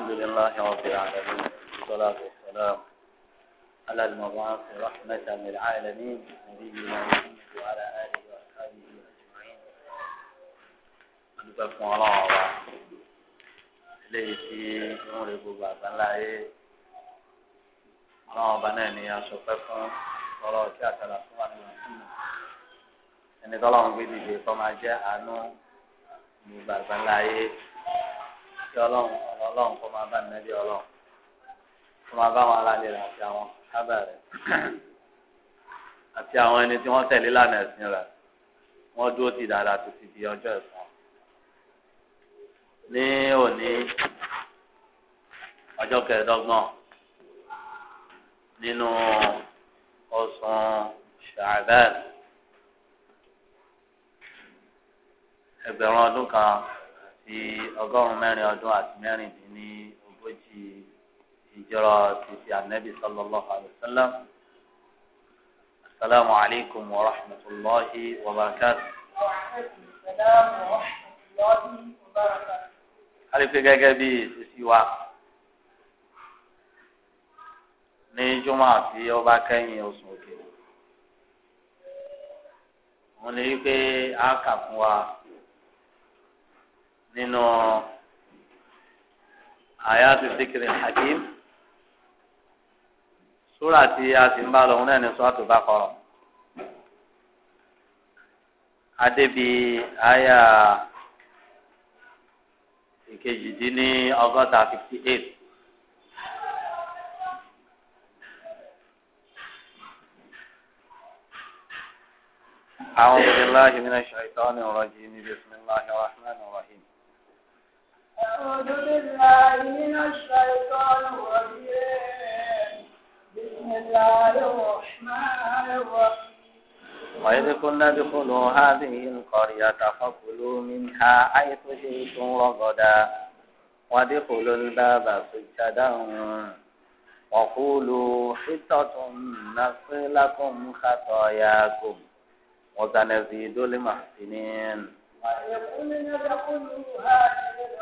الحمد لله رب العالمين والصلاة والسلام على المبعوث رحمة للعالمين نبينا محمد وعلى آله وأصحابه أجمعين أدعوكم الله وبعد eléyìí tí ń rí gbogbo àgbáńlá yé ọlọ́run ọba náà ní aṣọ pẹ́ fún ọlọ́ kí àtàlà fún wa nínú ìlú ẹni tọ́lọ́run gbé dìde kọ́ máa jẹ́ àánú gbogbo àgbáńlá yé kí ọlọ́run ọlọ́run kó máa bá nẹ́bí ọlọ́run kó máa bá wọn aráàlú rẹ̀ àti àwọn sábà rẹ̀ àti àwọn ẹni tí wọ́n tẹ̀lé lánà ẹ̀sìn rẹ̀ wọ́n dúró ti dáadáa tó ti di ọjọ́ ẹ̀san. ní òní ọjọ́ kẹẹ̀ẹ́dọ́gbọ̀n nínú oṣù ṣàbẹ́ẹ̀ ẹgbẹ̀rún ọdún kan di ọgọ́rùn-ún mẹ́rin ọdún àti mẹ́rin dín ní ogójì ìjọra títí anabi sallallahu alayhi wa sallam asalaamu alaykum wa rahmatulahi wa barakatuh. Alipẹ gẹ́gẹ́ bí ìṣesí wa ní jùmọ̀ àti ọba kẹ́yìn oṣù òkè. Wọ́n lè rí a kà fún wa. منو آيات الذكر الحكيم سورة یاسین بالا هنا نسوات بقرة هذه آیا آية جدینی آقا تا 58 أعوذ بالله من الشيطان الرجيم بسم الله الرحمن الرحيم أعوذ بالله من الشيطان الرجيم بسم الله الرحمن الرحيم وإذ كنا ادخلوا هذه القرية فكلوا منها حيث شئتم رغدا وادخلوا الباب سجدا وقولوا حطة نغفر لكم خطاياكم وسنزيد المحسنين وإذ كنا ادخلوا هذه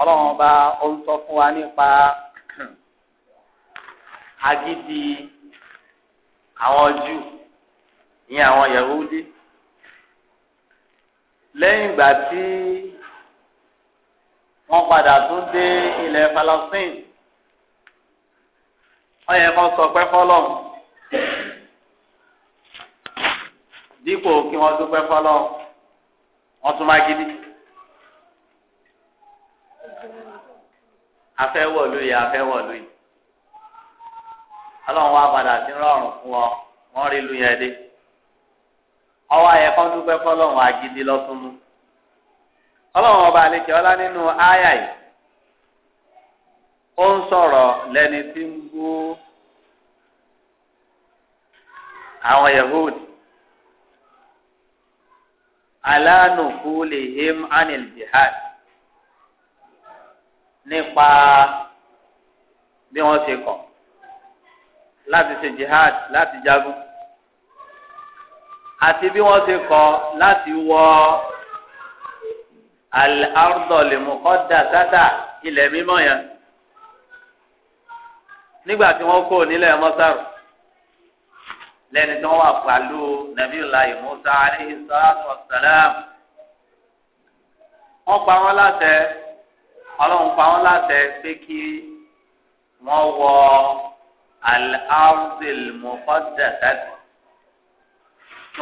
ọlọ́run bá ó ń sọ fún wa nípa agídí àwọn Júù ìyẹn àwọn Yahudi lẹ́yìn ìgbà tí. wọ́n padà tún dé ilẹ̀ Palestine wọ́n yẹ kó sọ pé dípò kí wọ́n dúpẹ́ fọlọ́ wọ́n tún máa gidi. afẹ́wọ̀lú yìí yìí ọlọ́run wá padà sí rọrùn fún ọ wọ́n wọn agidi lọ́tún ọlọ́run ọba àlekè ọlá nínú àyà yìí ó ń sọ̀rọ̀ lẹ́ni tí ń bú àwọn yahudi alánùkú lè him anil jihad nípa bí wọ́n ṣe kọ̀ láti ṣe jihad láti jagun àti bí wọ́n ṣe kọ̀ láti wọ. Wo al-ardhul muqaddasata ilẹ̀ mímọ́ yẹn nígbà tí wọ́n kó nílẹ̀ mọ́sáró lẹ́ni tí wọ́n wà pàlú nàbíyùláyì musa alayhi salatu wa salam wọ́n pa wọ́n láṣẹ ọlọ́run pa wọ́n láṣẹ pé kí wọ́n wọ al kí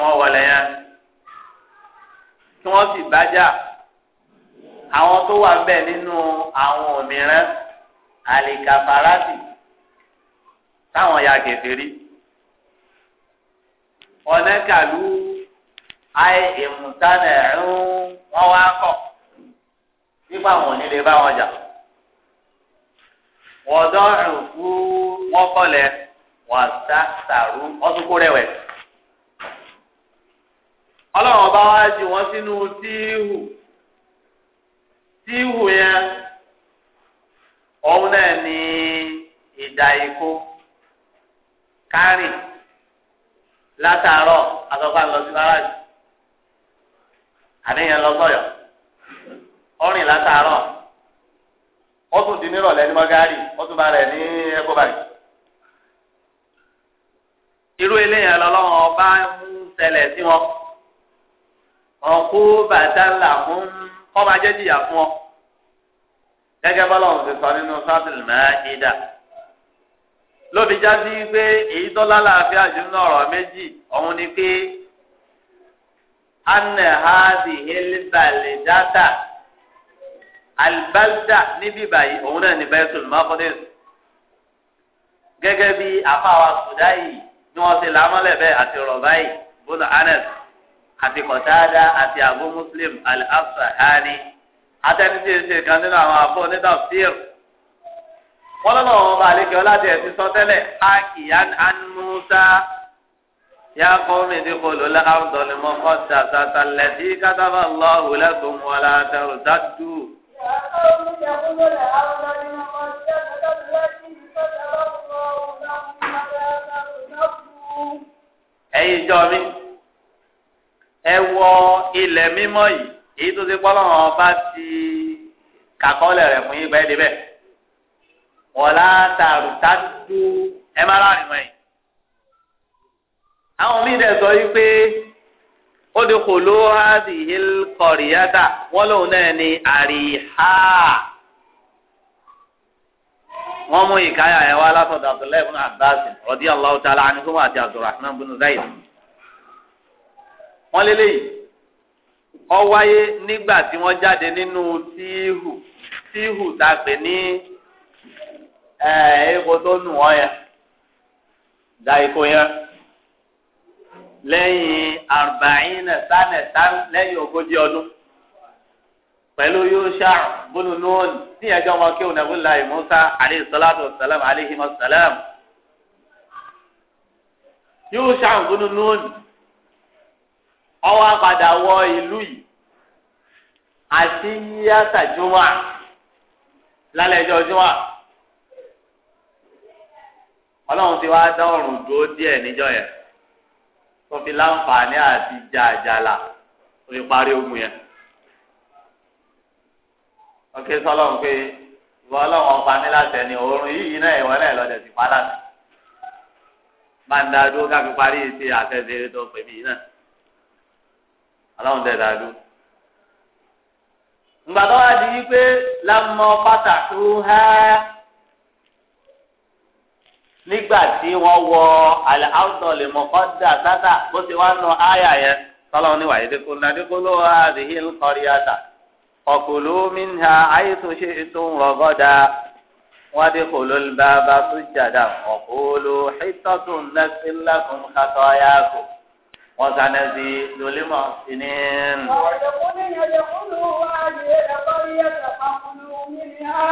wọ́n wọlé yẹn kí wọ́n sì bá jà àwọn tó wà ń bẹ nínú àwọn òmìrán àlìkàfàràtì táwọn ya kẹfìrí ọ̀nẹ́kàlú àì ìmùtánà ẹ̀rún wọn wá kọ̀ nípa àwọn onílé bá wọn jà wọ́dọ̀ ẹ̀fú wọn kọlẹ̀ wọ́n sá sàrú ọtún kó rẹ̀wẹ̀ ọlọ́run bá wá ju wọn sínú tíhù. tí ìhù ya òun náà ní ìjà ikú kárìn látàárọ̀ àtọ́fà ń lọ sí gáràjì àníyàn lọ di nírọ̀lẹ́ ní mọ́gárì ó irú eléyàn lọ́lọ́run ọba ń ṣẹlẹ̀ sí wọn bàtà làkún kọ́ jẹ́ jìyà fún gẹ́gẹ́ bọ́lá òun ti sọ nínú sátìlì Máídà lóbi jáde pé èyí tó lálàáfíà jù ní ọ̀rọ̀ méjì ọ̀hún ni pé anna hadi helibali data alibalda níbí báyìí òun náà ní Baitul Maqdis gẹ́gẹ́ bí afáwa sùdá yìí ni wọ́n ti lámọ́lẹ̀ bẹ́ẹ̀ àti rọ̀bá yìí bọ́lá Anas àti Qatada àti Abu Muslim al-Asfahani atẹnudí ṣe kan nínú àwọn àbọ̀ onítàfíìr wọn lọ́nà wọn bá àlejò ọládẹ ẹ̀sìn sọtẹ́lẹ̀ akiyan anmusa ya kọ́mi ní kolo lẹ́kàndọ̀ ni mo kọ́ sàtàtà lẹ́tí kátàbà lọ́hùn lẹ́kùn wọlé àtẹrù dàdú. ẹ̀yin jọ mi ẹ wọ ilẹ̀ mímọ́ yìí èyí tó ti kpọ́lọ́ wọn bá ti kàkọ́lẹ̀ rẹ̀ fún yín bẹ́ẹ̀ débẹ̀ wọ́lá tààrù tàdú ẹ má láàrin wọ̀nyí. àwọn míì dẹ̀ sọ yìí pé ó di kòló hádìhí kọ̀ríyàtà wọ́n lòun náà ní àríhá. wọ́n mú ìkáyà ẹ̀ wá látọ̀dọ̀ Abdullahi ibn Abbas radiyallahu ta'ala anhu àti Abdurrahman ibn Zayd. wọ́n lélẹ́yìí ó wáyé nígbà tí wọ́n jáde nínú tíhù tíhù tá a pè ní epo tó nù ọ́ yẹn da iko yẹn lẹ́yìn àrùbáyìn sánẹ̀tà lẹ́yìn ogójì ọdún pẹ̀lú yóòṣà bùnú ní ẹjọ́ ọmọ kí òun ẹ̀bùn láì musa aleyhi salatu wa salam aleyhi ọwọ́ padà wọ ìlú yìí àti yíyáta jùmọ̀ lálẹ́ ẹjọ́ jùmọ̀ ọlọ́run ti wá dá ọ̀rùn dúró díẹ̀ níjọ́ yẹn tó fi láǹfààní àti jà àjàlà tó fi parí ogun yẹn ọkẹ sọlọ́run pé ìwọ ọlọ́run ọ̀pá mi láti ẹni òórùn yìí náà ìwọ náà lọ́dẹ̀ ti pa máa ń dá dúró ká fi parí ètè àtẹ̀sẹ̀rẹ̀ tó pè mí náà. ọlọ́run dẹ̀ dàdú. ǹgbà tó di wípé lámọ pàtàkì ha nígbà tí wọ́n wọ àlẹ́ áwùdọ̀ lè mọ̀ kọ́ dà sátà bó ti wá nù áyà yẹn ní wàyí dẹ́kun náà dẹ́kun ló wá àdìhí ńkọrí àtà ọ̀kùnlù minha àyètò ṣe ètò rọ̀gọ́dà wọ́n wọ́n sáná sí lólémọ̀ sí ní. ọ̀dọ̀kún ní ọ̀dọ̀kúnú wa yé ẹ̀kọ́ yẹ kàkúnú mi ní á.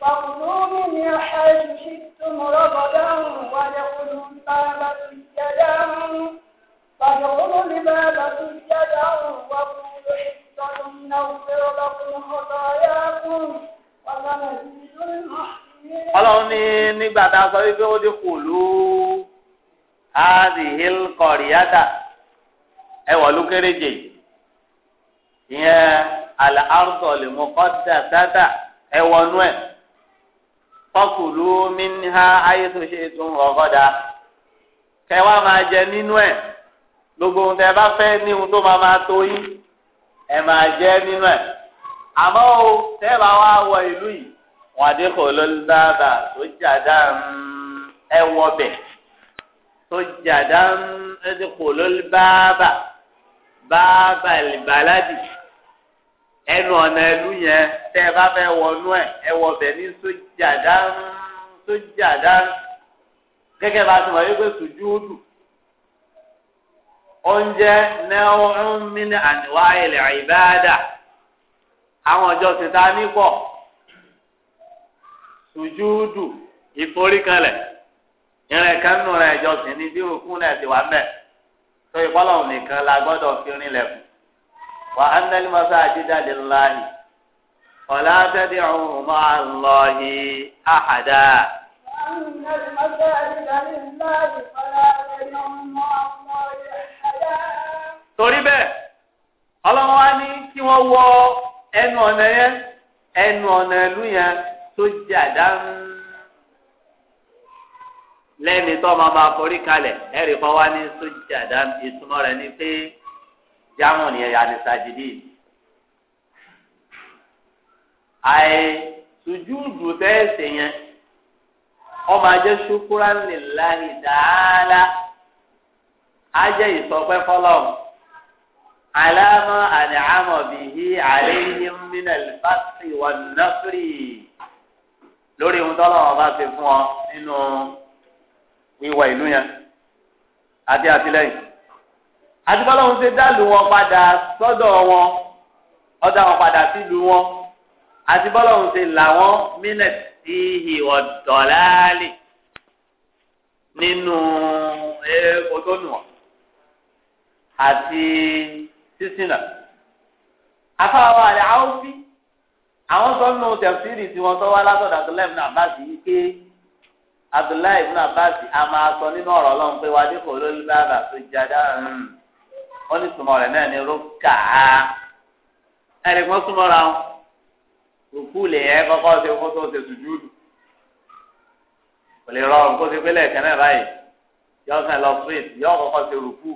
Fàkùnú mi ní ẹ̀ṣù sí túmọ̀rọ̀ bọ̀dáhùn wà lẹ́kùnú bàbá tó jẹ́ dáhùn. Fàkùnú mi bàbá tó jẹ́ dáhùn wà kúrò ìtọ́jú náà fẹ́ràn lọ́kùnrin ọ̀dọ̀ ayé kùn. Wàlá mi ní lórí mọ̀. Ọlọ́run ní nígbà tá a sọ wípé ó dín kù lóò adihil kọrìyàtà ẹwà lókèrèjè ìyẹn àlà àrùtọ̀ lè mú kọ́dà tata ẹwà nú ẹ fọkùlù minha ayétò ṣe tún ọgọdà kẹwà máa jẹ nínú ẹ gbogbo ohun tẹ ẹ bá fẹ́ ní ohun tó máa máa tó yín ẹ máa jẹ nínú àmọ́ o tẹ bá wá wọ ìlú yìí wọn àdéhùn ló ń dábàá tó jà dáa ẹ wọ bẹ́ẹ̀ sujjadan idkhulul báábà báábà ìbàládì ẹnu ọ̀nà ẹlú yẹn tẹ́ ẹ bá fẹ́ wọnú ẹ̀ ẹ wọ bẹ̀ ní sujjadan sujjadan gẹ́gẹ́ bá a ti mọ̀ wípé sùjúdù oúnjẹ naw'un min àwọn ọjọ́ ti ta ní pọ̀ sùjúdù ìrìn kan nù rẹ̀ ìjọsìn ní bí òkú náà ti wà mẹ́ tó ìpọ́lọ̀ nìkan la gbọ́dọ̀ fi rin lẹ̀kùn. wà á nẹ́lí masajida lillahi ọ̀là tad'u ma'a ahada. torí bẹ́ẹ̀ ọlọ́wọ́n wá ní kí wọ́n wọ ẹnu ọ̀nà yẹn ẹnu ọ̀nà yẹn tó lẹ́ni tó ma ma forí kalẹ̀ ẹ̀rí kan wá ní sójàdá ìtumọ̀ rẹ̀ ni pé jámọ̀ ni yà ní sàjìdì. àì sùjúùdù tẹ́ẹ̀sì yẹn ó máa jẹ́ ṣukúrán lillahi ta'ala á ìsọpẹ́ fọlọ́m alama an'ama bihi alayhim min al-fathi wan-nafri lórí ohun tó lọ́wọ́ bá ti fún ọ nínú. wíwá ìlú yẹn àti àtìlẹ́yìn àti bọ́lọ́hún ṣe dálù wọn padà sọ́dọ̀ wọn ọ̀dà wọn padà sílùú wọn àti bọ́lọ́hún ṣe là wọn mílẹ̀ sí ìwọ̀ dọ̀láàlì nínú eéko tó nù wọn àti sísìnà afáwọn àlẹ́ àwọn fi àwọn sọ́nù tẹ̀síìrì tí wọ́n sọ wá látọ̀dọ̀ àtọ́lẹ́mù náà bá sì yí ké. abdullahi ibn abbas ama sọ nínú ọ̀rọ̀ ọlọ́run pé wàá dínkù olórí bàbà tó jáde wọ́n hmm. ní sùnmọ́ rẹ̀ náà ní rúkà á ẹ̀rì kan ra wọn òkú lè yẹ kọ́kọ́ ṣe fún tó ṣe sùjúdù kò lè rọrùn kó ṣe pélé ẹ̀kẹ́ náà báyìí yọ lọ yọ ṣe rúkú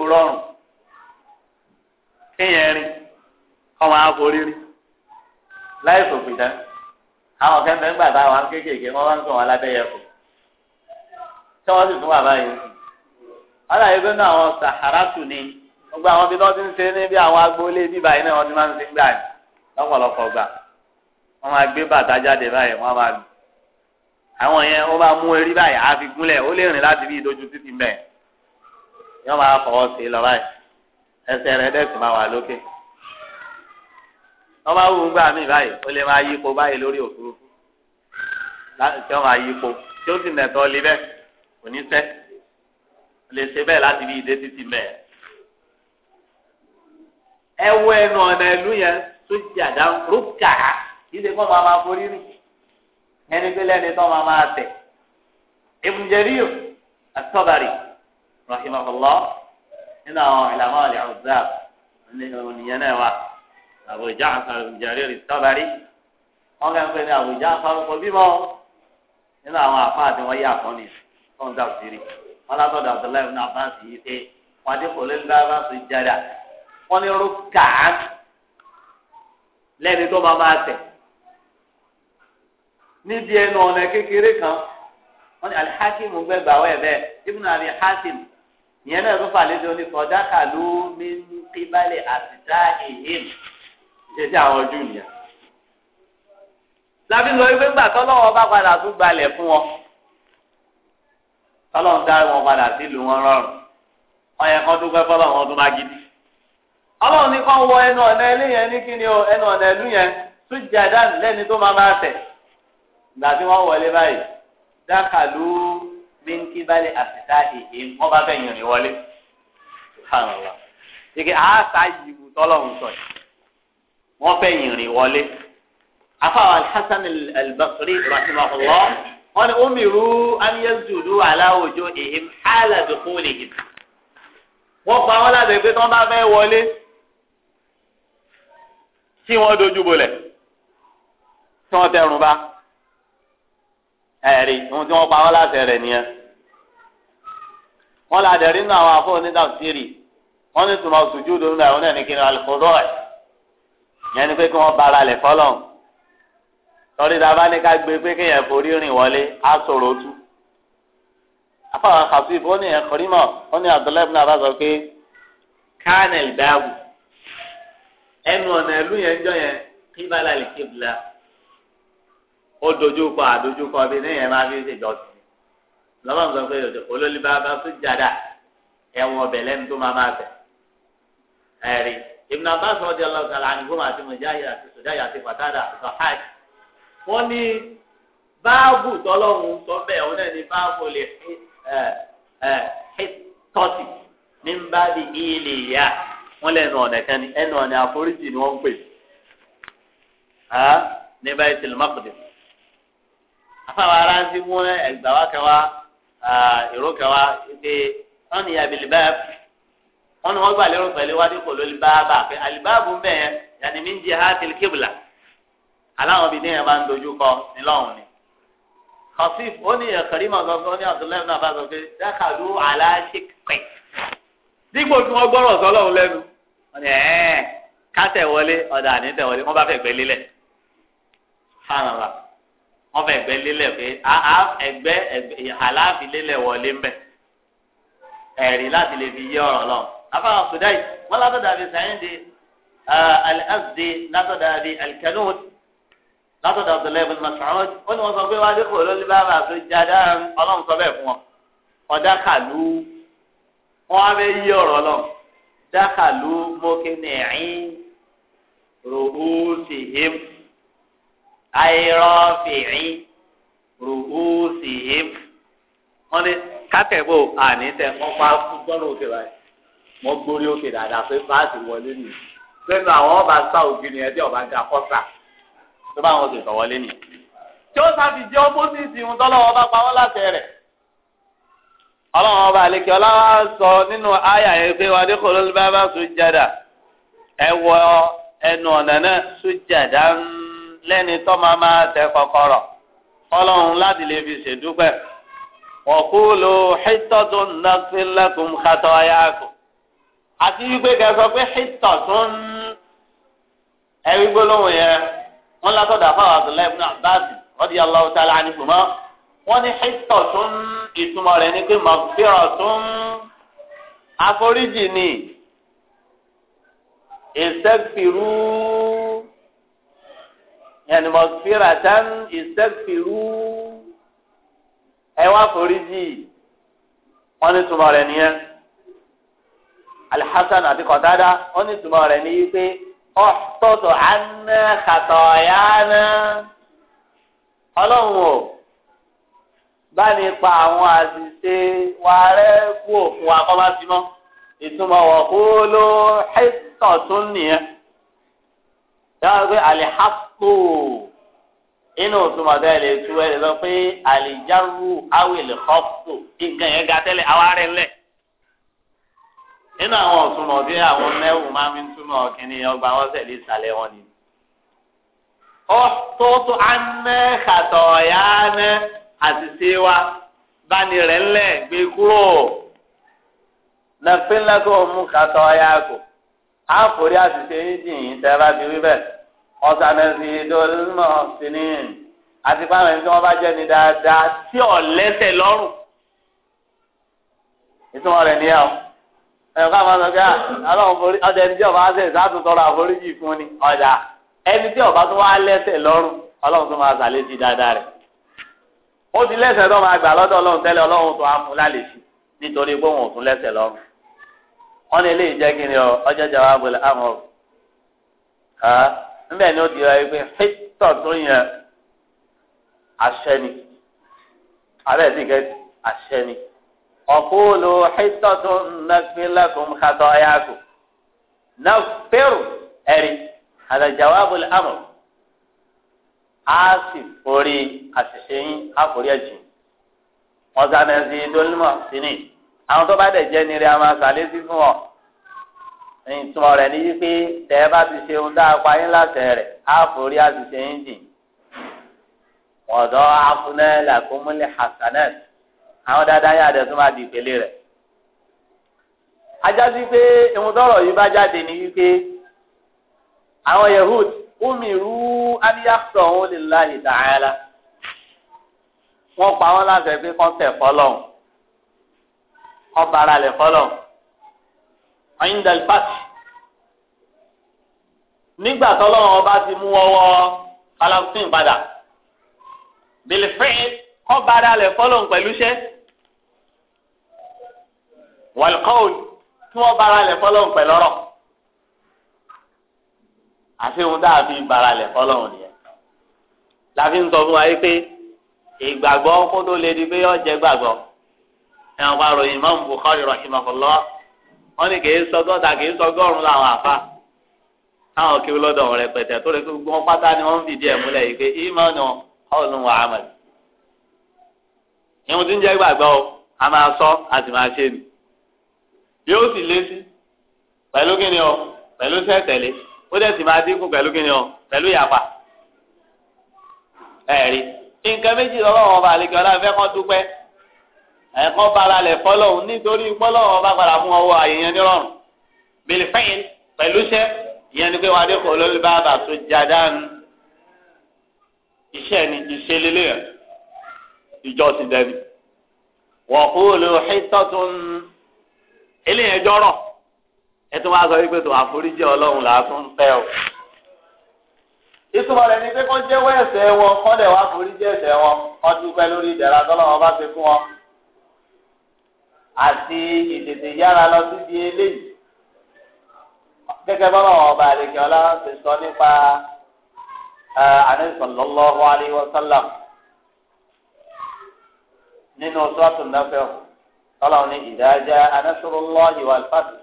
bá kéèyàn rìn kọ́ máa láì sòfin àwọn kẹ́ńtẹ́ ń gbà tá kéékèèké wọ́n máa ń sọ̀rọ̀ alábẹ́yẹ̀fọ́ tí wọ́n sì wà báyìí wọ́n dàbí pé náà sàhárà tù ní gbogbo àwọn agboolé bíbá ti máa ń ṣe gbà gbé bàtà jáde báyìí wọ́n máa lù àwọn yẹn wọ́n máa mú erí báyìí àfi ó lè rìn láti bí ìdójú máa fọwọ́ sí ẹsẹ̀ rẹ̀ dẹ̀ sì máa wà lókè wọ́n bá wù ú gbà mí báyìí ó lè máa yípo báyìí lórí òfurufú tí wọ́n tí ó sì nẹ̀tọ́ lé bẹ́ẹ̀ kò ní sẹ́ lè ṣe bẹ́ẹ̀ láti bí ìdé ẹ wo ẹnu ọ̀nà ìlú yẹn tó ti máa forí ẹni pé nínú àwọn ìlànà ọ̀lẹ́ ọ̀zá oníyẹn náà wà Abu Ja'far Jarir at-Tabari wọn kàn pé ní Abu Ja'far kò bímọ nínú àwọn àfa àti wọn yé àkọ́ni tó ń dà sírí wọn látọ̀dọ̀ Abdullahi ibn Abbas yìí pé wọn adékò lé ní bá sùn jáda wọn ní rúkà lẹ́ni tó máa máa tẹ̀ níbi ẹnu ọ̀nà kékeré kan wọn ní alihakimu gbẹgbàá wẹ̀ bẹ́ẹ̀ ibùdó àbí ìyẹn náà tó fàlejò ní kọjá kàlú mi ń kíbalẹ̀ àtìdá ìhìn ṣẹṣẹ àwọn Júù nìyẹn. lábí lọ wípé gbà tọ́lọ́wọ́ bá padà tún gbalẹ̀ fún wọn tọ́lọ́wọ́ wọn padà sílùú wọn rọrùn wọn wọn má gidi. ọlọ́run ní kán wọ ẹnu ọ̀nà ilé yẹn ní kíni o ẹnu ọ̀nà ìlú yẹn tún jẹ́ lẹ́ni tó tẹ̀. mi ń kí balẹ̀ àfìsá èyí wọ́n bá bẹ̀ yìnrìn wọlé sàrànlá yìí kí àásá yìí tọ́lọ́hún sọ yìí wọ́n bẹ̀ yìnrìn wọlé afáwọn alhassan albasri rahimahullah wọ́n ní umiru an yasjudu ala wujuhihim hala dukhulihim wọ́n pa wọ́n láti pé tí wọ́n bá fẹ́ wọlé tí wọ́n dojú bolẹ̀ tí wọ́n tẹrùn bá ẹ̀rí ohun tí wọ́n pa wọ́n láti rẹ̀ nìyẹn. wọ́n la dẹ̀rí nínú àwọn afọ onítàfsírì wọ́n ní tùmọ̀ sùjúdù nínú àwọn ẹ̀ní kí ni alùpùpù rẹ̀ yẹn ni pé kí wọ́n bara lẹ̀ fọ́lọ́n torí ta bá ní ká gbé pé kéèyàn forí rìn wọlé á sòrò tú. afọwọ́n kàfíìf ó ní ẹ̀kọ́rímọ̀ ó ní abdullahi bin abba sọ pé kánẹ̀lì báwù ẹnu ọ̀nà ìlú yẹn jọ yẹn kíbalà lè kébìlà ó dojúkọ àdojúkọ bí níyẹn máa fi ṣe dọ̀tí lọ́wọ́ sọ pé olólùbá bá tún jáda ẹ̀wọ̀n ọ̀bẹ̀ lẹ́nu tó máa máa tẹ̀ ẹ̀rí Ibn Abbas radiyallahu ta'ala anhu àti mọ̀jáyà àti sọ̀jáyà àti pàtàdà sọ hajj wọ́n ní báàbù tọ́lọ́hún tó bẹ̀ ọ́n náà ní báàbù lè tọ́tì ní báàbì ilé ìyá wọ́n lẹ́nu ọ̀nà kan ní ẹnu ọ̀nà àforíjì ni wọ́n ń pè ní Baitul Maqdis afáwa ara ti mú ẹgbà wa kẹwa èrò kẹwa pé wọn ni abilibab wọn ni wọn gbà lérò pẹ̀lú wádìí kò lórí báàbà pé alibaabu ń bẹ yẹn yanni mi ń jẹ ha tìlí kébìlà aláwọn bíi déyàn bá ń dojú kọ nílọ́run ni khasif ó ní ẹkẹrí mọ sọ fún ọ ní abdullahi náà bá sọ pé dákàlú aláṣekẹ dípò tí wọn gbọ́rọ̀ sọ́lọ́run lẹ́nu wọn ni ẹẹ kátẹ wọlé ọdà àní wọlé wọn bá fẹ́ gbẹlélẹ fáwọn wa wọn fẹ́ ẹgbẹ́ lélẹ̀ pé ẹgbẹ́ aláàfin lélẹ̀ wọlé ń bẹ ẹ̀rí láti lè fi yé ọ̀rọ̀ lọ. afáwọn sudan wọn látọ̀dọ̀ àbí sàyẹ́ndì eh, al-azdi látọ̀dọ̀ àbí al-kanud látọ̀dọ̀ abdullahi ibn mas'ud ó ní wọn sọ pé wájú kò lórí bàbá àti jada ọlọ́run sọ bẹ́ẹ̀ fún wọn ọ̀dà kàlú wọn á fẹ́ yé ọ̀rọ̀ lọ dákàlú mọ́kínìín ròhùn tìhìm àìrọ́fìrí rùhùsìhìm wọ́n ní kákẹ́bọ̀ àní tẹ wọ́n pa gbọ́dọ̀ òkè báyìí wọ́n gbórí òkè dáadáa pé báàsì wọlé nì sẹ́nu àwọn ọba sá ògiri ẹ̀ tí ọba ga kọ́sà tó bá wọn tètè wọlé nì. tí ó sáfi jẹ́ ọ́pọ́sìtì ń tọ́lọ́wọ́ bá pa láti rẹ̀ ọlọ́run ọba àlekè ọlọ́wọ́ sọ nínú àyà yẹn pé wàdí kò ló bá bá sùn jáda ẹ wọ ẹnu ọ̀nà náà sùn jáda lẹ́ni tó máa máa tẹ kọ́kọ́rọ́ ọlọ́run láti lè fi ṣèdúpẹ́ ọ̀kúlù hítọ́tún nàfẹ́lẹ́kùn kàtọ́ ayáàkùn àti wípé kẹsọ pé hítọ́tún ẹ̀rí gbólóhùn yẹn wọ́n látọ̀dọ̀ àfáwọn wọ́n ní ìtumọ̀ rẹ̀ ní pé yẹn mọ̀fìrà tán ìsẹ́fìrú ẹ wá foríjì wọ́n ní túmọ̀ rẹ̀ nìyẹn alhassan àti kọ̀tádá wọ́n ní túmọ̀ rẹ̀ ní wípé ọ tọ̀tọ̀ àná kàtọ̀yáná ọlọ́run o bá ní pa àwọn àṣìṣe wa rẹ́ kú òfin wa kọ́ bá ti mọ́ ìtumọ̀ wọ̀ kó ló hẹ́tọ̀ tún nìyẹn sáwọn pé alihapo inú òtúmọ̀ bẹ́ẹ̀ lè tú ẹ lè sọ pé alijaru awele hapso nǹkan yẹn ga tẹ́lẹ̀ awa rẹ̀ lẹ̀ nínú àwọn òtúmọ̀ bí àwọn mẹ́wù máa ń túmọ̀ kínní ọgbà wọn sẹ̀ lè sàlẹ̀ wọn ni. ọ̀tọ̀ọ̀tù anẹ́ kàtọ̀ ọ̀yá anẹ́ àṣìṣe wa báni rẹ̀ lẹ̀ gbé kúrò nàfẹ́lẹ́kọ̀ọ́ mú kàtọ̀ ọ̀yá kò àforí àṣìṣe yìnyín tẹ́ bá ti wí bẹ́ẹ̀ ọ̀sánẹ́sì ìdólmọ̀ sí ni àti fáwọn ẹni tí wọ́n bá jẹ́ ni dáadáa tí ọ̀lẹ́sẹ̀ lọ́rùn ìtumọ̀ rẹ̀ níyà o ẹ̀rọ káwọn sọ pé ọlọ́run forí ọjà ẹni tí ọba á sẹ̀ sáà tó tọrọ àforíjì fún ni ọjà ẹni tí ọba tó wá lẹ́sẹ̀ lọ́rùn ọlọ́run tó máa sàlẹ̀ sí dáadáa rẹ̀ ó ti lẹ́sẹ̀ tó máa gbà lọ́dọ̀ ọlọ́run tẹ́lẹ̀ ọlọ́run tó á mú lálẹ́ sí nítorí pé òun ò tún lẹ́sẹ̀ lọ́rùn wọn ní eléyìí jẹ́ kí ni ọ ọjọ́ jawabu al-amr ha níbẹ̀ ni ó di ọ pé hítọ̀ tó yẹn àṣẹ ni alẹ́ sì kẹ́ àṣẹ ni ọ̀kúlù hítọ̀ tó nàfẹ́lẹ́kùn kàtọ́ ayáàkù nàfẹ́rù ẹ̀rí àlẹ́ jawabu al-amr á sì forí àṣìṣe yín á forí ẹ̀jìn ọ̀sán ẹ̀sìn ìdólímọ̀ sí ni àwọn tó bá dẹ̀ jẹ́ ni rẹ̀ a máa ṣàlésí fún ọ ìtumọ̀ rẹ̀ ni wípé tẹ́ ẹ bá ti ṣe ohun tá a pa yín láṣẹ rẹ̀ á forí á ti ṣe yín jìn ọ̀dọ́ afunẹ́ làkúnmúlẹ̀ hasanẹ́ àwọn dáadáa yà dẹ̀ máa di ìpele rẹ̀ ajá sí pé ìhun tọrọ yìí bá jáde ni wípé àwọn yehud umiru aniyasọ òun lè láyè dáhàlá wọn pa wọn láṣẹ pé kọ́ńtẹ̀ fọlọ́hún ọba ara rẹ̀ fọlọ́ ọyìn dalifasi nígbà tọ́lọ́wọ́n ọba ti mú ọwọ́ Palestine padà bilifin ọba ara rẹ̀ fọlọ́ pẹ̀lú iṣẹ́ wàlúkọ́ọ̀l tí wọ́n bá ara rẹ̀ fọlọ́ pẹ̀lú àti ohun tá bara lẹ̀ fọlọ́run nìyẹn la ń sọ fún wa yìí pé ìgbàgbọ́ kó tó lè di pé yọ jẹ gbàgbọ́ ẹ̀ bá ròyìn Imam Bukhari rahimahullah wọ́n ní kìí sọgọ́ta kìí làwọn táwọn kí lọ́dọ̀ tó lè fi gbọ́n pátá ni wọ́n ń fìdí ẹ̀ múlẹ̀ yìí pé ìmọ̀nà ọ̀nù wà á mọ̀lẹ̀. ìhun tí ń jẹ́ gbàgbọ́ o a máa sọ a sì máa ṣe ni. yóò sì lé sí pẹ̀lú kíni o pẹ̀lú sẹ́tẹ̀lé ó dẹ̀ sì máa dínkù pẹ̀lú kíni o pẹ̀lú ẹ̀rí nǹkan méjì lọ́wọ́ ẹ̀kọ́ bára lẹ̀ fọlọ́hún nítorí fọlọ́hún ọba padà mú ọwọ́ àyèyàn nírọ̀rùn bìlìfẹ́yìn pẹ̀lú iṣẹ́ ìyẹn ni pé wọn adé kò lórí bàbà tó já dánu iṣẹ́ ni iṣẹ́ lélẹ̀ yẹn ìjọ ti dẹni wọ̀kúlù hìtọ́tún eléyẹn jọrọ̀ ẹ tún wáá sọ wípé tó àforíjì ọlọ́run là á tún ń o ìtumọ̀ rẹ̀ ni pé kó jẹ́wọ́ ẹ̀ṣẹ̀ wọn kọ́ dẹ̀ wá foríjì ẹ̀ṣẹ̀ wọn kọ́ dúpẹ́ lórí ìdẹ̀ra tọ́lọ́wọ́n bá ti fún wọn àti ìtètè yára lọ síbi eléyìí gẹ́gẹ́ bọ́lá ọba àlejò ọlá ti sọ nípa Ànábì sallallahu alaihi wa sallam nínú sọ́ọ̀tún náfẹ́ ọlọ́run ní ìdájá anásùrùlọ́ọ̀hì wà lùfàdù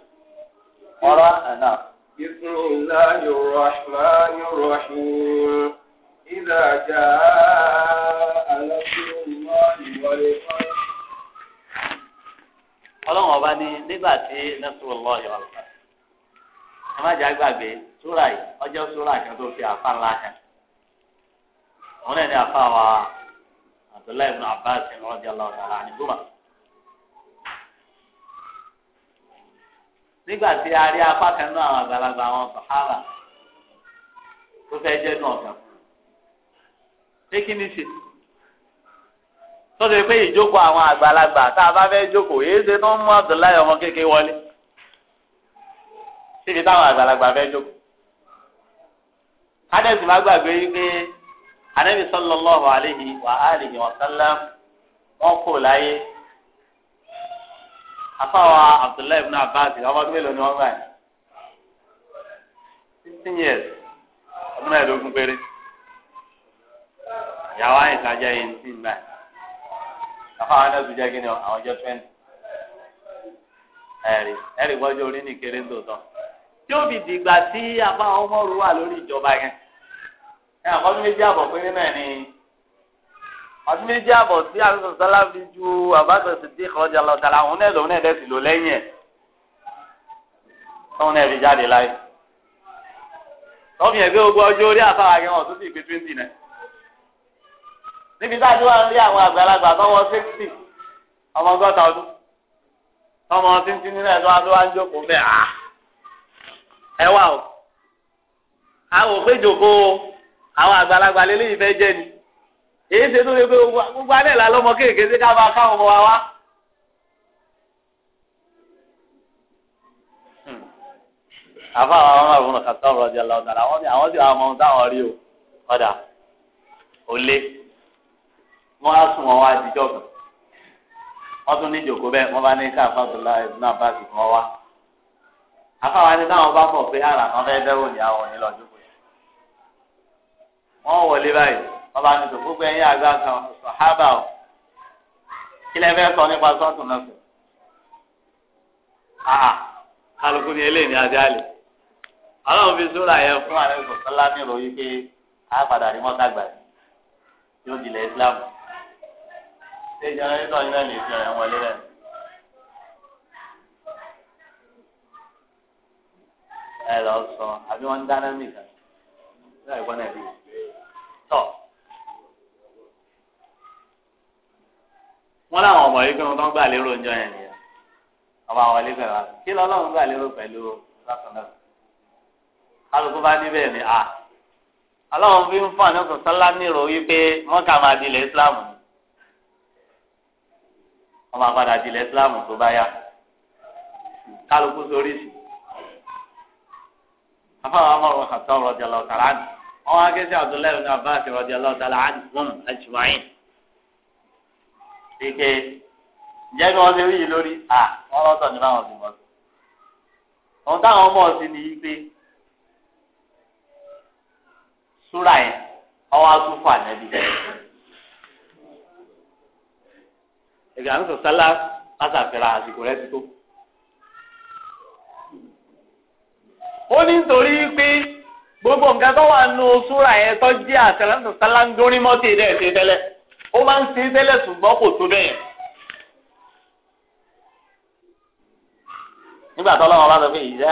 ọ̀rọ̀ àná. bismillahi rahmani rahim idha jaa anásùrùlọ́ọ̀hì wà lùfàdù ọlọ́run ọba ní nígbà tí nasrullah yọ ọ̀la ẹ má jẹ́ àgbàgbé súrà yìí ọjọ́ súrà kan tó fi àfa ńlá kan òun náà ní àfa wa abdullahi ibn abbas radiyallahu ta'ala anhuma. nígbà tí a rí apá kan náà àwọn àgbàlagbà àwọn sàhábà tó fẹ́ jẹ́ nù ọ̀gá fún un. pé kí ni ṣe? tó ṣe pé ìjókòó àwọn àgbàlagbà tá a bá fẹ́ jókòó èyí ṣe tó ń mú Abdullahi ọmọ kékeré wọlé síbi táwọn àgbàlagbà fẹ́ jókòó. kádẹ́sì má gbàgbé wípé Ànábì sallallahu alaihi wa alihi wa sallam wọ́n kò láyé afáwa Abdullahi ibn Abbas ọmọ tó mélòó ni wọ́n gbà yìí sixteen years ọdún mẹ́ẹ̀ẹ́dógún péré ìyàwó àyìnká jẹ́ àfáwọn náà tún jẹ́ kí ni àwọn ọjọ́ twenty ẹ̀rí ẹ̀rí gbọ́jọ́ orí ní kéré tòótọ́ tí ó fi dìgbà tí àbá ọmọ rú wà lórí ìjọba yẹn ẹ̀ ọdún méjì àbọ̀ péré náà ni ọdún méjì àbọ̀ tí àrùn sọ̀tàlá fi ju àbáṣọ sídìí kọjá lọ tàlà òun náà lòun náà dẹ́sì lò lẹ́yìn ẹ̀ tọ́hún náà fi jáde láyé tọ́hún yẹn gbé ọjọ́ orí àfáwọn akẹ́wọ̀n tó sì gbé twenty náà níbi tá a ti wá rí àwọn àgbàlagbà tọwọ sixty ọmọ ọgọ́ta ọdún tọmọ títí nílẹ̀ tó wá tó wá à ah, ẹ wà o àwọn òpéjòkó àwọn àgbàlagbà lélẹ́yìn fẹ́ jẹ́ ni èyí ṣe tó ṣe pé gbogbo alẹ́ là lọ́mọ kéékèèké ká máa káwọn ọmọ wa wá. Hmm. àfa àwọn ọmọ ìfúnná kàtọ́ ọ̀rọ̀ ọjà lọ́dà àwọn àwọn ọmọ táwọn rí o ọ̀dà ó lé. wọn á sùn wọn wá àtijọ́ kan wọn tún ní ìjòkó bẹ́ẹ̀ wọn bá ní ká àfàdúrà ìdúná àbáṣe kan wá àfàwọn ẹni táwọn bá mọ̀ pé àrà kan fẹ́ẹ́ ní àwọn pé wọn wọlé báyìí wọn bá ní tó gbogbo àgbà kan o kí lẹ fẹ́ sọ nípa sọtún náà sọ kálukú ni eléyìí adé àlè fi sóra a mọta ṣé jẹnẹrétọ̀ yín náà lè fi ọ̀yàn wọlé rẹ̀. ẹ lọ sọ àbí wọ́n ń dáná nìkan ṣé ẹ̀gbọ́n náà bí tọ̀. wọ́n láwọn ọmọ yìí pé wọ́n tán gbà lérò ọjọ́ yẹn nìyẹn ọba wọlé pẹ̀lú àti kí lọ́lọ́run gbà lérò pẹ̀lú lásánná kálukú bá níbẹ̀ ni a ọlọ́run fi ń fún àná kò sọ́lá nírò wípé mọ́kà máa di ilẹ̀ Islam wọn máa padà di ilẹ̀ islam tó bá yá kálukú sórí sí afáwọn ọmọ ọmọ kàtọ radiyallahu ta'ala anhu wọn wá ké sí abdullahi ibn abbas radiyallahu ta'ala anhum ajma'in ike jẹ́ bí wọ́n ṣe rí yìí lórí à wọ́n lọ́tọ̀ ní báwọn ti mọ̀ sí ohun táwọn ọmọ ọ̀sìn ni pé súrà yẹn ọwọ́ á ànẹ́bí ìgbà ní sọ̀sálà àṣàfẹ́ra àsìkò rẹ ti tó. ó ní nítorí pé gbogbo nǹkan tó wà nù súra yẹn tó jẹ́ àṣàlá ní ń dórí mọ́tì rẹ̀ ṣe tẹ́lẹ̀ ó máa ń ṣe tẹ́lẹ̀ ṣùgbọ́n kò tó nígbà tó lọ́wọ́ bá sọ pé ìjà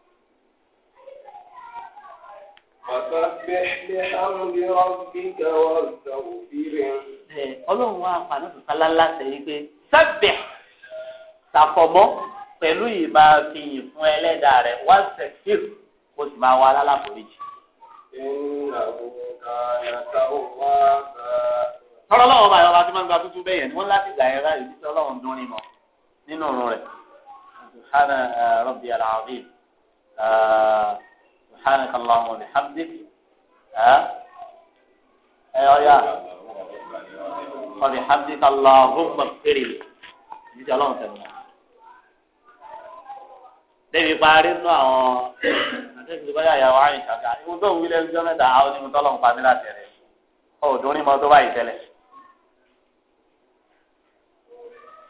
ọlọ́run wa àpàdé sọ̀tàlá láti yí pé sábẹ̀ ṣàfọ̀mọ́ pẹ̀lú ìbá fi yìn fún ẹlẹ́dàá rẹ̀ wá sẹ̀fíù kó sì máa wá lálàforíjì. tọ́lọ́ lọ́wọ́ bá yọba tí máa ń gba tuntun bẹ́yẹn ni wọ́n láti gbà ẹ́ ráyè títí ọlọ́run dún ní mọ́ nínú ọ̀run rẹ̀. subhana rabbi alaazim. Ah. سبحانك اللهم وبحمدك ها ايوه يا وبحمدك اللهم اغفر لي ní ti ọlọ́run tẹ̀lé náà. débi parí nínú àwọn àtẹ̀sí báyà ìyàwó àyìn ṣàkà ìwọ tó ń wí lẹ́nu jọ́ mẹ́ta àwọn onímọ̀ tọ́lọ̀ ń pa mí láti rẹ̀ ọ̀dọ́ ní mọ́ tó báyìí tẹ́lẹ̀.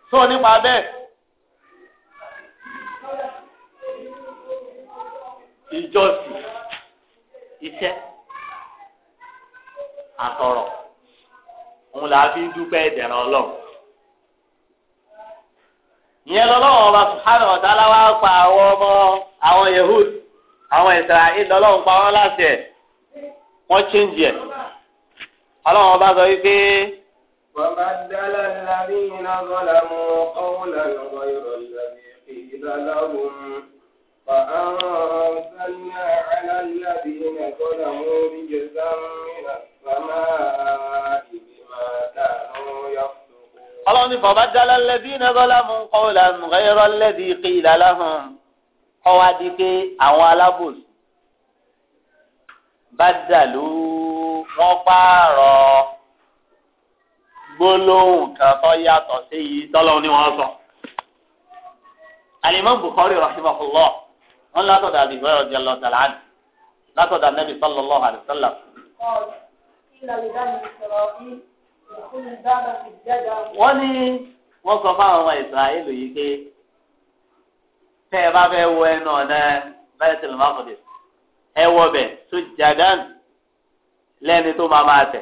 tó nípa bẹ́ẹ̀ ìjọsìn iṣẹ́ àtọ̀rọ̀ òun là á fi dúpẹ́ ìdẹ̀rẹ̀ ọlọ́run ìyẹn lọ́lọ́run ọba subhanahu wa ta'ala wá pa àwọn ọmọ àwọn yehud àwọn Isra'il lọ́lọ́run pa wọ́n láṣẹ wọ́n chíǹjì ẹ̀ ọlọ́run ọba sọ wípé. وبدل الذين ظلموا قولا غير الذي قيل لهم فأنزلنا على الذين ظلموا رجزا من السماء بما كانوا يفسقون الله فبدل الذين ظلموا قولا غير الذي قيل لهم قوادك أو على badalu wọn pààrọ̀ gbólóhùn kan tó yàtọ̀ sí yìí tọlọ ni wọn sọ alimami Bukhari rahimahullah wọn látọ̀dọ̀ àbí ìwé ọ̀jẹ̀ lọ tàlà ánì látọ̀dọ̀ ànábì sallallahu alaihi wasallam. wọ́n ní wọ́n sọ fáwọn ọmọ ìsirahílù yìí pé tẹ́ ẹ bá fẹ́ wọ ẹnu ọ̀nà Baitul Maqdis ẹ wọ bẹ̀ tó jàdán lẹ́ni tó máa máa tẹ̀.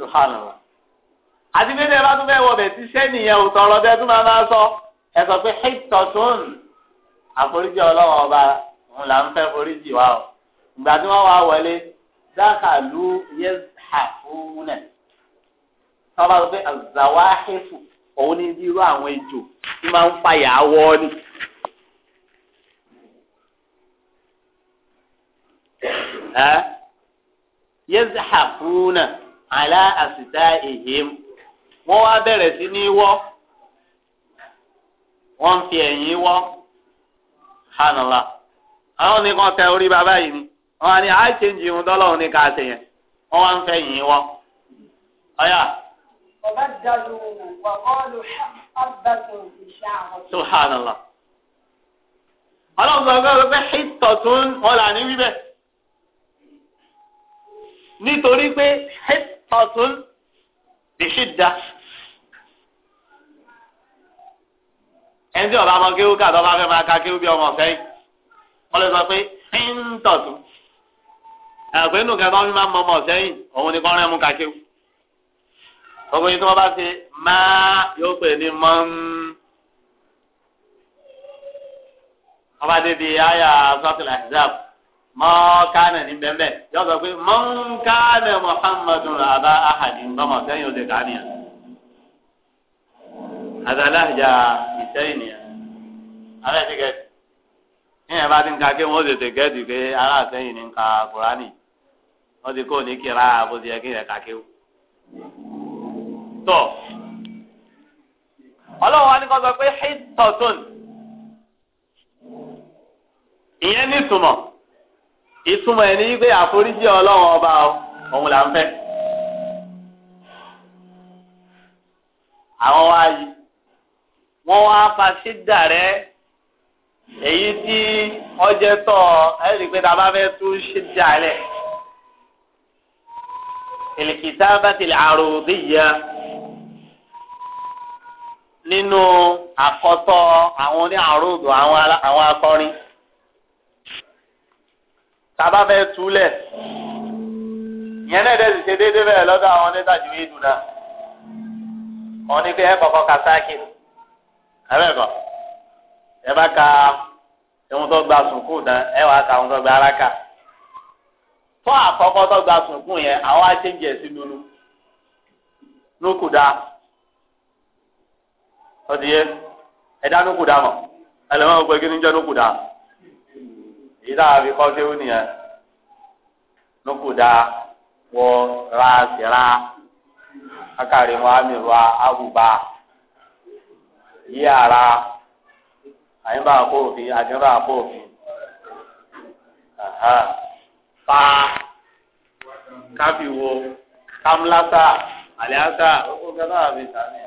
wàhálà àti bẹ́ẹ̀ bá tún bẹ́ẹ̀ wọ bẹ̀ tíṣẹ́ nìyẹn ò tọrọ bẹ́ẹ̀ tún máa máa sọ ẹ sọ pé hẹ́tọ̀tún àforíjì ọlọ́wọ́ ọba òun là ń fẹ́ foríjì wa o ìgbà tí wọ́n wá wọlé dákàlú yẹ́sàfúnẹ̀ wọ́n bá sọ pé àzàwáhẹ́fù òun ní irú àwọn ejò tí máa ń fàyà wọ́ ni. yẹ́sàfúnẹ̀ alá àsìtá èyí mu wọ́n wá bẹ̀rẹ̀ sí ní wọ́ wọ́n ń fi ẹ̀yìn wọ́ hànàlá àwọn nìkan tẹ orí bàbá yìí ni wọ́n á ní àìsèǹjì ìhun dọ́lọ́run ní káàtì yẹn wọ́n wá ń fẹ́ yìn wọ́ ọ̀yà. ọ̀bá dàlú wà kọ́ọ̀lù ọ̀bẹ̀kùn ìṣàrọ̀. subhanallah ọlọ́run sọ fẹ́ fẹ́ hìtọ̀tún ọ̀là ní wíbẹ̀ nítorí pé hìtọ̀tún bìṣìdá ẹni ọba ọmọ kéwú ká tọ́ba fẹ́ máa ka kéwú bí ọmọ fẹ́ wọ́n lè sọ pé ń tọ̀tù ẹ̀pẹ́ nù kẹ́tọ́ mi máa mọ ọmọ sẹ́yìn òun ni kọ́rin mú ka kéwú gbogbo yìí tí wọ́n bá ṣe máa yóò pè ní mọ́n. ọba débi àyà sọ́tìlì àìsàn mọ́kánà ní bẹ́ẹ̀ bẹ́ẹ̀ yọ sọ pé mọ́kánà muhammadu abba ahadi ń bọ́mọ̀ sẹ́yìn ó kánìyàn àtàlájà ìsẹ́yìn nìyẹn alẹ́ ti kẹ́tì níyẹn bá ti ń ka kí wọ́n tètè kẹ́tì pé ará àsẹ́yìn ní ń ka kùránì wọ́n ti kó ní kíra bó ti yẹ kí yẹn ka kéwù. tọ́ ọlọ́run wa ní kọ́ sọ pé hìtọ́tún ìyẹn ní ìtumọ̀ ìtumọ̀ ẹ̀ ní wípé àforíjì ọlọ́run ọba òun là ń fẹ́. àwọn wáyé wọ́n wá fa ṣídà rẹ èyí tí ọjẹ́ tọ̀ ẹ́ rí i pé tá a bá fẹ́ tú ṣídà rẹ̀ ìlìkìtàbàtì àròdìyà nínú àkọtọ àwọn oní àròdò àwọn akọrin tábà fẹ́ túlẹ̀ ìyẹn náà dẹ́sì ṣe déédéé bẹ́ẹ̀ lọ́dọ̀ àwọn onídàájú ìdùnnà wọn ní pé ẹ kọ́kọ́ kàtàkì. ẹ̀rẹ́kọ̀ ẹ bá ka tó gba dán ẹ wàá ka ohun tó gba araka fún àkọ́kọ́ tó gba sùnkú yẹn àwọn àṣẹjẹ sí lulu nukuda ọdí yẹ nukuda mọ̀ ẹlẹ́wọ̀n gbogbo kí ni nukuda èyí tá a nukuda ra akari mu ami abuba. yíyàrá àyínbá àkóòfin àjọba àkóòfin fa kábíwo kámlásà àlíásà gbogbo gbẹdọ àbí sàmì.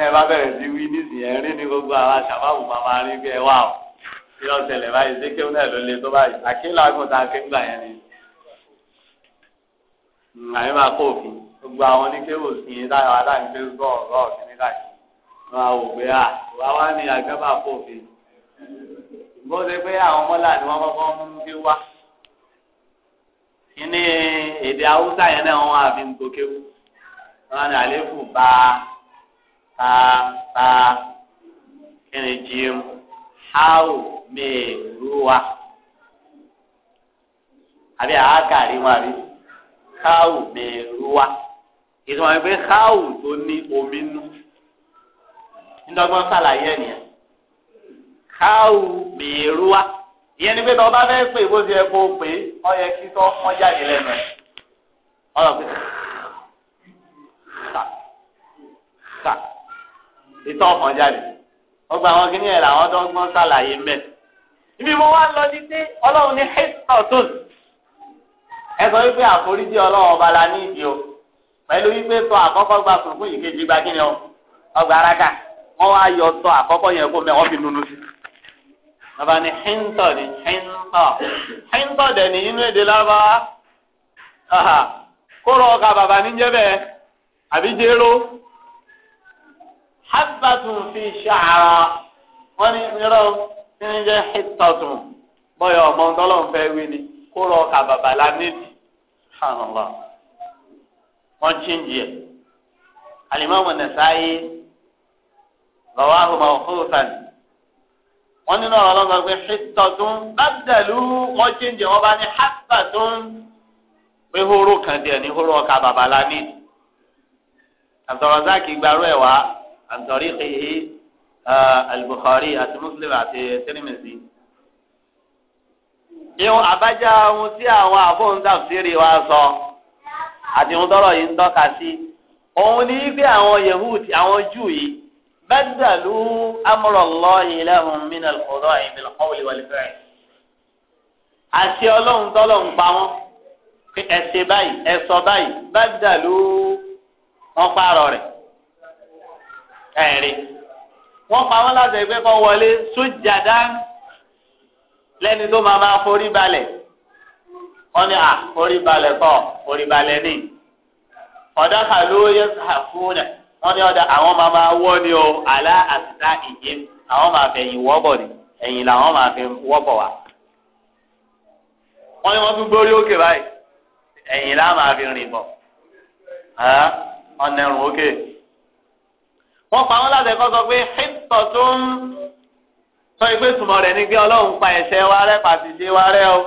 ẹ bá bẹ̀rẹ̀ sí wí nísìnyí ẹ rí ní gbogbo àwọn aṣàbáwò máa rí bí ẹ wà ó bí wọ́n ṣẹlẹ̀ báyìí ṣé kéwọn náà ló le tó báyìí àkínlá ọgbọ̀n tá a ké ń gbà yẹn ni àyínbá àkóòfin gbogbo àwọn oníkéwò sí i láyọ̀ aláìpẹ́ gbọ́ ọ̀rọ̀ ọ̀sìn káàkiri wọn àwọn òwe à wà wá ní àgbẹ̀bà fòfin bó ṣe pé àwọn mọ́là ni wọ́n kọ́kọ́ mú kí wá kíní èdè haúsá yẹn náà wọn àfi ń gòkèwú wọn ní àléfù bá ta ta kíni jíìm háù mèrúwa àbí àákàrí wọn àbí háù mèrúwa ìtumọ̀ ìgbé káwù tó ní omi nú ńdọ́gbọ́n sàlàyé ẹ̀ nìyẹn káwù mìíràn wá ìyẹn ni pé tọ́ bá fẹ́ pè bó ti yẹ kó pè é ọ yẹ kí tọ́ wọ́n jáde lẹ́nu ẹ̀ ọ̀rọ̀ pé kà kà ìtọ́ ọ̀kan jáde ọgbà àwọn kìnìyàn làwọn dọ́gbọ́n sàlàyé mẹ́ ibi mo wá lọ ní pé ọlọ́run ní hẹ́tọ̀ tó ẹ sọ wípé àforíjì ọlọ́run ọba la ní ìdí o. pẹ̀lú wípé sọ àkọ́kọ́ gba sùrùkú yìí kejì gba kí ni ọ ọgbà araka wọn wá yọ sọ àkọ́kọ́ yẹn kó fi nunu sí. bàbá ni híntọ̀ ni híntọ̀ híntọ̀ dẹ̀ ní inú èdè lábá kóró ọkà bàbá níjẹ́ bẹ́ẹ̀ àbí jéró habbatun fi ṣàrà wọn ní irọ́ kí ni jẹ́ bọ́yọ̀ ọmọ wí ni kóró ọkà la wọ́n chíńjì ẹ̀ alimami nasaayi rawahu mawqufan wọ́n nínú ọ̀rọ̀ lọ́gbà pé hitatun bàdàlú wọ́n chíńjì wọ́n bá ní hatatun pé horo kan díẹ̀ ní horo ọkà babalá ní abdulrasaki gbarú ẹ̀ wá abdulrikihi uh, al-Bukhari àti Muslim àti Tirmidhi yóò abájá ohun tí àwọn àbóǹdà fìrí wa sọ. So àti ohun tọ́rọ̀ yìí ń tọ́ka sí òun ní pé àwọn yehud àwọn jù yìí bẹ́dàlú amrullahi lahum minal khada'i bil qawli wal fi'l àti ọlọ́run tọ́lọ́run pa wọ́n pé ẹ̀sẹ̀ báyìí ẹ̀sọ̀ báyìí bẹ́dàlú wọ́n pààrọ̀ rẹ̀ ẹ̀rí wọ́n pa wọ́n láti ẹgbẹ́ kọ́ wọlé sójà dá lẹ́ni tó máa máa forí balẹ̀ wọ́n ní à orí balẹ̀ kọ́ orí balẹ̀ ní. ọ̀dà kàló yẹ fúnẹ̀ wọ́n ní ọ̀dà àwọn máa máa wọ́ ni o àlá àtìsá ìyé àwọn máa fẹ̀ yìn wọ́bọ̀ ni ẹ̀yìn làwọn máa fi wọ́bọ̀ wá. wọ́n ní wọ́n tún gbórí òkè báyìí ẹ̀yìn là máa fi rìn bọ̀ ọ̀nà ẹ̀rùn òkè. wọ́n pa wọ́n láti ẹ̀kọ́ sọ pé hìtọ̀ tó ń sọ ìgbésùmọ̀ rẹ̀ ní pé ọlọ́run pa ẹ̀ṣẹ̀ wa rẹ́ pàṣẹ wa rẹ́ o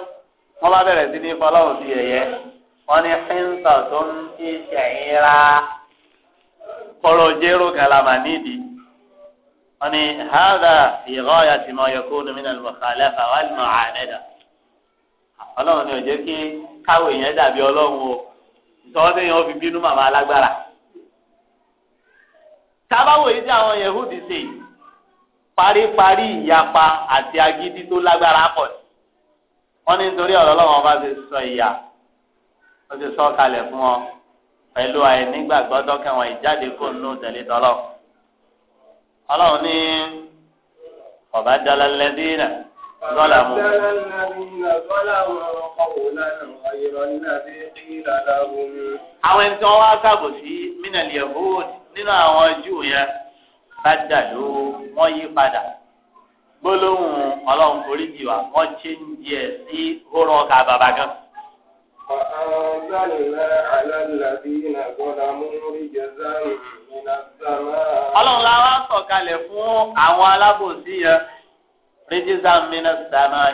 wọ́n bá bẹ̀rẹ̀ sí ní fọlọ́run sí ẹ̀yẹ wọ́n ní fíńsà tó ń fi ṣẹ̀yìnra kọ́rọ̀ jéró kan la mà nídìí wọ́n ní hàdà ìrọ̀ àti mọ̀ọ́yọ̀kọ́ onímọ̀ àlùmọ̀kàlẹ́ fàwọn àlùmọ̀ àdẹ́dà ọlọ́run ni ò jẹ́ kí káwé yẹn dàbí ọlọ́run o ìtọ́wọ́ tẹ̀yìn wọn fi bínú màmá alágbára tábàwò yìí tí àwọn yehudi ṣe paríparí ìyapa àti agídí tó lágbára pọ̀ sí wọ́n ní nítorí ọ̀rọ̀ Ọlọ́run ọba ti sọ ìyà ó ti sọ kalẹ̀ fún ọ pẹ̀lú àìnígbàgbọ́ dọ́kẹ̀wọ̀n ìjáde kó nù tẹ̀lé tọ́lọ̀ Ọlọ́run ní ọ̀bá dala lẹ́dínà lọ́la mu. àwọn ẹni tí wọ́n wá sábò sí mínàlì ẹ̀hóòdì nínú àwọn Júù yẹn bá dàlú wọ́n yí padà gbólóhùn ọlọ́run forí jì wá wọ́n ṣe ń jẹ sí hóró ọkà bàbá gan. ọlọ́run la wá sọ̀kalẹ̀ fún àwọn alábòsí yẹn rígísà mínísítà náà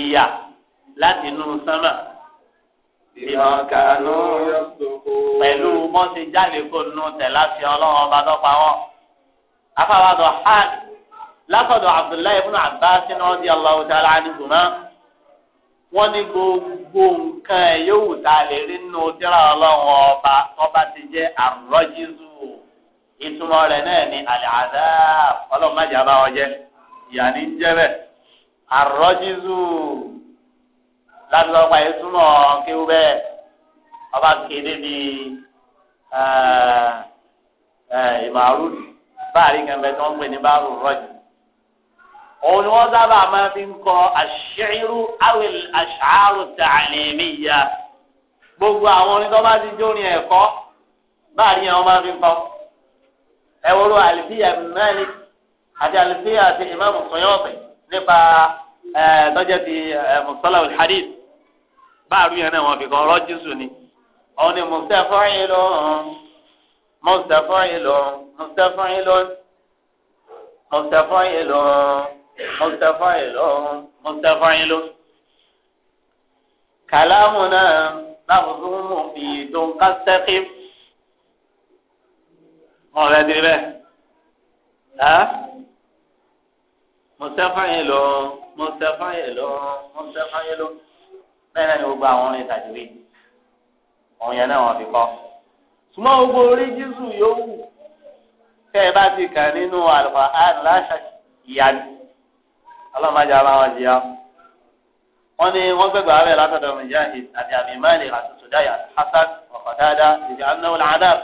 ìyà láti inú sánmà. Ìmọ̀kànú pẹ̀lú bọ́sẹ̀ jáde kó nù tẹ̀ láti ọlọ́run ọba tó pa wọ́n. Afáwádọ̀ Hàn látọ̀dọ̀ abdullahi ibn abbas radiyallahu ta'ala anhuma wọ́n ní gbogbo nǹkan ẹ̀ yóò wù tá a lè rí nínú tíra ọlọ́run ọba ọba ti jẹ́ àrọ́jísù ìtumọ̀ rẹ̀ náà ni àlàáda ọlọ́run májà bá wọn jẹ́ ìyàní jẹ́rẹ̀ àrọ́jísù ládùúgbò pa ìtumọ̀ kéwú bẹ́ẹ̀ ọba kéde bí eh, eh, ìmọ̀ àrùn báàrí kan bẹ́ẹ̀ tí ń pè ní báàrù rọ́jì òun ni wọ́n sábà máa fi ń kọ àṣírú awil àṣàrù tàlẹ́mìyà gbogbo àwọn orin tó bá ti jó orin ẹ̀kọ́ báàrin àwọn máa fi ń kọ ẹ wọ́rọ̀ àlùfíà mẹ́rin àti àlùfíà àti ìmáàmù sọ̀yọ́ọ̀bẹ̀ nípa tọ́jẹ́ ti mùsọ́lá alhadith báàrú yẹn náà wọ́n fi kọ rọ́jísù ni òun ni mùsàfọ́ ìlú mùsàfọ́ ìlú mùsàfọ́ ìlú mùsàfọ́ ìlú mọ̀tàfà ìlọ́run mọ̀tàfà yín ló. kàlámù náà láwùjọ mú fi tó ń ká sẹ́kì. wọn rẹ di bẹ́ẹ̀ ẹ́ mọ̀tàfà yín ló mọ̀tàfà yín ló mọ̀tàfà yín ló bẹ́ẹ̀ náà ni gbogbo àwọn orin ìtàjú rí òun yẹn náà wọ́n fi kọ́. súnmọ́ gbogbo orí jésù yòówù tẹ́ ẹ bá ti kà nínú àlùfáà láṣà ìyá ni ọlọ́mọdé ara wọn jìyà wọn ni wọn gbẹgbẹ abẹ látọ̀dọ̀ mujahid àti abi malik àti sudaya hasan ọkọdada ìdí anáwó làdàb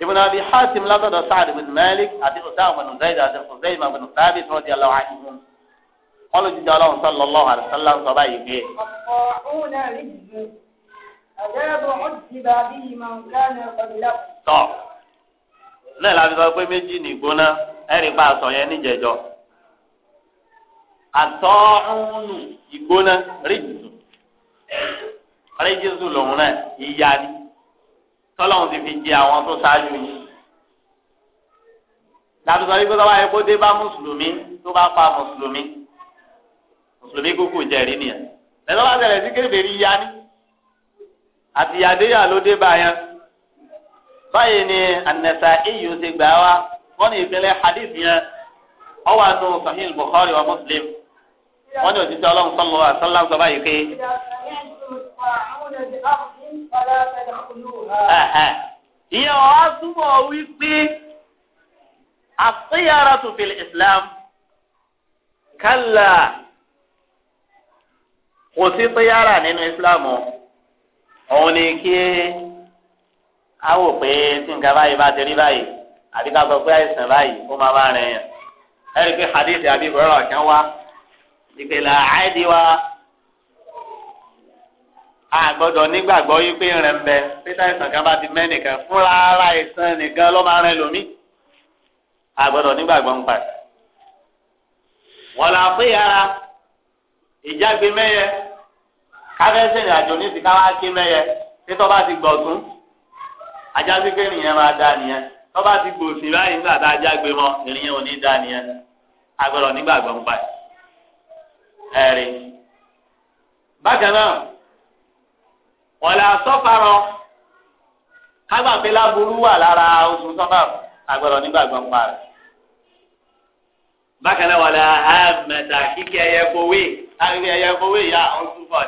ibùn abi hatim látọ̀dọ̀ saad ibn malik àti usam ibn zayd àti fuzayma ibn thabit rọdí aláwọ àyìnbó wọn ló jíjẹ Ọlọ́run sọlọ lọhùn àdìsọlá ń sọ báyìí gbé. tọ́ lẹ́yìn láti sọ pé méjì nìgbóná ẹ̀rí pa àsọ̀yẹn níjẹ̀jọ́ àtọ́ọ̀nù ìgbóná ríjìzù ríjìzù lòun náà ìyá ni tọ́lọ́hún ti fi jẹ àwọn tó ṣáájú yìí. Dàbísọ̀ wípé tọ́ba yẹ kó dé bá mùsùlùmí tó bá pa mùsùlùmí mùsùlùmí kúkú jẹ̀rí nìyẹn. Lẹ́nu bá bẹ̀rẹ̀ sí kébèrè ìyá ni àtìyàdéyà ló dé bá yẹn. Báyìí ni An-Nasa'i ṣe gbà wá wọ́n ní ìpínlẹ̀ hadith yẹn ọwọ́ àánú Sahih Bukhari wa Muslim wọ́n ní òtítọ́ ọlọ́run sọ́lọ́ àtọ́lá sọ báyìí pé. ìyẹn ọ̀há túbọ̀ wípé àṣeyàrá tó fi islam kálá kò sí ṣeyàrá nínú islam òun ni kí a wò pé tí nǹkan báyìí bá ti rí báyìí àbí ká sọ pé àìsàn báyìí ó máa bá rìn yàn. ẹ̀rí pé hadith àbí ìbọ̀rọ̀ kan wá ìpìlẹ̀ àìdí wa àgbọ́dọ̀ nígbàgbọ́ yí pé rẹ̀ ń bẹ pété àìsàn kan bá ti mẹ́nìkan fúnra ara ìsàn nìkan ló máa rẹ lómi àgbọ́dọ̀ nígbàgbọ́ ń pa wọ́n là pé ara ìjágbe mẹ́yẹ káfẹ́sẹ̀ ní àjò ní ká wá ké mẹ́yẹ títọ́ bá ti gbọ̀tún ajásí pé nìyẹn máa dá nìyẹn tọ́ bá ti gbòòsì báyìí nígbà tá a jágbe mọ́ ìrìnyẹn ò ní dá nìyẹn àgbọ́dọ̀ nígbàgbọ́ ń pa ẹ̀rí. bákan náà wọ̀lẹ̀ àsọ́farọ kágbàpé láburú wà lára oṣù sọ́fà àgbẹ̀rọ̀ nígbàgbọ́ ń parẹ́. bákan náà wọ̀lẹ̀ àmẹ́ta kíkẹ́ ẹyẹ fowé ẹyẹ fowé yá oṣù fọ̀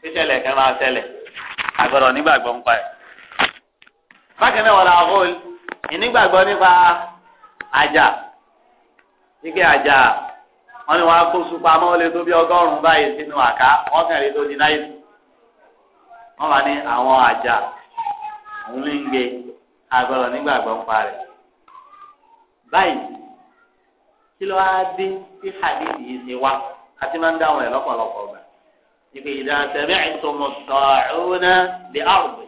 ṣíṣẹlẹ̀ kẹ́ máa ṣẹlẹ̀ bákan náà ìnígbàgbọ́ àjà kíkẹ́ àjà. wọ́n ní wọ́n á kó supamọ́ lé tó bí ọgọ́rùn-ún báyìí sínú àká wọ́n kàn lè tó di náírà wọ́n wà ní àwọn àjà òun ní ń gbé agbọ́dọ̀ nígbàgbọ́ ń parẹ́ báyìí kí ló á dé tí hadith yìí ti wá àti máa ń dá àwọn ẹ̀ lọ́pọ̀lọpọ̀ gbà ìpè ìdánsẹ̀mí àìsùnmọ̀ sọ̀rọ̀ ní àrùbẹ̀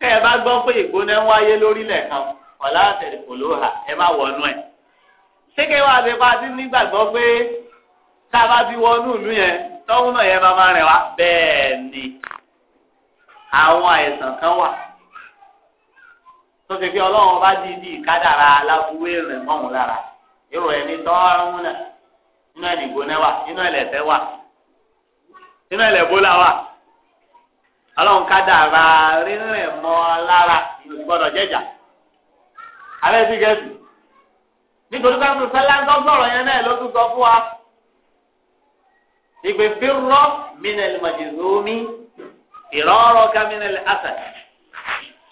kẹ́ ẹ bá gbọ́ pé ìgbóná wáyé lórílẹ̀ kan ọ̀la àtẹ̀lẹ̀ kò ló hà ẹ má wọnú ẹ̀ sékè wà sí pa sí nígbàgbọ́ pé tá a bá fi wọnú ìlú yẹn tọ́hún náà yẹn máa máa rìn wá bẹ́ẹ̀ ni àwọn àìsàn kan wà tó fi fi ọlọ́run bá di di ìkádàrà alábuwé rẹ̀ mọ́hún lára irú ẹ̀ ní tọ́rún náà inú ẹ̀ nìgbóná wà inú ẹ̀ wà inú ẹ̀ wà ọlọ́run kádàrà rírìn mọ́ lára ìgbọ́dọ̀ jẹ́jà abẹ́sí gẹ̀ẹ́sì nítorí pé àwọn sálá ń sọ̀rọ̀ yẹn náà ló tún sọ fún wa. ìpè fírọ́ mínẹ́lì màjèzómi ìrọ́rọ́ ká mínẹ́lì àṣàt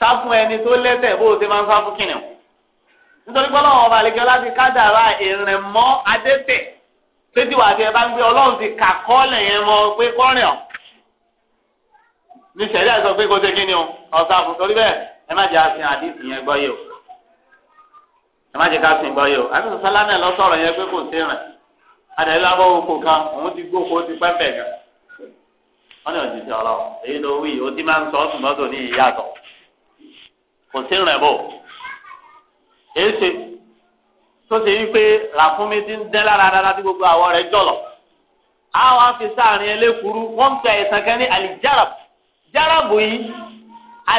sáfún ẹni tó lẹ́tẹ̀ bó o ṣe máa ń sáfún kìnìún. nítorí pé ọlọ́run ọba àlejò láti kádàrá ìrìnmọ́ adẹ́tẹ̀ títí wàá fi ẹ bá ń gbé ọlọ́run ti kà kọ́ọ̀lẹ̀ yẹn mọ pé kọ́rin ọ̀ ní sẹ́dí àìsàn pé kò ṣe kí ni o ọ̀sán àfùsọ̀rí bẹ́ẹ̀ ẹ má jẹ́ àfihàn àdìsí yẹn gbọ́ yìí o má jẹ ká sìn gbọ́ yìí o àbí sọ́sálá náà lọ sọ̀rọ̀ yẹn pé kò sí rìn adàlẹ́ lábọ́ oko kan òun ti gbóko ti pẹ́pẹ́ gan wọ́n ní òjijì ọ̀rọ̀ èyí ló wí o ti máa ń sọ ọ́ tùmọ́ tó ní ìyàtọ̀ kò sí rìn bò èyí ṣe tó ṣe wípé ràfúnmi ti ń dẹ́ lára dára tí gbogbo àwọ̀ rẹ̀ jọ̀lọ̀ àwọn afi sáàrin ẹlẹ́kùrú wọ́n ń pe àìsàn kan ní àlìjárab járàbù yìí a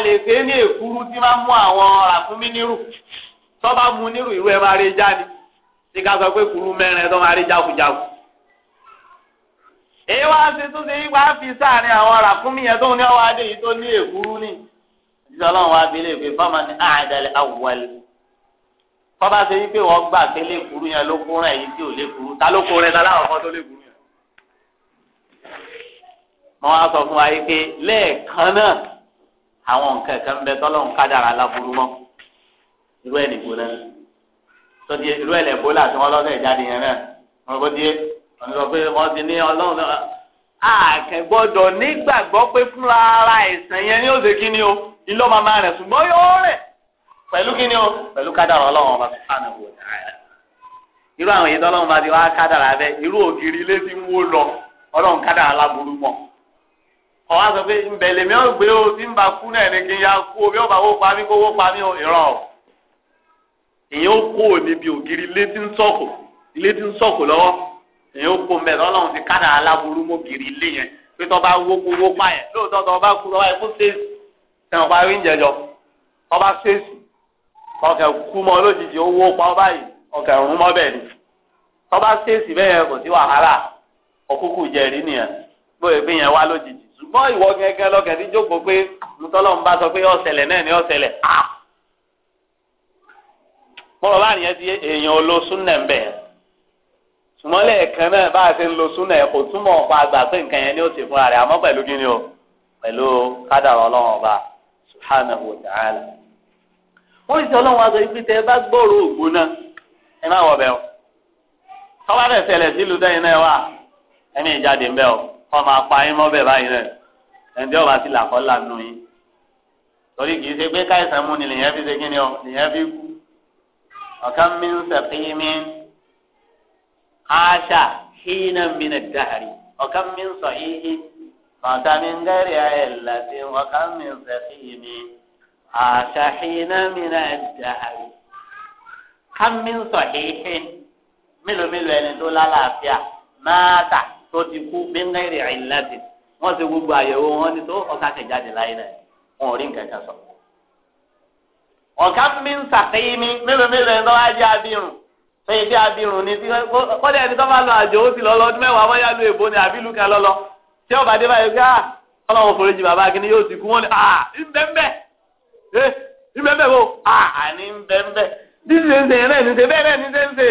tó bá mu nírú ìwé máa rí já ni tí ká sọ pé kùrú mẹ́rin tó máa rí jákujáku. èyí wá ṣe tún ṣe wípé fi sáàrin àwọn ràkúnmí yẹn tó ní ọwọ́ adé yìí tó ní èkúrú ní. ìṣẹ́ ọlọ́run wá bí léèpé fáwọn ní àádẹ́lẹ̀ àwọ̀lẹ̀. tó bá ṣe wípé wọ́n gbà pé lékùrú yẹn ló kó rẹ̀ yìí tí ò lékùrú ta ló kó rẹ̀ láláwọ̀ kan tó lékùrú yẹn. mo wá sọ fún wa yìí pé lẹ́ẹ̀kan náà àwọn nǹkan irú ẹ̀ nìkú náà sọdí irú ẹ̀ lẹ̀ bólà tí lọ́sẹ̀ jáde yẹn náà díẹ̀ sọ pé ti ní ọlọ́run náà nígbàgbọ́ pé fúnra ara ẹ̀sìn yẹn ní òsè kí ni o ilé ọmọ máa rẹ̀ ṣùgbọ́n yóò rẹ̀ pẹ̀lú kí ni o pẹ̀lú kádàrà ọlọ́run ọba subhanahu irú àwọn èyí tọ́lọ́run bá ti wá kádàrà bẹ́ irú ògiri ilé ń wó lọ ọlọ́run láburú mọ́ sọ pé mi ò gbé o o bí ó bá wó pa mí kó èyàn ó kó níbi ògiri létí ń sọ̀kò létí ń sọ̀kò lọ́wọ́ èyàn ó kó mẹ́ta ọlọ́run ti kára aláburú mọ́gìrì ilé yẹn pé tọ́ bá wókú wópa yẹn lóòótọ́ tọ́ bá kú lọ́wọ́ ẹ̀kú ṣèṣì tẹ̀wọ̀n pa oúnjẹ jọ tọ́ bá ṣèṣì ọkẹ̀ kú mọ́ lójijì ó wópa ọ báyìí ọkẹ̀ rún mọ́ bẹ́ẹ̀ ni tọ́ bá ṣèṣì bẹ́ẹ̀ kò sí wàhálà ọkúkú jẹ̀rí nìyẹn bóyá pé yẹn wá lójijì ṣùgbọ́n ìwọ gẹ́gẹ́ mọ̀rọ̀ bá nìyẹn ti èèyàn lo súnà ń bẹ̀ yẹn ṣùgbọ́n lẹ́ẹ̀kan náà bá a ṣe ń lo súnà yẹn kò túmọ̀ ọ̀pá àgbà pé nǹkan yẹn ni ó ti fúnra rẹ̀ àmọ́ pẹ̀lú kí ni o pẹ̀lú kádàrá ọlọ́run ọba subhanahu wa ta'ala. wọ́n ti sọ ọlọ́run wa sọ ibi tẹ́ ẹ bá gbòòrò ògbó náà ẹ má wọ̀ bẹ́ o. tọ́ba rẹ̀ ṣẹlẹ̀ sílùú dẹ́yìn náà wà ẹni ìjáde ń bẹ́ o kọ́ máa pa yín mọ́ bẹ́ẹ̀ báyìí náà ẹ̀ǹdẹ́ ọba ti làkọ́ lànà yín. torí kì í ṣe pé káìsàn mú ọ̀kan mi ń sàfihàn aṣa hínà mi nà dàrí ọ̀kan mi ń sọ híhí màtá mi ń gẹ́rì àyẹ̀láti ọ̀kan mi ń sàfihàn aṣa hínà mi nà dàrí kan mi ń sọ híhí mélòó mélòó ẹni tó lálàáfíà máa tà tó ti kú mi ń gẹ́rì àyẹ̀láti wọ́n ti gbogbo àyẹ̀wò wọn ni tó ọ̀sà kẹjáde láyé náà wọn ò rí nǹkan kan sọ ọ̀ká mi ń sàkéyí mi mélòó mélòó ẹni tó wá jẹ́ abirùn sẹ́yìn tí abirùn ni tí kọ́dẹ̀ ẹni tó bá lọ àjò ó sì lọ lọ ọdún mẹ́wàá wọ́n yá lu èbó ni àbí lùkà lọ́lọ́ tí ọba dé báyìí gbá ah, ọlọ́run foríjì bàbá akíní yóò ti kú wọ́n ní à ah, ńbẹ́ńbẹ́ ẹ ńbẹ́ńbẹ́ eh, wo à ah, àní ńbẹ́ńbẹ́ bí ṣe ń ṣe bẹ́ẹ̀ ní ṣe ń ṣe.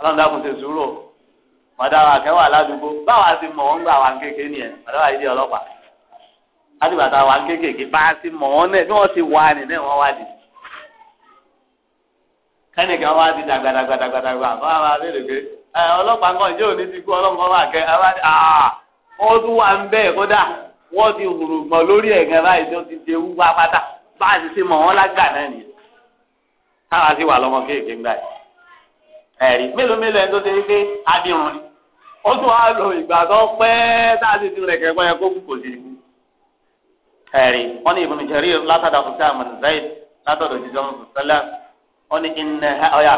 ọlọ́run sùúrù mọ̀dáwà kẹwàá ládùúgbò báwa ti mọ̀ wọ́n gbà wá kékeré nìyẹn mọ̀dáwà yìí di ọlọ́pàá látìgbà tá a wà kéékèèké bá a ti mọ̀ ọ́n náà bí wọ́n ti wà ní náà wọ́n wà dì. kẹ́nìkan wá di dàgbàdàgbàdàgbàdàgbà fún àwọn abẹ́rẹ́ pé ọlọ́pàá kan ìjọ òní ti kú ọlọ́pàá wà kẹ́ wọ́n tún wà ń bẹ́ẹ̀ kódà wọ́n ti hùrù mọ̀ lórí báyìí tó ti wúwá pátá bá a ti ṣe mọ̀ wọ́n lágbà náà nìyẹn. káwa wà lọ́mọ ẹ̀rí wọ́n ní Ibn Jarir látàdà fúnṣẹ́ àmọ̀ Zayd látọ̀dọ̀ jíjọ́ mùsùlùmí wọ́n ní iná ọ̀yà.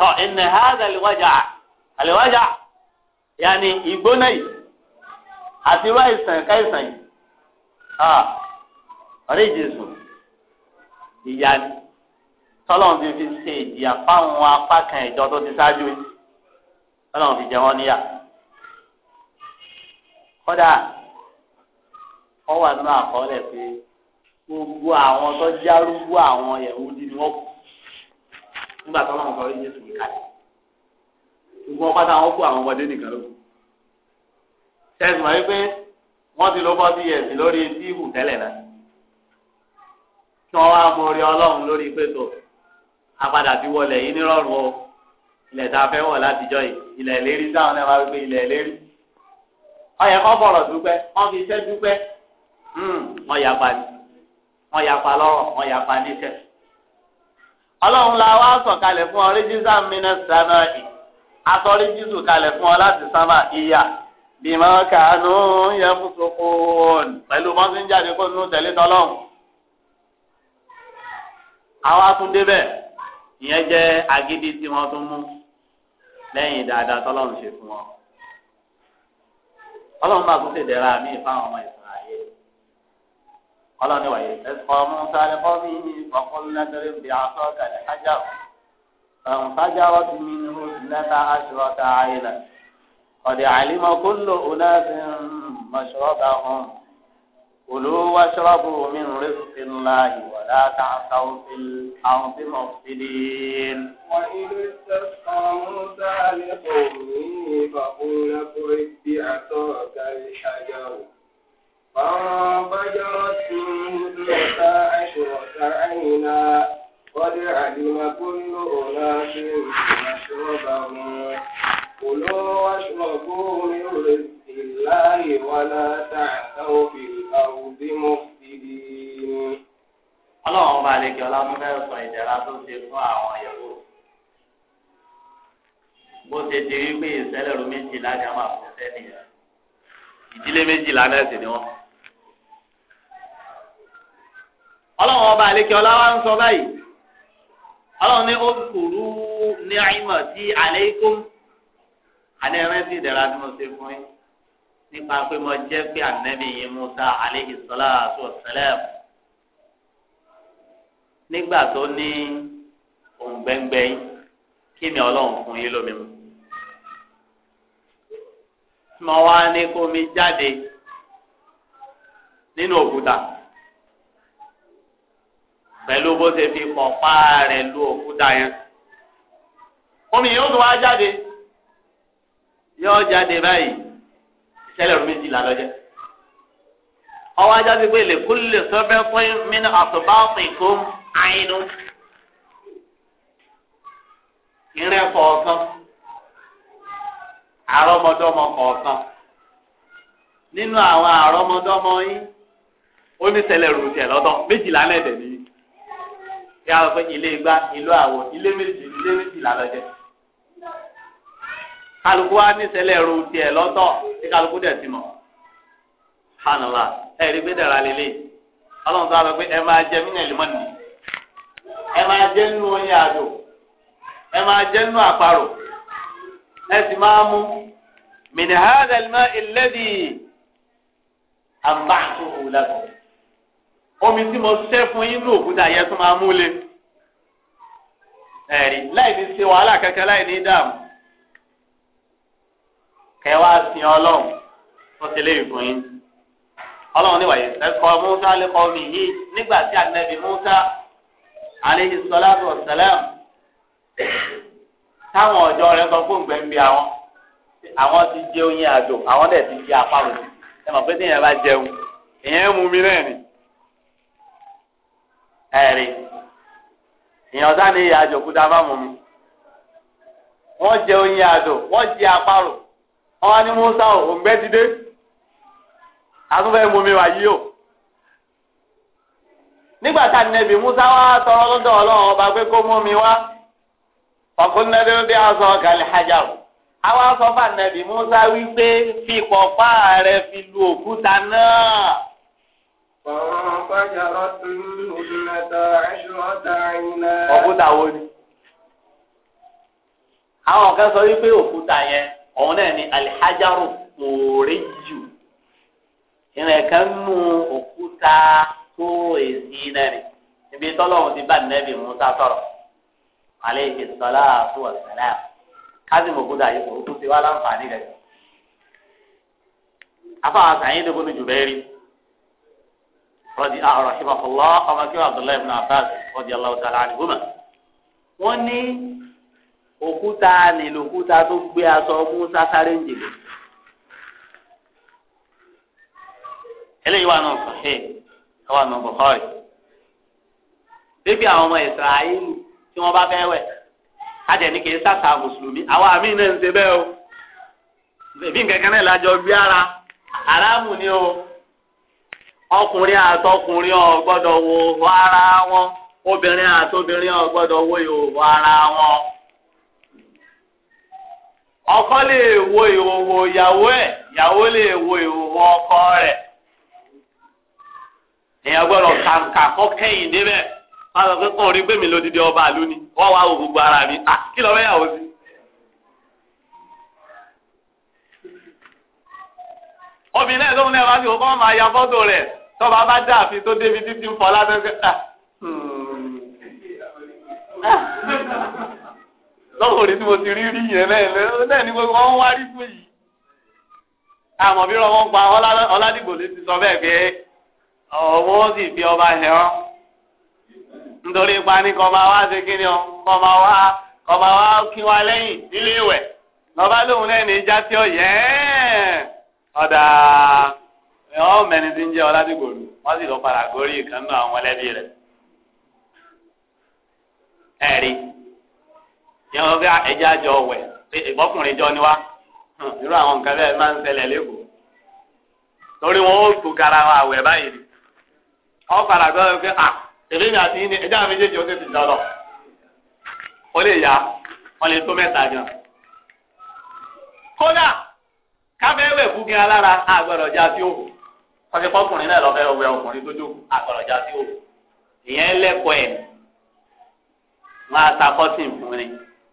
tọ́ iná hàdà lìwájà àlìwájà yàní ìgbóná yìí àti irú àìsàn káìsàn yìí ọ̀rẹ́ ìjẹsùn ìyá ni tọ́lọ́run ti fi ṣe ìjìyà fáwọn apá kan ìjọ tó ti ṣáájú yìí. Ọlọ́run fi jẹ wọ́n níyà kódà wọ́n wà nínú àkọọ́lẹ̀ pé gbogbo àwọn tó járúgbó àwọn yẹ̀wò di ni wọ́n kù nígbà tó wọ́n kọ́ Jésù kalẹ̀ gbogbo wọn pátá kú àwọn ọmọdé nìkan ló kù pé wọ́n ti lọ bọ́ sí ẹ̀sìn lórí tíìbù tẹ́lẹ̀ ilẹ̀ tá a fẹ́ wọ̀ látijọ́ yìí ilẹ̀ ìlérí táwọn náà wá wípé ilẹ̀ ìlérí ọyẹ kọ́ bọ̀rọ̀ dúpẹ́ wọ́n fi iṣẹ́ dúpẹ́ hmm, wọ́n yapa ni wọ́n yapa lọ́rọ̀ wọ́n yapa níṣẹ́ ọlọ́run la wá sọ̀kalẹ̀ fún ọ rígísà mìíràn sábà yìí atọ́ rígísù kalẹ̀ fún ọ láti sábà ìyá bímọ kàánú yẹn fún sokòón pẹ̀lú mọ́síńjáde kó nù tẹ̀lé tọ́lọ́run àwa tún débẹ̀ ìyẹn jẹ́ agídí tí wọ́n tún mú lẹ́yìn dáadáa tọ́lọ́run ṣe fún wọn. ọlọ́run bá tún ṣe dẹ́ra mí fáwọn ọmọ ìsìnláyé ọlọ́run ní wàyí ẹ̀sọ́ musa ní kọ́bí ní ìfọ̀kúnlẹ̀ lórí ibi àtọ́ kàlẹ́ ájà ọ̀hún sájà wọ́n ti mí ní oṣùlẹ́ta aṣọ́ta àìlẹ̀ ọ̀dẹ̀ àìlímọ̀ kúlò ọ̀nà ẹ̀sìn mọ̀ṣọ́ta ọ̀hún kulu washrabu min rizqi llahi wa la ta'thaw fil ardi mufsidin. wa idh istasqa musa liqawmihi faqula qud bi'asaka al-hajar فانفجرت منه اثنتا عشرة عينا قد علم كل أناس مشربهم كلوا واشربوا من رزق الله ولا تعثوا في الأرض مفسدين ọlọ́run bá lè kí ọlọ́run fẹ́ sọ ìdára tó ṣe fún àwọn ìyàwó bó ṣe ti rí pé ìṣẹ̀lẹ̀rú méjìlá ni a máa fún sẹ́ni ìdílé méjìlá náà sì ni wọ́n. ọlọ́run ọba àlekè ọláwá ń sọ báyìí ọlọ́run ní oṣùrú ní àìmọ̀ sí àlékún àdéhùn sí ìdára tí ṣe fún yín nípa pé mo jẹ́ pé ànábì yìí Musa aleyhi salatu wa salam nígbà tó ní òun gbẹ́ngbẹ́ yín kí ni ọlọ́run fún yín lómi mu mo wá ní kó mi jáde nínú òkúta pẹ̀lú bó ṣe fi pọ̀pá rẹ̀ lu òkúta yẹn omi yóò tún wá jáde yóò jáde báyìí tẹ́lẹ̀ rú méjìlá lọ́jẹ́. ọwọ́ ajá ti pé lè kú lè sọ́fẹ́ fún mínú àtúbáàtì kó àyínú. ìrẹ́ kọ̀ọ̀kan àrọ́mọdọ́mọ kọ̀ọ̀kan nínú àwọn àrọ́mọdọ́mọ yín ó ní tẹ́lẹ̀ rú tiẹ̀ lọ́tọ̀ méjìlá lẹ́dẹ̀ nìyí. yàrá pé ilé igbá ìlú àwọ̀ ilé méjì ilé méjìlá lọ́jẹ́. kálukú wa ní sẹlẹ̀ ru tiẹ̀ lọ́tọ̀ tí kálukú dẹ̀ ti mọ̀ hànàlá ẹ̀rí gbé dàrá lélẹ̀ pé ẹ máa jẹ mínà ìlú mọ́nì ẹ máa jẹ nínú oyin àdó ẹ máa jẹ nínú àparò ẹ sì máa mú mìnà hàdàlmá ìlẹ́dì àmbàtò òwúlàtò omi tí mo fún yín ní òkúta yẹn tó máa mú kẹwàá sin ọlọ́run tó ti léyìn fún yín ọlọ́run ní wàyí musa lẹ́kọ́ mi yìí nígbà tí anabi musa aleyhi salatu wa salam táwọn ọ̀jọ́ rẹ̀ sọ fún gbẹ̀ngbẹ̀ àwọn àwọn ti jẹ oyin àjò àwọn dẹ̀ ti jẹ àparò ẹ mọ̀ pé téèyàn bá jẹun èèyàn mú mi náà ni ẹ̀rí èèyàn sáà ní ìyá àjò kúta bá mú mi wọ́n jẹ oyin àjò wọ́n jẹ àparò ọwọ́ ni musa òǹgbẹ́ ti dé àtúnfẹ́ mumi wà yí o nígbà tá nẹbi musa wá tọrọ lọ́dọ̀ ọlọ́run ọba pé kó mumi wá ọkùnrinlẹ́dẹ́dẹ́ aṣọ kàlẹ́ hajà o àwa sọ fún ànẹbi musa wípé fi pọ̀pá rẹ fi lu òkúta náà. Òkúta wo ni? Àwọn kan sọ wípé òkúta yẹn ọ̀hún náà ni alihajaru òòrè ìrìn kan nù òkúta tó ibi ti bá nẹ́bí musa sọ̀rọ̀ aleyhi sọlá àti wàsálà kásìm òkúta yìí kò tún ti wá láǹfààní rẹ̀ afáwọn sàyìn tó gbóni jù rọ́dí àrùn ah, ọmọ kí abdullahi ibn abbas rọ́dí aláwọ̀ sàlá àdìgúnmá wọ́n ní. òkúta nílòkúta tó gbé aṣọ musa sáré ń jèlè. eléyìí wà náà sọ̀hẹ́ wà náà bọ̀kọ́rì. bíbí àwọn ọmọ ìsirahìlì tí wọ́n bá fẹ́ wẹ̀ ajẹ́ni kì í sàkà àwọn àmì náà ń o. kankan náà lájọ gbé ni o ọkùnrin àtọkùnrin gbọ́dọ̀ ara wọn obìnrin àtobìnrin gbọ́dọ̀ wo ara wọn. ọkọ lè wo ìhòòhò ìyàwó ẹ̀ ìyàwó lè wo ìhòòhò ọkọ rẹ̀ èèyàn gbọ́dọ̀ kàǹkà kọ́kẹ́yìn débẹ̀ wọ́n sọ pé kàn rí pé mi lódìdí ọba àlú ni wọ́n wá wo gbogbo ara mi kí lọ́ọ́ yàwó sí. obìnrin náà lóun náà wá sí òkú wọn máa ya fọ́tò rẹ̀ tọ́ba bá dá àfi tó débi títí ń fọ́ lásán hmm. lọ́wọ́ tí mo ti rí rí yẹn lẹ́yìn náà ni fún yìí. àmọ́ bí wọ́n pa ọládìgbò lè sọ bẹ́ẹ̀ pé ọmọ sì fi ọba hẹ̀ ọ́ nítorí ipa ní kọ́ ọ kọ́ máa wá kọ́ máa wá kí lẹ́yìn nílé ìwẹ̀ lọ́ba lóhun náà ní ìjà tí ó yẹ ọ̀dà mẹ́ni tí ń yẹn wọ́n fẹ́ ah, ẹja jọ wẹ̀ ìbọ́kùnrin jọ ni wa irú àwọn nǹkan bẹ́ẹ̀ máa ń ṣẹlẹ̀ lẹ́kọ̀ọ́ torí wọn ó tó garawa àwẹ̀ báyìí ni wọ́n padà gbọ́dọ̀ pé à ah, èmi ni ẹja méjèèjì ó tètè dọ̀rọ̀ ó lè yá lè tó gan kódà fún kí alára àgbọ̀dọ̀ já sí òkú kọ́sí pọ́kùnrin náà lọ́fẹ́ wẹ ọkùnrin tó jókòó àgbọ̀dọ̀ já sí òkú ìyẹn lẹ́kọ̀ọ́ ẹ̀ ta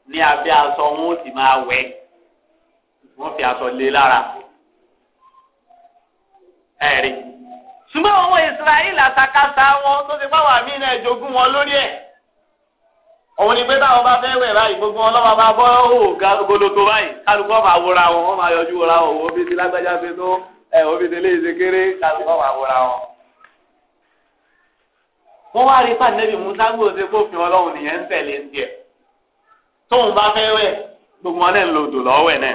ní abẹ́ aṣọ wọn ó sì máa wẹ̀ wọ́n fi aṣọ lé lára ẹ̀rí. ṣùgbọ́n àwọn Israẹli àtàkàtà wọn tó ti fáwọn àmì náà jogún wọn lórí ẹ̀ òun ni pé táwọn bá fẹ́ wẹ̀ báyìí gbogbo wọn lọ́wọ́ bá bọ́ ògoloto báyìí kálukọ́ máa wòra wọn wọ́n máa yọjú wòra wọn òbí ti lágbájá fi tó ẹ̀ òbí ti lé ìsekéré kálukọ́ máa wòra wọn wọ́n wá rí pàdé bí musa gbòòsè kófin ọlọ́run nìyẹn ń tẹ̀lé ń tiẹ̀ tóun bá fẹ́ wẹ̀ gbogbo ọ̀nà ńlọdò lọ́wẹ̀ náà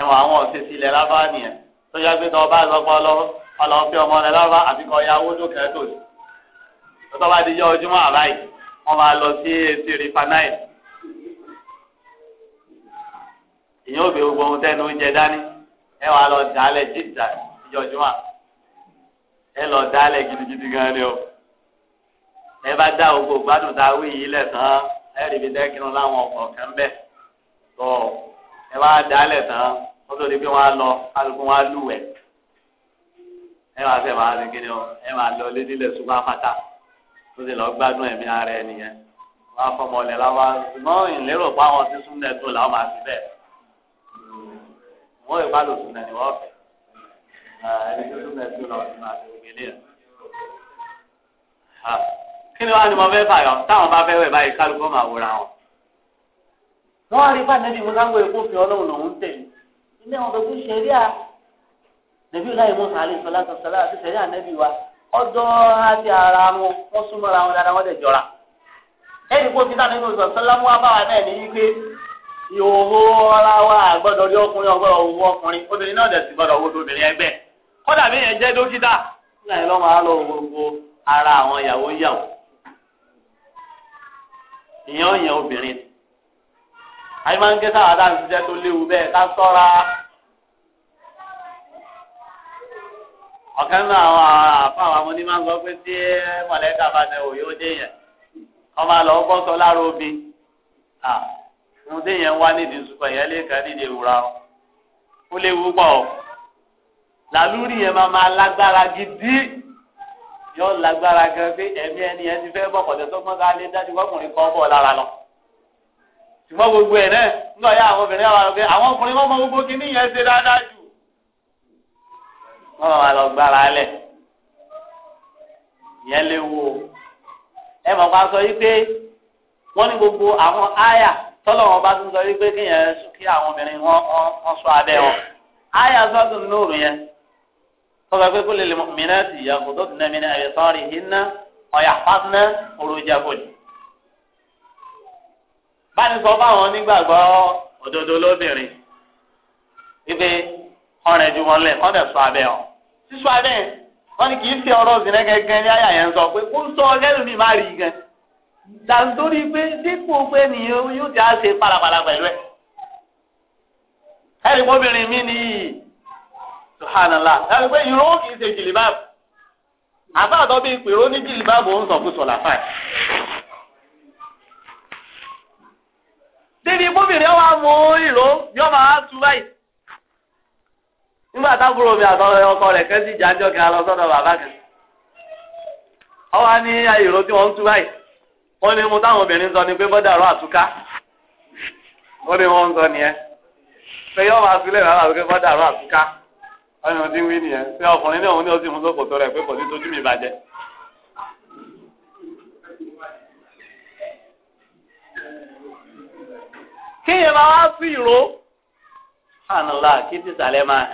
ẹ̀wọ̀n àwọn ọ̀sẹ̀sì ilẹ̀ lábá nìyẹn tó yá gbé tó ọba ìlọ́pọ̀ ọlọ́ọ̀fẹ́ ọmọ rẹ̀ lábá àti kọ́ ya owó tó kẹ́ tó sí tó bá di yọ ojúmọ́ àbáyé wọ́n máa lọ sí etí rìfanáì ìyẹn ò gbé gbogbo ohun tẹ́nu oúnjẹ dání ẹ wàá dálẹ̀ jíjà ìjọjúmọ́ ẹ lọ dálẹ̀ gidigidi gan ni o ẹ bá dá gbogbo gbádùn tá a wí yìí lẹ̀ tán ẹ̀rí bíi dẹ́kinu láwọn ọkọ̀ kan bẹ́ẹ̀ tó ẹ wá dálẹ̀ tán wọ́n tó di pé wọ́n á lọ alùpùpù wọn á lúwẹ̀ ẹ wá fẹ́ máa rìn kíni o ẹ máa lọ lé nílẹ̀ ṣùgbọ́n apáta tó ti lọ gbádùn ẹ̀mí ara ẹ nìyẹn wọ́n á fọmọ ọ̀lẹ́ láwa ṣùgbọ́n ìlérò pa àwọn tí súnlẹ̀ tó làwọn máa fi bẹ́ẹ̀ wọ́n ìbálò súnlẹ̀ ni wọ́n fẹ́ ẹni tó súnlẹ̀ tó làwọn ti máa fi kí ni wọ́n ní mo fẹ́ fàyọ̀ táwọn bá fẹ́ wẹ̀ báyìí kálukọ́ máa wòra wọn. wọ́n á rí bá nẹ́bí musa ń wọ èkó fi ọlọ́run lòún tẹ̀lé ilé wọn fẹ́ kó ṣẹ̀ríà nẹ́bí láì mú sàálì sọlá sọlá àti ṣẹ̀ríà nẹ́bí wa ọjọ́ àti ara wọn wọ́n súnmọ́ra wọn dáadáa wọ́n dẹ̀ jọra. ẹnì kó títà nínú sọ̀sọ́lá mú abáwa náà ní wípé ìhòòhò ọ̀la wa àgbọ̀dọ̀ rí ọkùnrin ọgbọ̀dọ̀ owó ọkùnrin obìnrin náà dẹ̀ sì gbọ́dọ̀ owó obìnrin ẹgbẹ́ kódà bí yẹn jẹ́ dókítà nígbà yẹn lọ́mọ gbogbo ara àwọn ìyàwó yàwó ìyẹn ọ̀yàn obìnrin ni àyè máa ń gé sáwà dáhùn síjẹ́ tó léwu bẹ́ẹ̀ ká sọ́ra ọ̀kan náà àwọn àfa àwọn ọmọ máa ń sọ pé tí mọ̀lẹ́kà bá tẹ òye ó dé yẹn ọmọ àlọ́ bọ́ sọ lára omi ohun tí wá nídìí sùpọ̀ yẹn lè nídìí ewúra o ó léwu pọ̀ o yẹn máa máa lágbára gidi yóò lágbára gan pé ẹ̀mí ẹni ẹ ti fẹ́ bọ̀ pọ̀tẹ́ tó gbọ́n ká lé dájú fọkùnrin kan bọ̀ lára lọ. ṣùgbọ́n gbogbo ẹ̀ náà nígbà yá àwọn obìnrin àwọn ọ̀gbìn àwọn ọkùnrin mọ́mọ́ gbogbo kí níyẹn ṣe dáadáa jù. wọ́n máa lọ gbára lẹ̀ ìyẹn léwu o. ẹ mọ̀ pa sọ wípé wọ́n ní gbogbo àwọn áyà tọ́lọ̀ wọn bá tún sọ wípé kí àwọn obìnrin wọn sọ abẹ́ wọn. áyà sọ́dún nóòrù yẹn tọ́ka pé kó lè lè mìíràn ti ìyá kò tó tún náà mìíràn àyè sọ́ọ́rì hinna ọ̀yà pátánà òròjà kòlì. báyìí sọ fáwọn onígbàgbọ́ òdodo lóbìnrin wípé ọ̀rẹ́ ju wọn lẹ̀ kọ́ dẹ̀ sọ abẹ́ ọ. sísọ abẹ́ wọn ni kì í fi ọ̀rọ̀ òsìnẹ́ gẹ́gẹ́ ní àyà yẹn sọ pé kó sọ ọlẹ́rù mi má rí gan. dàńtórí pé dípò pé nìyẹn yóò ti á ṣe pàlàpàlà pẹ̀lú ẹ̀. ẹ̀rí subhanallah láti pé ìró kì í ṣe jìlìbáàbù àbáàdọ́ bíi pèrò ní jìlìbáàbù ń ìró máa báyìí nígbà ọkọ rẹ̀ a lọ sọ́dọ̀ bàbá kan ọwọ́ ní ìró tí wọ́n ń tú báyìí wọ́n ní mo táwọn obìnrin sọ ni pé bọ́dà rọ àtúká wọ́n ní wọ́n ń sọ nìyẹn pé ọyàn ọdún wí nìyẹn ṣé ọkùnrin ndị òun ní ọsìn mọ́tò kòtò rẹ̀ pé kò ní tójú mi bàjẹ́. kéèyàn máa wá sí ìró ànàlá kí máa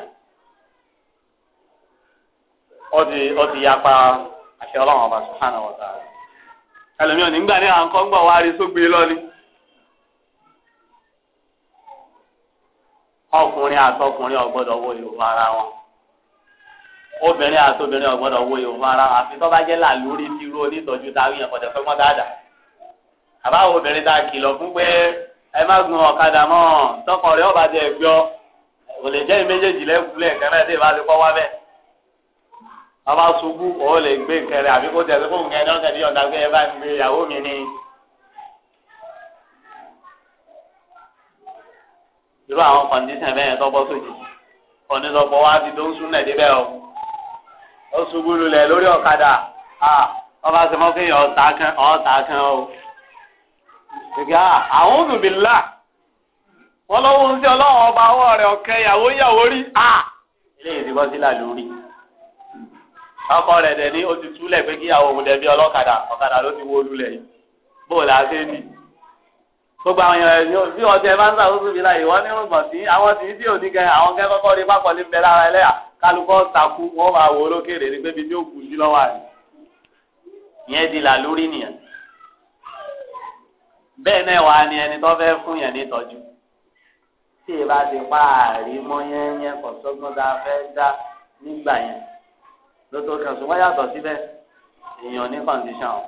hàn yapa àṣẹ ọlọ́run ọba ọ̀tá ní àǹkọ́ ń gbọ̀ wá rí lọ́ni. ọkùnrin àtọkùnrin wo ara wọn obìnrin àti obìnrin ọ̀gbọ́dọ̀ wo ìwọ̀n ara àfi tó bá jẹ́ là lórí ti ru onítọ́jú táwọn èèyàn kọ̀dẹ̀ fẹ́ mọ́ dáadáa. àbáwo obìnrin tá a kìlọ̀ fún pé ẹ má gun ọ̀kadà mọ́ tọkọ rẹ ọba tẹ gbọ́ ò lè jẹ́ ìméjèèjì lẹ́kùnlé kẹrẹ́ tí ìbá ti kọ́ wá bẹ́ẹ̀. bàbá ṣubú ò lè gbé kẹrẹ àbí kó tẹ̀sí fún kẹrẹ ọ̀kẹ́ ní ọ̀dà pé ẹ bá ń gbé ìyàwó mi ni. irú àwọn kọ̀ǹdíṣàn bẹ́ẹ̀ tó kọ̀ǹdíṣàn bọ́ wá ti tó ń sún náà débẹ̀ o ó ṣubú lórí ọ̀kadà ọba sọmọ pé ọ̀tá kan ọ̀tá o. ìgbà àwọn òdùbìlà wọn lọ́wọ́ ń sí ọlọ́run ọba ọwọ́ rẹ̀ ọ̀kẹ́ ìyàwó ìyàwó rí ilé ìdíbọ́ sílà lórí ọkọ rẹ̀ dẹ̀ ní o ti pé kí àwọn òun dẹ̀ bí ọlọ́kadà ọ̀kadà ló ti wó lulẹ̀ bó o ṣe ní. gbogbo àwọn èèyàn rẹ̀ bí ọtí ẹ bá ń sàkóso mi láàyè wọ́n ní rògbòn sí àwọn tì í sí òní gan àwọn kẹ́kọ̀ọ́ rí pápọ̀ ní bẹ́ẹ̀ lára ẹlẹ́yà kálukọ́ takú wọ́n máa wọ olókèrè ní pébi tí ó kù sí lọ́wọ́ àná ìyẹn di là lórí nìyẹn bẹ́ẹ̀ náà wà ní ẹni tó fẹ́ fún yẹn nítọ́jú tí ì bá ti pa àrí mọ́ yẹn yẹn kò sọ́gbọ́n tá a fẹ́ dá nígbà yẹn lótó kan ṣùgbọ́n yàtọ̀ síbẹ̀ èèyàn ní kọ̀ǹdíṣàn o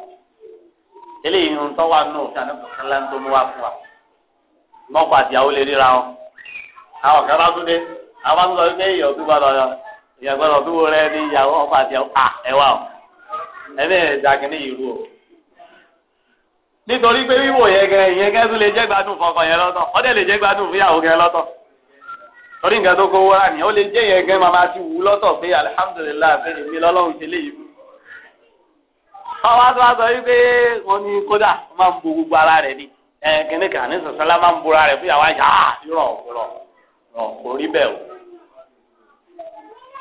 eléyìí ń tọ́wọ́ àánú òfin àdébùkálá tó mú wá fún wa mọ́kọ àtìyàwó lè ríra wọn àwọn kan bá tún dé àwọn bá tún sọ wípé èèyàn tún gbọ́dọ̀ yọ ìyàgbọ́dọ̀ tó wọlé ní ìyàwó ọkọ àti ẹwà o ẹni ìdàgé ní ìlú o. nítorí pé wíwò yẹn gẹ ìyẹn gẹ tó lè jẹ́ gbádùn fọkàn yẹn lọ́tọ̀ ó dẹ̀ lè jẹ́ gbádùn fún ìyàwó gẹ lọ́tọ̀ torí nǹkan tó kówó rà ní ó lè jẹ́ yẹn gẹ màmá ti wù lọ́tọ̀ pé alihamudulilayi fẹ́ẹ́ mi lọ́lọ́run ṣe léyìí fún. ọwọ́ tó wá sọ wípé wọ́n ní kódà máa ń bo gbogbo ara rẹ̀ ni kìnnìkan ní sọ̀sọ́lá máa ń bora rẹ̀ fún ìyàwó àyà yóò rọ̀ kó rí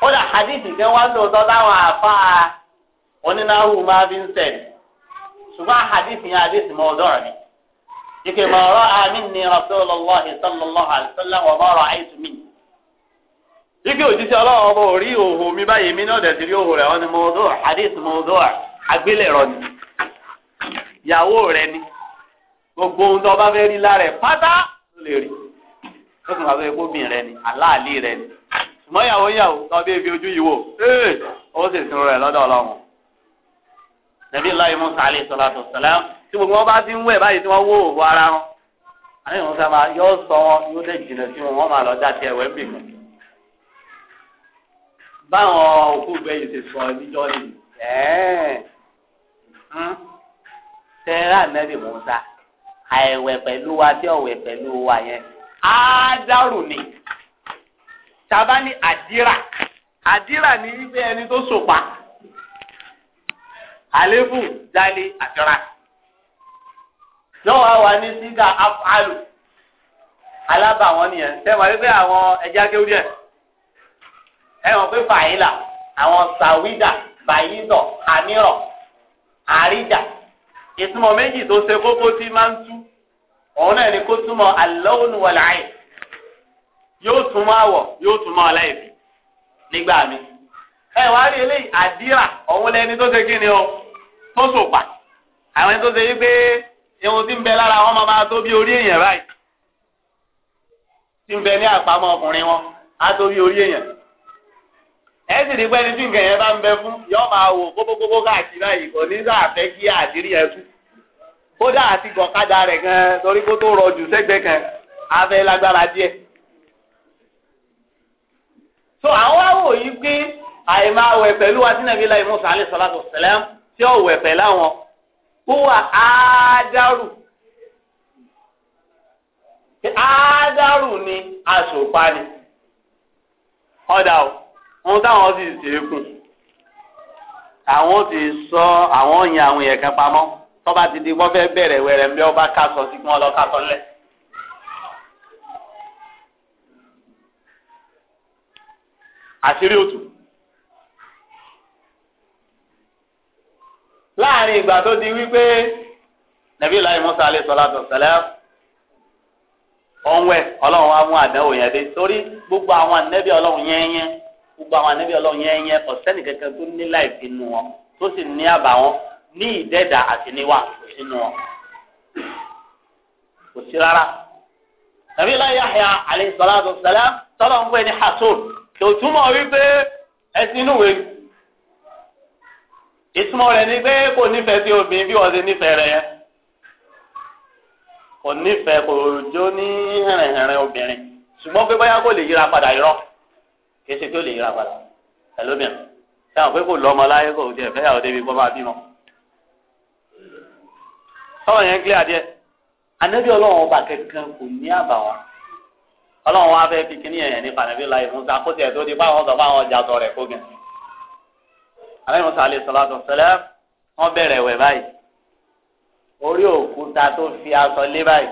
ó hadithi kan wá lóòótọ́ táwọn àfáà onínáwó máa fi ṣùgbọ́n hadithi yẹn hadithi mọ ọ̀dọ́ ike ma ọ̀rọ̀ amin ni rasulallah sallallahu alayhi wa sallam wa ma ọ̀rọ̀ àìsùn mi. ike ọlọ́wọ́ òhò mi báyìí mi náà dẹ̀sí rí òhò hadithi mọ ni ìyàwó gbogbo ohun tó bá fẹ́ rí lára ẹ̀ pátá ló lè rí ó sì máa ṣùgbọ́n ìyàwó ìyàwó lọ ojú yìí wò ó sì sun rẹ̀ lọ́dọ̀ ọlọ́run. nàbí láyé musa alẹ́ sọlá tó tí gbogbo wọn bá ti ń wẹ̀ báyìí tí wọ́n wó òwò ara wọn. àní ìwọ̀n sábà yóò sọ wọn yóò dé jìnnà sí wọn wọ́n máa lọ dá tiẹ̀ wẹ́ bìkan. báwọn òkú gbẹ̀yìn ti sọ níjọ́ yìí tẹ́rà nàbí musa àìwẹ̀ pẹ̀lú wa tí ọ̀wẹ̀ pẹ̀lú wa yẹn á dárò ni tàbá ní àdírà àdírà ní ife ẹni tó sopa àlébù jálè àdírà yóò wá wà ní sígá afálù alábàwọn nìyẹn tẹmọ wípé àwọn ẹja kéwú díẹ̀ ẹwọn pé fàyílà àwọn sàwídà bàyídọ àmírọ àríjà ìtumọ̀ méjì tó ṣe kókó tí máa ń tú òun náà ni kó túmọ̀ àlọ́wọ́nù wọ̀láyé yóò tún máa wọ̀ yóò tún máa láìpẹ́ nígbà mi. ẹ wá rí eléyìí àdírà ọ̀hún lẹni tó ṣe kí ni o tó sòpà àwọn ẹni tó ṣe wípé irun tí ń bẹ lára wọn máa máa tó bí orí èèyàn báyìí tí ń bẹ ní àpamọ́ ọkùnrin wọn á tó bí orí èèyàn. ẹ sì rí pé ẹni tí nǹkan yẹn bá ń bẹ fún yóò máa wò kókókókó káàkiri báyìí kò ní sáà fẹ́ kí àdírí yẹn tú kódà àti gọ̀kadà rẹ̀ gan torí kó tó rọjù sẹ́gbẹ̀ẹ́ kan á fẹ́ lágbára díẹ̀ so àwọn awò yìí gbé àìmọ awẹ pẹ̀lú wa sínú ẹbí láì Musa alẹ sọlá tó sẹlẹm tí ó wẹ pẹ láwọn kó wà áádárù áádárù ni aṣòpa ni ọ̀dà o wọn táwọn sì ṣe é kù àwọn ti sọ àwọn yẹn àwọn yẹn kan pamọ́ tọ́ba ti di wọ́n fẹ́ bẹ̀rẹ̀ wẹ̀rẹ̀ ń bẹ́ ọba ká sí kí wọ́n lọ ká sọ àṣírí òtù. láàrin ìgbà tó di wípé nàbí ìlànà Musa alayhi salatu wassalam ọ̀nwẹ̀ ọlọ́run wa mú àdánwò yẹn dé torí gbogbo àwọn ànẹ́bí ọlọ́run yẹn gbogbo àwọn ànẹ́bí ọlọ́run yẹn yẹn kankan tó ní láìpẹ́ nù wọn tó sì ní ní ìdẹ́dà àti níwà nínú wọn kò sí rárá. nàbí ìlànà kò túmọ̀ wípé ẹsìn inú ìwé ìtumọ̀ rẹ̀ ni pé kò nífẹ̀ẹ́ sí obìnrin bí wọ́n ṣe nífẹ̀ẹ́ rẹ̀ yẹn kò nífẹ̀ẹ́ kò jó ní hẹ̀rẹ̀hẹ̀rẹ̀ obìnrin ṣùgbọ́n pé báyà kò lè yíra padà irọ́ kìí ṣe pé ó lè yíra padà ẹlòmíràn táwọn pé kò lọ́mọ láyé kò tiẹ̀ fẹ́yàwó débi kó máa sọ́wọ́n yẹn ń adìẹ anábì ọba kankan kò ní àbàwọ́n ọlọ́run wa fẹ́ fi kíní ẹ̀yẹ̀ nípa nàbí láyé musa kó tiẹ̀ tó di báwọn sọ báwọn ọjà sọ rẹ̀ kógun. alẹ́ musa alẹ́ sọlá tó ṣẹlẹ̀ wọ́n bẹ̀rẹ̀ wẹ̀ báyìí orí òkúta tó fi aṣọ lé báyìí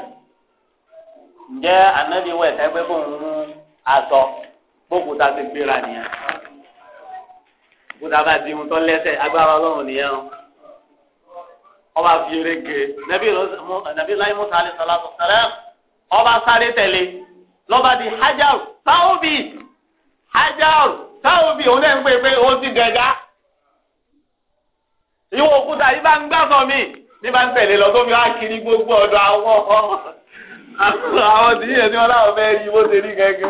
ǹjẹ́ anabi wẹ̀ sẹ́gbẹ́ kó ń mú aṣọ bókúta ti gbéra nìyẹn òkúta bá di ohun tó lẹ́sẹ̀ agbára ọlọ́run nìyẹn o ọba fi eré ge nàbí láyé musa alẹ́ sọlá tó ṣẹlẹ̀ lọ́ba di hajar sáwọ́bì hajar sáwọ́bì òun náà ń pè pé ti gẹ̀gá. ìwọ òkúta yìí bá ń gbàsọ mi ní bá ń tẹ̀lé lọ tó wá kiri gbogbo ọ̀dọ̀ àwọn àwọn tìyẹ̀ tí wọ́n láwọn fẹ́ rí bó ṣe rí gẹ́gẹ́.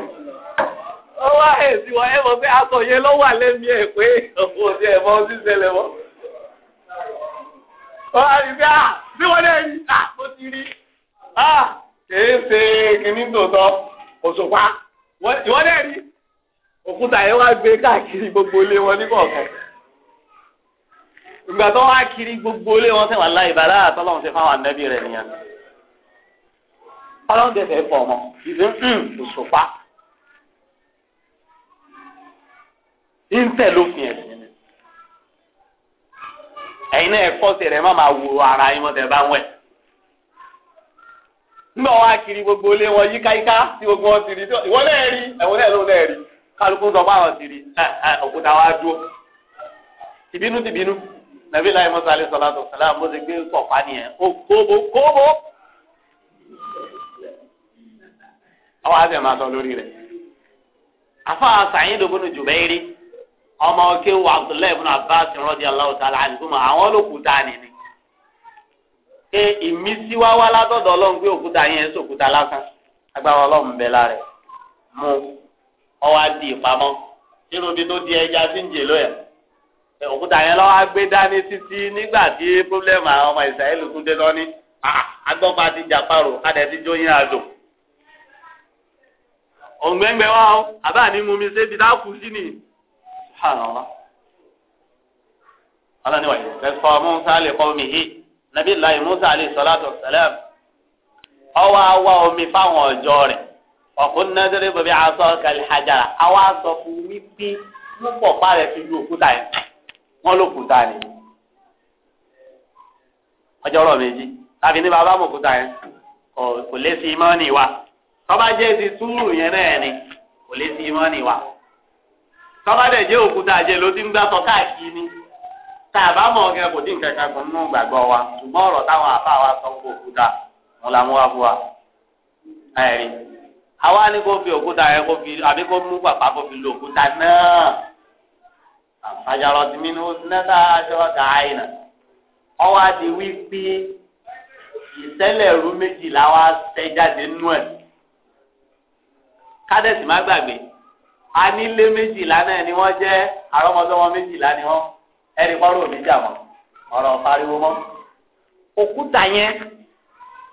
ó wá èsì wọn ẹ mọ̀ pé aṣọ yẹn ló wà lẹ́mí ẹ̀ pé òkú ti ẹ̀ mọ́ sí ṣẹlẹ̀ mọ́. ó wá rí bí wọ́n lè rí ah rí ah ṣe kìnnìtò tán òṣùpá ìwọ́n dẹ̀ rí òkúta yẹn wá gbé káàkiri gbogbo ilé wọn ní kọ̀ọ̀kan ìgbà tó wá kiri gbogbo ilé wọn sẹ́wọ̀n láì bàrà àtọ́lọ́run ṣe fáwọn ànábì rẹ̀ nìyẹn ọlọ́run dẹ̀ fẹ́ fọ ọmọ ìfẹ́ hmm, òṣùpá ń tẹ̀ lófin ẹ̀sìn ẹ̀yin náà ẹ̀kọ́ sí rẹ̀ má máa wo ara yín mọ́tẹ̀ bá ń wẹ̀ ńgbà wọn á kiri gbogbo ilé wọn yíkáyíká tí gbogbo wọn ti rí ìwọ náà rí ẹ̀wọ̀n náà lóun náà rí kálukú sọ fáwọn ti rí òkúta wa dúró tìbínú tìbínú nàbí láì mọ́sá alẹ́ sọlá tó sọlá mo ti gbé pọ̀pá nìyẹn ó kóbó kóbó àwọn àti ẹ̀ máa sọ lórí rẹ̀ afa Sa'id ibn Jubairi ọmọ kéwù Abdullahi ibn Abbas radiyallahu ta'ala anhuma àwọn olókùúta nìyẹn. e ìmísí wá wá látọ̀dọ̀ ọlọ́run pé òkúta yẹn sòkúta lásán agbára ọlọ́run bẹ lára mu ọwọ́ di ìpamọ́ nínú ibi di ẹja sí ń jèló ẹ̀ òkúta yẹn lọ́wọ́ á dání títí nígbà tí pọ́blẹ́mù àwọn ọmọ ìsàyẹ́lì tún dé lọ́ní ah, ti adẹ̀ ti jó yín àjò ọ̀gbẹ́ngbẹ́ wa ó àbá ní ni. nabi lai musa alayhi salatu wasalam ọwọ awa omi fáwọn ọjọ́ rẹ̀ ọkùnrin náà dẹrẹ bẹbí aṣọ kàlíhàjára àwa sọ fún mi pé púpọ̀ parẹ́ fi ju òkúta yẹn wọ́n ló kúta ni ọjọ́ rọ̀ méjì tàbí ní bàbá mọ̀ kúta yẹn kò lé sí imọ́ wa tọ́ba jẹ́ ti túrù yẹn ni kò lé sí wa tọ́ba dẹ̀ jẹ́ òkúta jẹ́ ló ti ń gbà sọ káàkiri ni. tá a bá kò dín kankan kan nínú gbàgbọ́ wa ṣùgbọ́n ọ̀rọ̀ táwọn àbá wa sọ kó òkúta wọn là ń wá fún wa. ẹ̀rí àwa ni kò fi òkúta yẹn kò fi àbí kò mú pàpà kò fi lo òkúta náà. àjàrọ̀ tì mí ní sinẹ́tà ṣọ́ọ̀tà àyìnà ọwọ́ àti wí pé ìṣẹ̀lẹ̀ ẹ̀rú méjìlá wa ṣẹ jáde nú ẹ̀. kádẹ́sì má gbàgbé anílé méjìlá náà ni wọ́n jẹ́ àrọ́mọdọ́mọ méjìlá ni wọ́n. ẹni kọ́ lóòmí jà wọn ọ̀rọ̀ pariwo mọ́. òkúta yẹn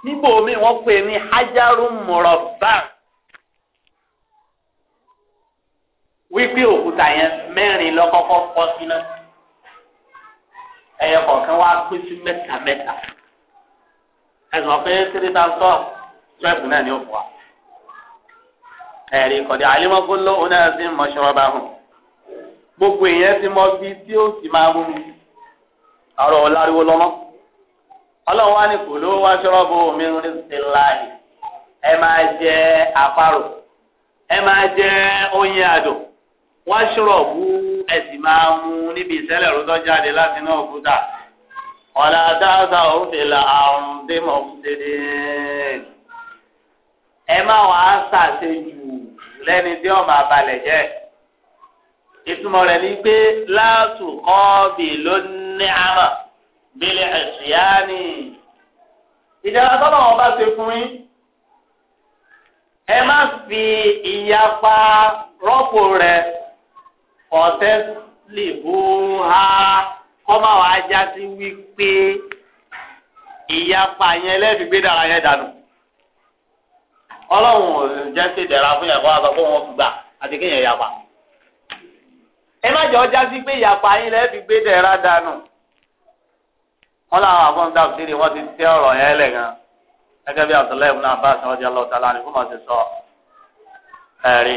níbo mi wọ́n pè ní hajaru murabba wípé òkúta yẹn mẹ́rin lọ́kọ́kọ́ fọ́ síná ẹyẹ kọ̀ọ̀kan wá pín sí mẹ́ta mẹ́ta ẹ̀sán pé three thousand twelve náà ni ó fọ́ wa. ẹ̀rí kọ̀dé alimọ́gbọ́n lọ́wọ́ náà sí mọ́ṣọ́rọ́ gbogbo èèyàn ti mọ bí tí ó sì máa mú mi ọ̀rọ̀ ọ̀làríwó lọ́mọ́ ọlọ́run wá ní kò ló wá ṣọ́rọ́bù mi ní síláì ẹ máa jẹ àparò ẹ máa jẹ oyin àdùn wá ṣọ́rọ̀bù ẹ sì máa mú níbi ìṣẹ̀lẹ̀ jáde láti náà dáadáa àrùn ẹ má wàá tí ìtumọ̀ rẹ̀ ni pé láàtù kọ́ọ̀bì ló ní àmà bílẹ̀ ẹ̀sùyáni. ìdára tọ́lá wọn bá ṣe fún yín ẹ má fi ìyapa rọ́pò rẹ̀ ọ̀tẹ́ lè bú ha kọ́má wàá já sí wípé ìyapa yẹn lẹ́ẹ̀fi gbé dára yẹn dànù. ọlọ́run ò jẹ́ sí ìdẹ̀ra fún yẹn kó wá sọ gbà àti kéèyàn yapa. ẹ má jẹ ọjà sí pé ìyàpá yín lẹ́ẹ̀ fi gbé dẹ̀ra dànù wọn làwọn àfọ̀nsá òṣèré wọn ti tẹ ọ̀rọ̀ yẹn lẹ̀ gan gẹ́gẹ́ bí Abdullahi ibn Abbas radiyallahu ta'ala ni fún màá sọ ẹ̀rí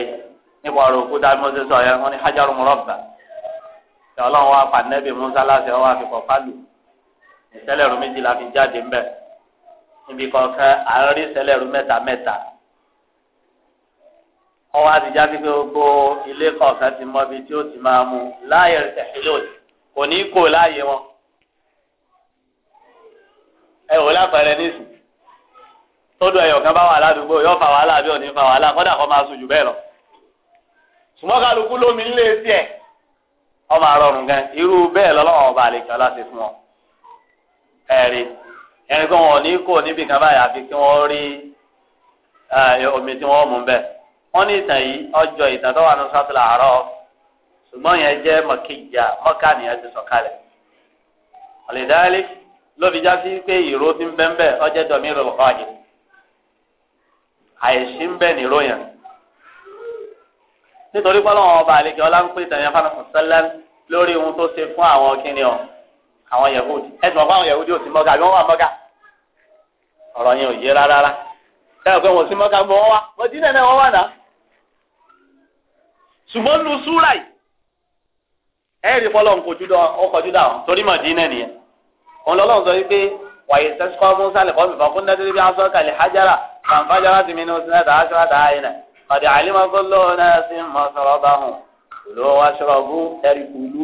nípa ọ̀rọ̀ òkúta bí sọ yẹn ọlọ́run wa Musa láti ọwọ́ pálù fi jáde níbi kọ̀ọ̀kan àárín ọwọ́ àtijọ́ pípé gbogbo ilé kọ̀ọ̀kan ti mọ ibi tí ó ti máa mu láàyè tẹ̀sílòdì kò ní kó láàyè wọn. ẹ wò lápẹẹrẹ nísìn tódò ẹyọ kan bá wà ládùúgbò yóò fa wàhálà bí òní fa wàhálà kódà kó máa sùn jù bẹ́ẹ̀ lọ. sùmọ́ kálukú lómi ọmọ àrọ̀rùn gan irú bẹ́ẹ̀ lọ́lọ́wọ́ ọba àlejò aláṣẹ fún wọn. ẹ̀rí wọn ò ní kó níbi kan báyà wọ́n ní ìtàn yìí ọjọ́ ìtàn tó wà ní sọ́tìlà àárọ̀ ṣùgbọ́n yẹn jẹ́ mọ̀kíjà mọ́ká nìyẹn ti sọ̀kalẹ̀ ọ̀lẹ́dàálí lóbi já sí pé ìró ti ń bẹ́ ń bẹ́ ọjọ́ dọ̀mí àjẹ́ àìsí ń bẹ́ nìró yẹn nítorí ọba àlejò lórí ohun tó ṣe fún àwọn kíni ọ àwọn ẹ̀ wọ́n ṣùgbọ́n nu súrà yìí ẹ̀rí fọlọ́ ọkọ̀jú dà ọ́ torí Mádínà nìyẹn òun lọ́lọ́run sọ wípé wàyí sẹ́síkọ́ fún sálẹ̀ kọ́ mi fàkún dájú bí aṣọ kalẹ̀ hajara fanfajara ti mi ní oṣù náà dáhàṣọ́ àdáhàyè náà ọ̀dẹ̀ àlímọ́kọ́ lọ́wọ́ náà sì ń bá hùn lọ́wọ́ wa ṣọ̀rọ̀ bú ẹ̀rí kùlú.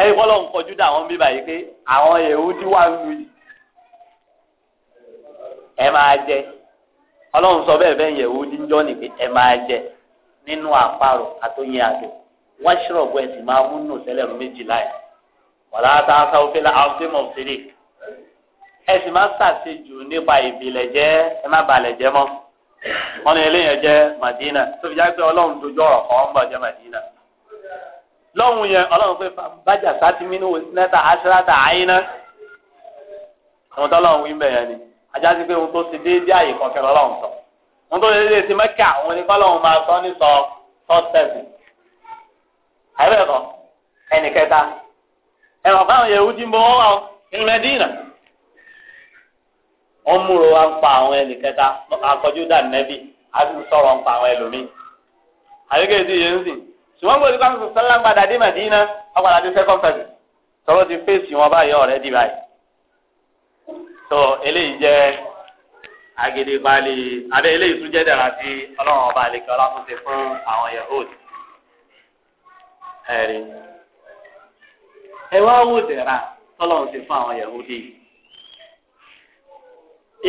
ẹ̀rí fọlọ́ ọkọ̀jú dà wọ́n bí báyìí pé àwọn èèwù wà ń lu ẹ̀ máa jẹ ọlọ́run sọ bẹ́ẹ̀ bẹ́ẹ̀ yẹ̀ wò jíjọ́ ni pé ẹ máa jẹ nínú àparò àtòyìn àdó wọ́n ṣírọ̀bù ẹ̀ sì máa mú nù sẹ́lẹ̀ rún méjìlá ẹ̀ wọ́n á ta aṣọ òfin àwọ̀sẹ́mọ̀ òṣèré ẹ sì máa ṣàṣejù nípa ìbílẹ̀ jẹ́ ẹ má balẹ̀ jẹ́ mọ́ wọn ní eléyàn jẹ́ Madina tó fi já pé ọlọ́run dojú ọ̀rọ̀ kan jẹ́ Madina lọ́hùn yẹn ọlọ́run pé bájà sátìmínú nẹ́ta aṣáláta àyínná àwọn tọ́lọ́run wí ń ni. ajá sí pé ohun tó ti déédéé àyè kan kẹrọ ọlọ́run sọ ohun tó déédéé ti mẹ́kà òun ni kọ́lọ́run máa sọ ní sọ sọ́ọ̀tẹ̀sì àìbẹ̀kọ ẹnì kẹta ẹ̀rọ fáwọn yẹ̀wù ti ń bọ wọn wà nínú mẹ́dínà wọ́n múro wa ń pa àwọn ẹnì kẹta akọjú dà nẹ́bí a ti sọ̀rọ̀ ń pa àwọn ẹlòmíì àyíké ti yẹn ń sìn ṣùgbọ́n gbòdì kan sọ sọ́lá ń padà dé mẹ́dínà ọ̀padà ti sẹ́kọ̀ọ́ fẹ̀sì sọ́lọ́ ti fèsì wọn báyìí ọ̀rẹ́ dì báyìí. tọ eléyìí jẹ́ agidibali abẹ eléyìí tún jẹ́ dára sí ọlọ́run ọba àlekè fún àwọn yahood ẹ̀rí ẹ wò dẹ̀ra tọ́lọ́run ti fún àwọn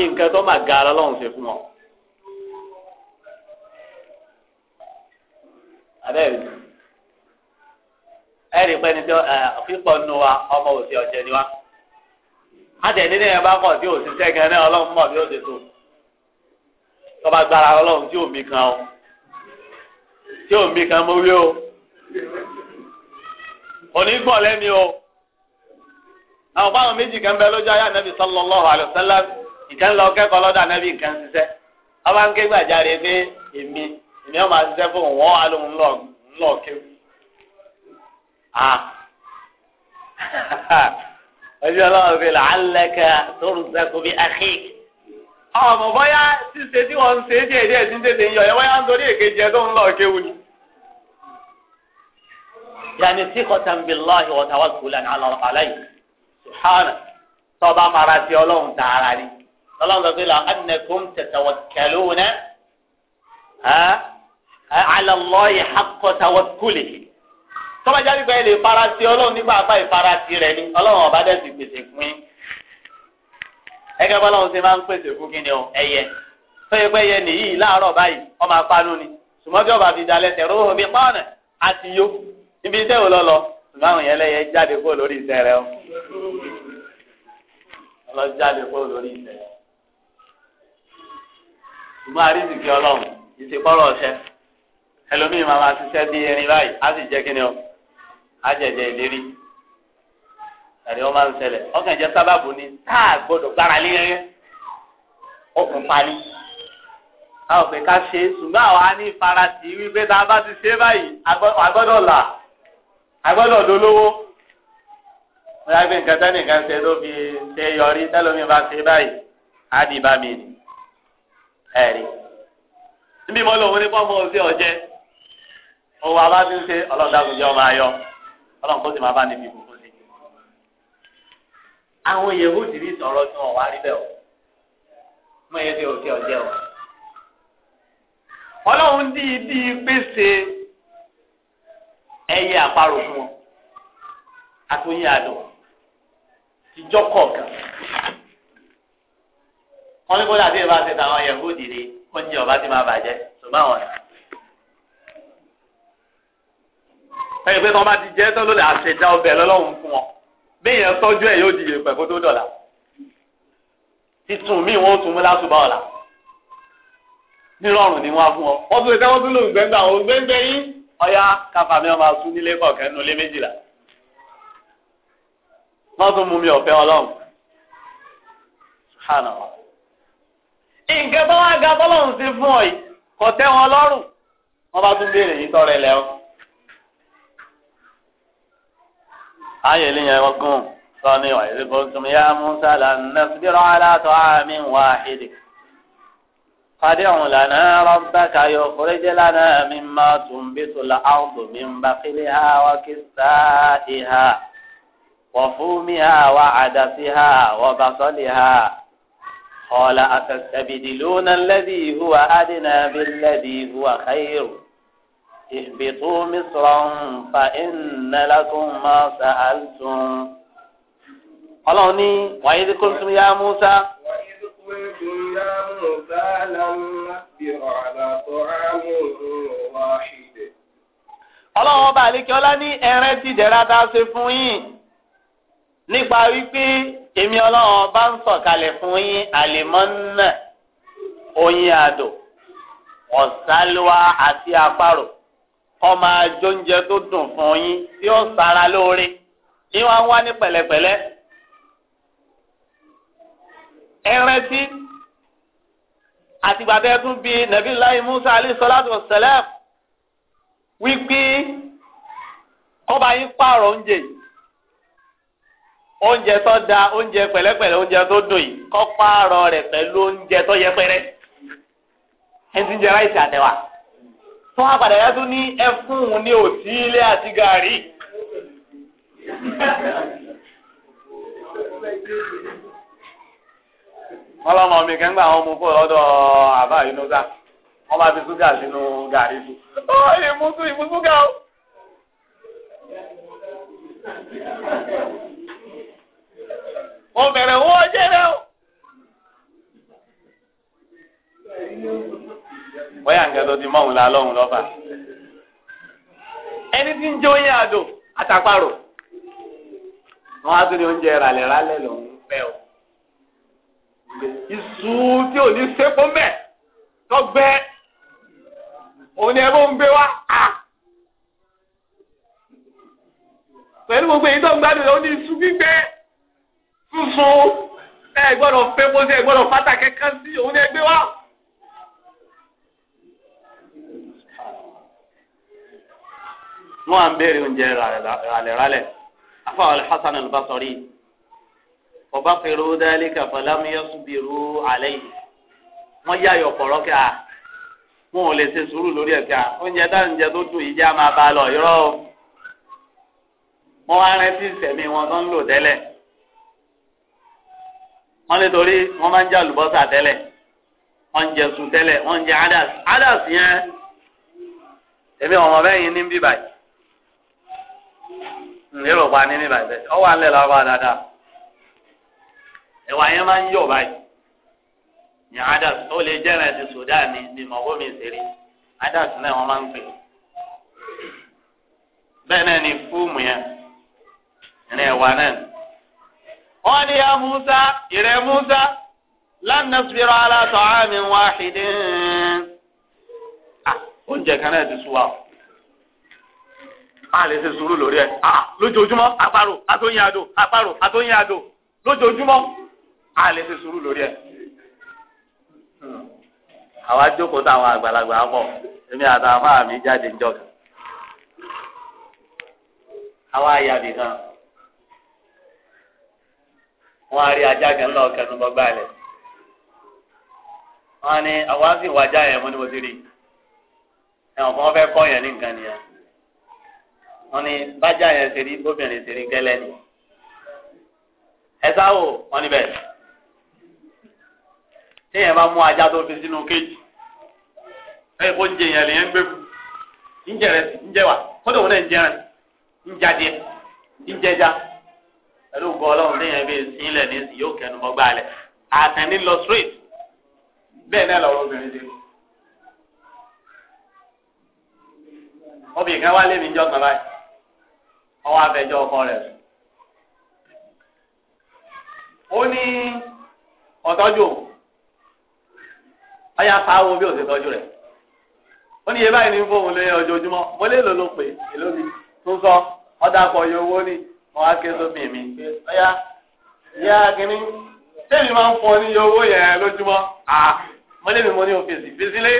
nǹkan tó máa ga ti fún wọn. abẹ́rẹ́ ẹ̀rí pẹ́ni tó fífọ́ wa ọmọ òsì ọ̀jẹ̀ ni àtẹ̀ní ní ẹ̀bá kọ̀ tí òṣìṣẹ́ gan náà ọlọ́run mọ̀ bí ó ti tó tọ́ba gbára ọlọ́run tí òmí kan o tí òmí kan mo wí o onígbọ̀n lẹ́ni o àwọn fáwọn méjì kan bẹ lójú ayé ànábì sallallahu alaihi wasallam ìkan lọ kẹ́kọ̀ọ́ lọ́dọ̀ ànábì nǹkan ṣiṣẹ́ ọba ń ké gbàjáre pé èmi èmi ọmọ àṣiṣẹ́ fún òun alóhùn ńlọ kéwù ẹbí ọlọ́run fi làálẹ́kẹ́ tó ń sẹ́kù bí àkíkì. ọmọ bọ́yá ṣíṣe tí wọ́n ń ṣe é díẹ̀ díẹ̀ tí ń tètè yọ ẹ̀ bọ́yá ń torí èkejì ẹ̀ tó ń lọ kéwu ni. yàní tí kọ́tà ń bi lọ́ọ̀hì wọ́tà wà kúlẹ̀ ní aláàlọ́kàlẹ́yìn subhana tọ́ba mara ti ọlọ́run tààrà ni ọlọ́run sọ pé la annakum tatawakkaluna ala Allahi haqqa tawakkuli. tọ́ba jáde pé ẹ lè farasí ọlọ́run nígbà bá ìfarasí rẹ ni ọlọ́run ọba dẹ̀ sì pèsè fún yín bọ́lá ma máa ń pèsè fún kí ni ọ ẹyẹ fẹ́ẹ́ pẹ́ yẹ nìyí láàárọ̀ báyìí ọmọ apánú ni ṣùgbọ́n bí ọba fi dalẹ̀ àti yó ibi tẹ́ ò ṣùgbọ́n àwọn yẹn lẹ́yẹ jáde rẹ o ọlọ́ jáde kó lórí ṣùgbọ́n àrísìkí ọlọ́run ajẹjẹ ìlérí ẹ̀rí wọn máa ń ṣẹlẹ̀ ọkàn ìjẹ sábàbù ni tá a gbọdọ̀ gbára lé rẹ ọkùn a ò ká ṣe é àwa ní ìfarasí wípé tá a bá ti ṣe báyìí là dolówó nǹkan tẹ́ nìkan ṣe tó fi ṣe yọrí bá ṣe báyìí á di bá mi ẹ̀rí ọlọ́run kó sì máa bá níbi ìbùkún sí. àwọn yehudi ní sọ̀rọ̀ tí wọ́n wá rí bẹ́ẹ̀ o mọ iye tí òkè ọ̀jẹ́ o. ọlọ́run dí ibi pèsè ẹyẹ àparò fún wọn àtúnyẹ àdùn ìjọ kọ̀ọ̀kan. wọ́n ní kó dàbí ìbáṣe tàwọn yehudi ni oúnjẹ ọba ti máa bàjẹ́ ṣùgbọ́n àwọn ọ̀nà. ẹ̀yìn pé tí wọ́n bá ti jẹ́ tán lónìí àṣẹjà ọbẹ̀ lọ́lọ́run fún wọn bẹ́ẹ̀yẹn tọ́jú ẹ̀ yóò di yèpẹ̀ kó tó dọ̀la titun míì wọ́n tún mú lásùbà ọ̀la nírọ̀rùn ni wọ́n á fún ọ wọ́n tún lè tẹ́wọ́n tún lòun gbẹ́ngbà òun gbẹ́ngbẹ́ yín ọ̀yá káfà mi ọmọ asún nílé kọ̀ọ̀kẹ́ nínú ilé méjìlá wọ́n tún mú mi ọ̀fẹ́ ọlọ́run hànà nǹkan tó wá ga tọ́lọ́run sí fún ọ yìí kò tẹ́ wọn lọ́rùn wọ́n bá tún béèrè yìí tọrẹ ayé eléyàn wọn gùn sọ́ni يا موسى لن نصبر على طعام واحد aláàtọ̀ فادع لنا ربك يخرج لنا مما تنبت الأرض من بقلها وكسائها وفومها وعدسها وبصلها قال أتستبدلون الذي هو أدنى بالذي هو خير ìbìtú mísọ̀rọ̀ nfa ìnẹ́lẹ́kùn máa sàálùtún. ọlọ́run ní wàyí tí kò tún yá Musa. wàyí tí kò tún yá Musa lánàá bí ọ̀rọ̀ àtọ̀ àmì òun wá ṣìdẹ̀. ọlọ́run ọba àlekẹ́ ọlá ní ẹran ti dẹ̀ra tá a ṣe fún yín nípa wípé èmi ọlọ́run ọba ń sọ̀kalẹ̀ fún yín àlèmọ́nà oyin àdò ọ̀sálùwà àti àparò kọ́ máa jẹ oúnjẹ tó dùn fún yín tí ó sara lóore ní wọ́n wá ní pẹ̀lẹ́pẹ̀lẹ́ ẹrẹ́tí àtìgbà tẹ́ tún bíi nàbíláì Musa alayhi salatu wassalam wípé kọ́ba yín pààrọ̀ oúnjẹ yìí oúnjẹ tó da oúnjẹ pẹ̀lẹ́pẹ̀lẹ́ oúnjẹ tó dùn yìí kọ́ pààrọ̀ rẹ̀ pẹ̀lú oúnjẹ tó yẹpẹrẹ ẹni tí ń jẹ ráìsì àtẹwà fún apàdé yá tún ní ẹfún òun ní òtí ilé àti gàrí. wọ́n lọ́mọ mi kẹ́ńgbà àwọn ọmọ kó lọ́dọ̀ àbá ìnúgà wọ́n bá fi ṣúgà sínú gàrí fún. ó ìmúsù ìmúsúgà o. mo bẹ̀rẹ̀ wọ́n jẹ́rẹ́ o. bóyá nke tó ti mọ òun ọhụrụ ọba. ẹni dị ń jẹ oyin àdó àtàkparò wọn o iṣu tí ò ní sépò mbẹ tọgbẹ òun ni ń gbé wa. a pẹ̀lú gbogbo èyí tó ń gbádùn lọ ní iṣu gbígbẹ funfun ẹ gbọ́dọ̀ sí wọn à ń béèrè oúnjẹ ràlẹ̀ràlẹ̀ afáwọn alhassan albasori ọba fèrè dálíkà fàlámù yasubiru àlẹyìn wọn yá ayọ pọrọ kí a wọn ò lè le sùúrù suru lori oúnjẹ tá oúnjẹ tó dùn yìí já máa bá lọ irọ́ o wọn wá rántí ìsẹ̀mí wọn tó ń lò tẹ́lẹ̀ wọn lè torí wọn máa ń jẹ àlùbọ́sà tẹ́lẹ̀ wọn ń jẹ sùn tẹ́lẹ̀ wọn jẹ adas adas yẹn ọmọ bẹ́ẹ̀ yín ní bíbáyìí. nírò pa ní níbàyí bẹ́ẹ̀ ọ wà ń lẹ̀ lọ́wọ́ ma yẹn máa ń yọ̀ báyìí ní adas ó lè jẹ́rìn ẹ̀sìn sudan ní ní mọ̀gómì ìṣeré adas náà wọ́n máa ń pè bẹ́ẹ̀ náà ni fúùmù yẹn ìrìn ẹ̀wà náà wọ́n ní ya Musa ire Musa lan nasbiru ala ta'amin wahidin ah, oúnjẹ kan náà ti o. a lè ṣe sùúrù lórí ẹ ah, lójoojúmọ́ àparò àtòyìn àdó àparò àtòyìn àdó lójoojúmọ́ a lè ṣe sùúrù lórí ẹ. àwa jókòó táwọn àgbàlagbà pọ̀ èmi àtàwọn afáà mi jáde ń jọkàn àwa àyàbì kan wọn á rí ajá kan náà kẹnu bọ gbàlẹ wọn ni àwa sì wájà yẹn mo ni mo ti rí ẹwọn kan fẹ́ kọ́ yẹn ní nǹkan nìyẹn wọn ni bájà yẹn ṣe rí bóbìnrin ṣe rí gẹ́lẹ́ ni ẹ sáwò wọn ni bẹ́ẹ̀ téèyàn bá mú ajá tó fi sínú kéèjì ẹ kó jẹ yẹn lè yẹn gbé fún ńjẹ rẹ sí ńjẹ wà kódà òun náà ń jẹrán ńjà díẹ̀ ńjẹjà pẹ̀lú gbọ Ọlọ́run téèyàn bí sílẹ̀ ní yóò kẹnu mọgbà rẹ àtẹni lọ straight bẹ́ẹ̀ náà lọ̀rọ̀ obìnrin ṣe. obìnrin kan wá lébi ńjọ kan báyìí ọwọ́ abẹ́jọ́ ọkọ rẹ̀ sùn. ó ní ọ̀tọ́jú ọyà sáwọ́ bí òsè tọ́jú rẹ̀ ó ní iye báyìí ní fóun lé ọjọ́júmọ́ mo lè lò ló pé èló mi tó sọ ọ̀dà àpọ̀yọ owó ni mo wá ké sómi mi pé ọyà ìyá kìíní sẹ́mi máa ń fọ ní iye owó yẹn lójúmọ́ à mo lè mi mo ní òfìsì fèsì lé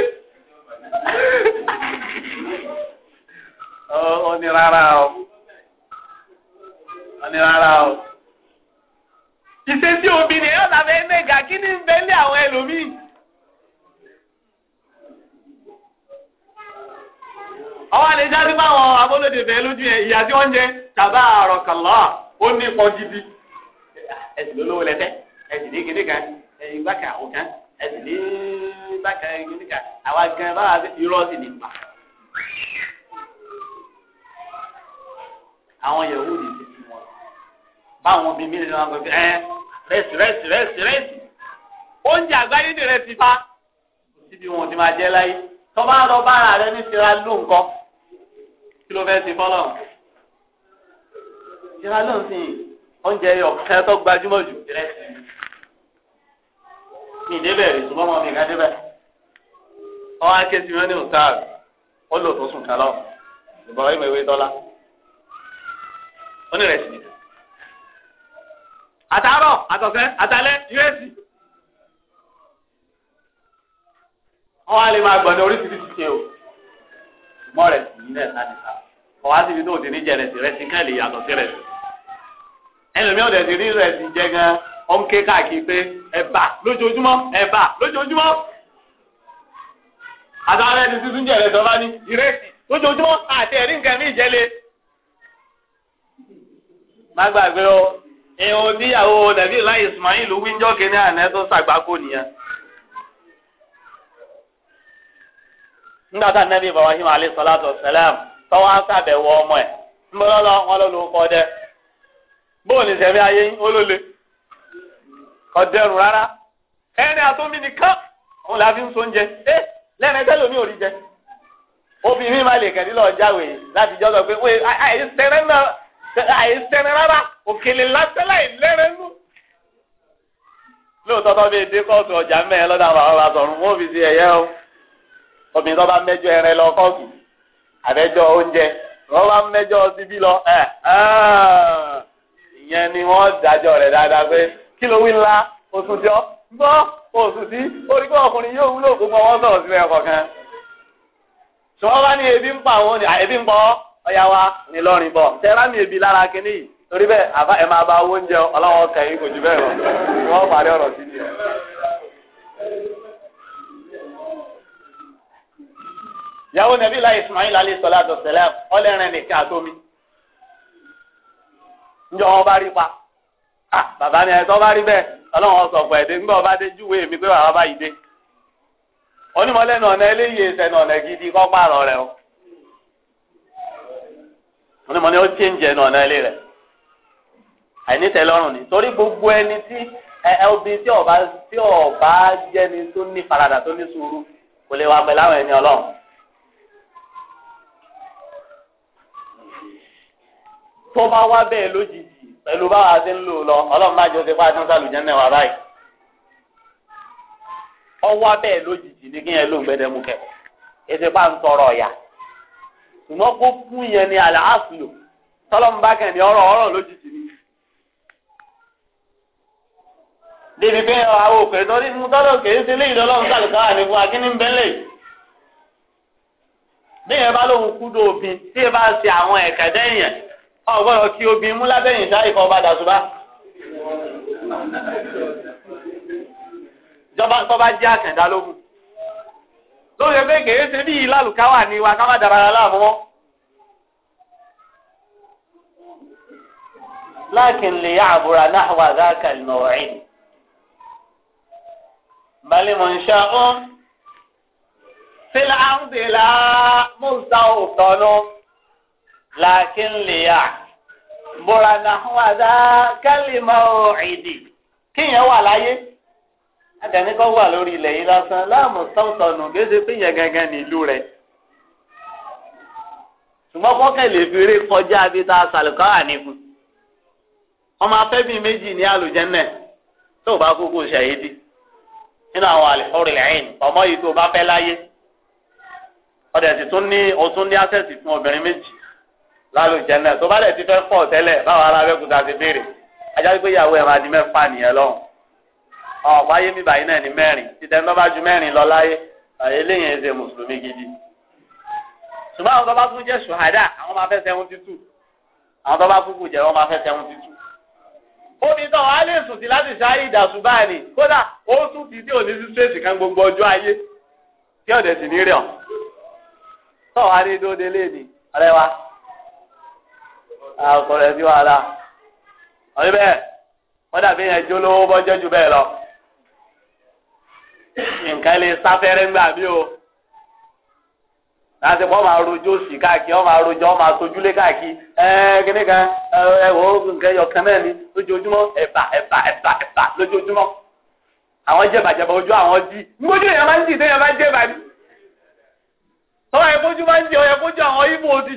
ó ní rárá o wọ́n ní rárá o. ìṣesí obìnrin yóò tàbí ẹnẹ́gà kí ni ń bẹ́lẹ̀ àwọn ẹlòmíì. ọwọ́ àlè jáde báwọn abọ́lódé bẹ́ẹ̀ lójú ẹ̀ ìyá tí wọ́n jẹ tàbá àrọ̀kànlá ó ní ipò gidi. ẹ̀sìn lólówó lẹ́fẹ́ ẹ̀sìn ní kíní kan ẹ̀yìn gbàkà òkè ẹ̀sìn ní gbàkà kíní kan àwa gan báwa irọ́ sì ní pa. àwọn yahoo báwọn bíi mílíọ̀nù wọn gbé ẹ rẹ́sì rẹ́sì rẹ́sì rẹ́sì oúnjẹ àgbáyé ni rẹ ti bá síbi wọn ti máa jẹ láyé tọ́ba lọ bára rẹ ní tira ló nǹkan kí ló fẹ́ ti fọ́lọ́ tira ló ń sìn oúnjẹ yọ kẹ́ tó gbajúmọ̀ jù rẹ́sì mi débẹ̀ rí ṣùgbọ́n mọ́ mi ká débẹ̀ ọwọ́ akéésì wọn ní òtáàrù ó lò tó sùn kálọ̀ ìbọ̀rọ̀ ìmọ̀ ìwé dọ́là ó ní rẹ̀ sí àtàárọ̀ àtọ̀sẹ́ àtàlẹ́ yúrẹ́sì. wọ́n wá lè máa gbọ̀n ní oríṣiríṣi ṣe o mọ́ rẹ̀ sí ilẹ̀ láti sá ọ̀ wá síbi tó ti ní jẹ rẹ̀sì rẹ̀sì kàn lè yàtọ̀ sí rẹ̀sì. ẹlòmíràn dẹ̀ ti rí rẹ̀sì jẹ gan ó ń ké káàkiri pé ẹ̀bà lójoojúmọ́ ẹ̀bà lójoojúmọ́. àtàwọn ẹni tuntun jẹ rẹ̀sì ọba ní ìrẹsì lójoojúmọ́ àti ẹ̀rí ẹ̀hún níyàwó nàbí láì Ismail wíńjọ́ kínní àná tó na nìyẹn. nígbà tá nàbí Ibrahim alayhi salatu Salam tọ́wọ́ á sàbẹ̀wò ọmọ ẹ̀ wọn ló bóun ní sẹ́mi ayé rárá ẹni àtúnbí nìkan òun làá fi ń ẹ lẹ́nu ẹgbẹ́ lómi ò rí jẹ obìnrin má lè kẹ́ni lọ́ọ́ jáwèé láti jọ́ sọ pé wẹ́ẹ́ àìsẹ́rẹ́ rárá òkèlè latela láì lẹ́rẹ́ nù. lóòótọ́ tó dé kóòtù ọjà mẹ́rin lọ́dọ̀ àwọn àwọn àtọ̀run wọ́n fi si ẹ̀yẹ́ o obìnrin tó bá mẹ́jọ ẹrẹ lọ kóòtù àbẹ́jọ oúnjẹ bá mẹ́jọ síbí lọ ẹ̀ ìyẹn ni wọ́n dájọ́ rẹ̀ dáadáa pé ọ gbọ́ oṣù ọyá wa ní lọ́rin bọ̀ tẹ́rá mi lára kínní yìí torí bẹ́ẹ̀ àbá ẹ̀ máa bá owó oúnjẹ ọlọ́wọ́ kò jù bẹ́ẹ̀ lọ wọ́n parí ọ̀rọ̀ sí ni. ìyàwó nàbí láì Ismail alayhi salatu wassalam ọlẹ́rìn nìkan àtomi ǹjọ́ wọn bá rí pa bàbá ni ẹ̀ tó bá rí bẹ́ẹ̀ sọ ẹ̀dẹ́ bá dé mi pé bàbá yìí dé onímọ̀lẹ́nu ọ̀nà eléyìí ẹ̀sẹ̀ ọ̀nà gidi kọ́ pààrọ̀ rẹ̀ o. wọn ni mo ní ó ti ń jẹ ọ̀nà ilé rẹ̀ ni torí gbogbo ẹni tí obìnrin tí ọba tí ọba jẹni tó ní faradà tó ní sùúrù kò lè wà pẹ̀lú àwọn ẹni ọlọ́run. tó bá wá bẹ́ẹ̀ lójijì pẹ̀lú báwa ti ń lò lọ ọlọ́run bá jọ ṣe fún àtúntà lùjẹ́ náà wà báyìí. ọwọ́ bẹ́ẹ̀ lójijì ní kí ṣùgbọ́n kó fún yẹn ni àlẹ́ àṣùlò tọ́lọ́mùbá kàn ní ọ̀rọ̀ ọ̀rọ̀ lójijì ni. débi pé àwọn òkè torí mo tọ́lọ̀ kèé sí ilé ìdọ́lọ́run sàlùkáwà ní fún akíní ń bẹ́lẹ̀ bí yẹn bá lóhun kú dó obìn tí yẹn bá ṣe àwọn ẹ̀ka dẹ́yìn ọ̀ gbọ́dọ̀ kí obìn mú lábẹ́yìn sáà ìfọ̀ ọba dàtúbà ìjọba tó bá jẹ́ àkàndá lóhun tó yẹ pé kèé ṣe bí ìlàlùkà wà ní wa ká má dára láàmú wọn. lákin lè yá àbúrà náà wà dáàkà ìnọ̀rìn. balẹ̀ mọ̀ ń ṣe ọ́n sílẹ̀ àǹdílà mọ̀ọ́sá òtọ́nù lákin lè yá àbúrà náà wà dáàkà ìnọ̀rìn. kíyẹn wà láyé akẹ́ni kan wà lórí ilẹ̀ yìí lásán láàmú sọ́ọ̀tọ̀nù gédé pé yẹn gangan ní ìlú rẹ̀ ṣùgbọ́n kọ́kẹ́ lè fi eré kọjá bí ta sàlùkọ́ àníkù ọmọ afẹ́bí méjì ní àlùjẹ́nẹ̀ tó o bá kúkú ṣàyédí nínú àwọn àlùfọ́rìlẹ́yìn ọmọ yìí tó o bá fẹ́ láyé ọdẹ sì tún ní ọtún ní àṣẹ̀sì fún obìnrin méjì lálùjẹ́nẹ̀ tó bá dẹ̀ ti fẹ́ fọ̀ tẹ́lẹ̀ ọ̀pá yé mi báyìí náà ní mẹ́rin títẹ̀ ń bá ju mẹ́rin lọ láyé eléyìí ẹ̀ ṣe mùsùlùmí gidi. ṣùgbọ́n àwọn tó bá tún jẹ́ ṣùhádà àwọn máa fẹ́ sẹ́wọ́n títù àwọn tó bá kúkú jẹ́ wọ́n máa fẹ́ sẹ́wọ́n títù. omi tán wàá lè sùn sí láti ṣááyì ìdàsùn báyìí kódà ó tún ti dé òní sí ṣèṣì kan gbogbo ọjọ́ ayé tí ọ̀dẹ̀ sì ní rẹ̀ ọ̀ wọ́n dàbí yẹn jó lówó bọ́jọ́ ju bẹ́ẹ̀ lọ. nǹkan lè sáfẹ́rẹ́ ńgbà mí o láti pọ́ máa rojú òsì káàkiri ọ́ máa ma ọ́ káàkiri ẹ́ẹ́ kíní kan ẹ̀wọ̀ nǹkan ẹ̀yọ̀kan náà ni lójoojúmọ́ ẹ̀bà ẹ̀bà ẹ̀bà ẹ̀bà lójoojúmọ́ àwọn jẹ̀bàjẹ̀bà ojú àwọn jí nígbójú yẹn máa ń jì téèyàn bá jẹ́ bàbí tọ́wọ́ ẹ̀ máa ń ọ àwọn ibo ti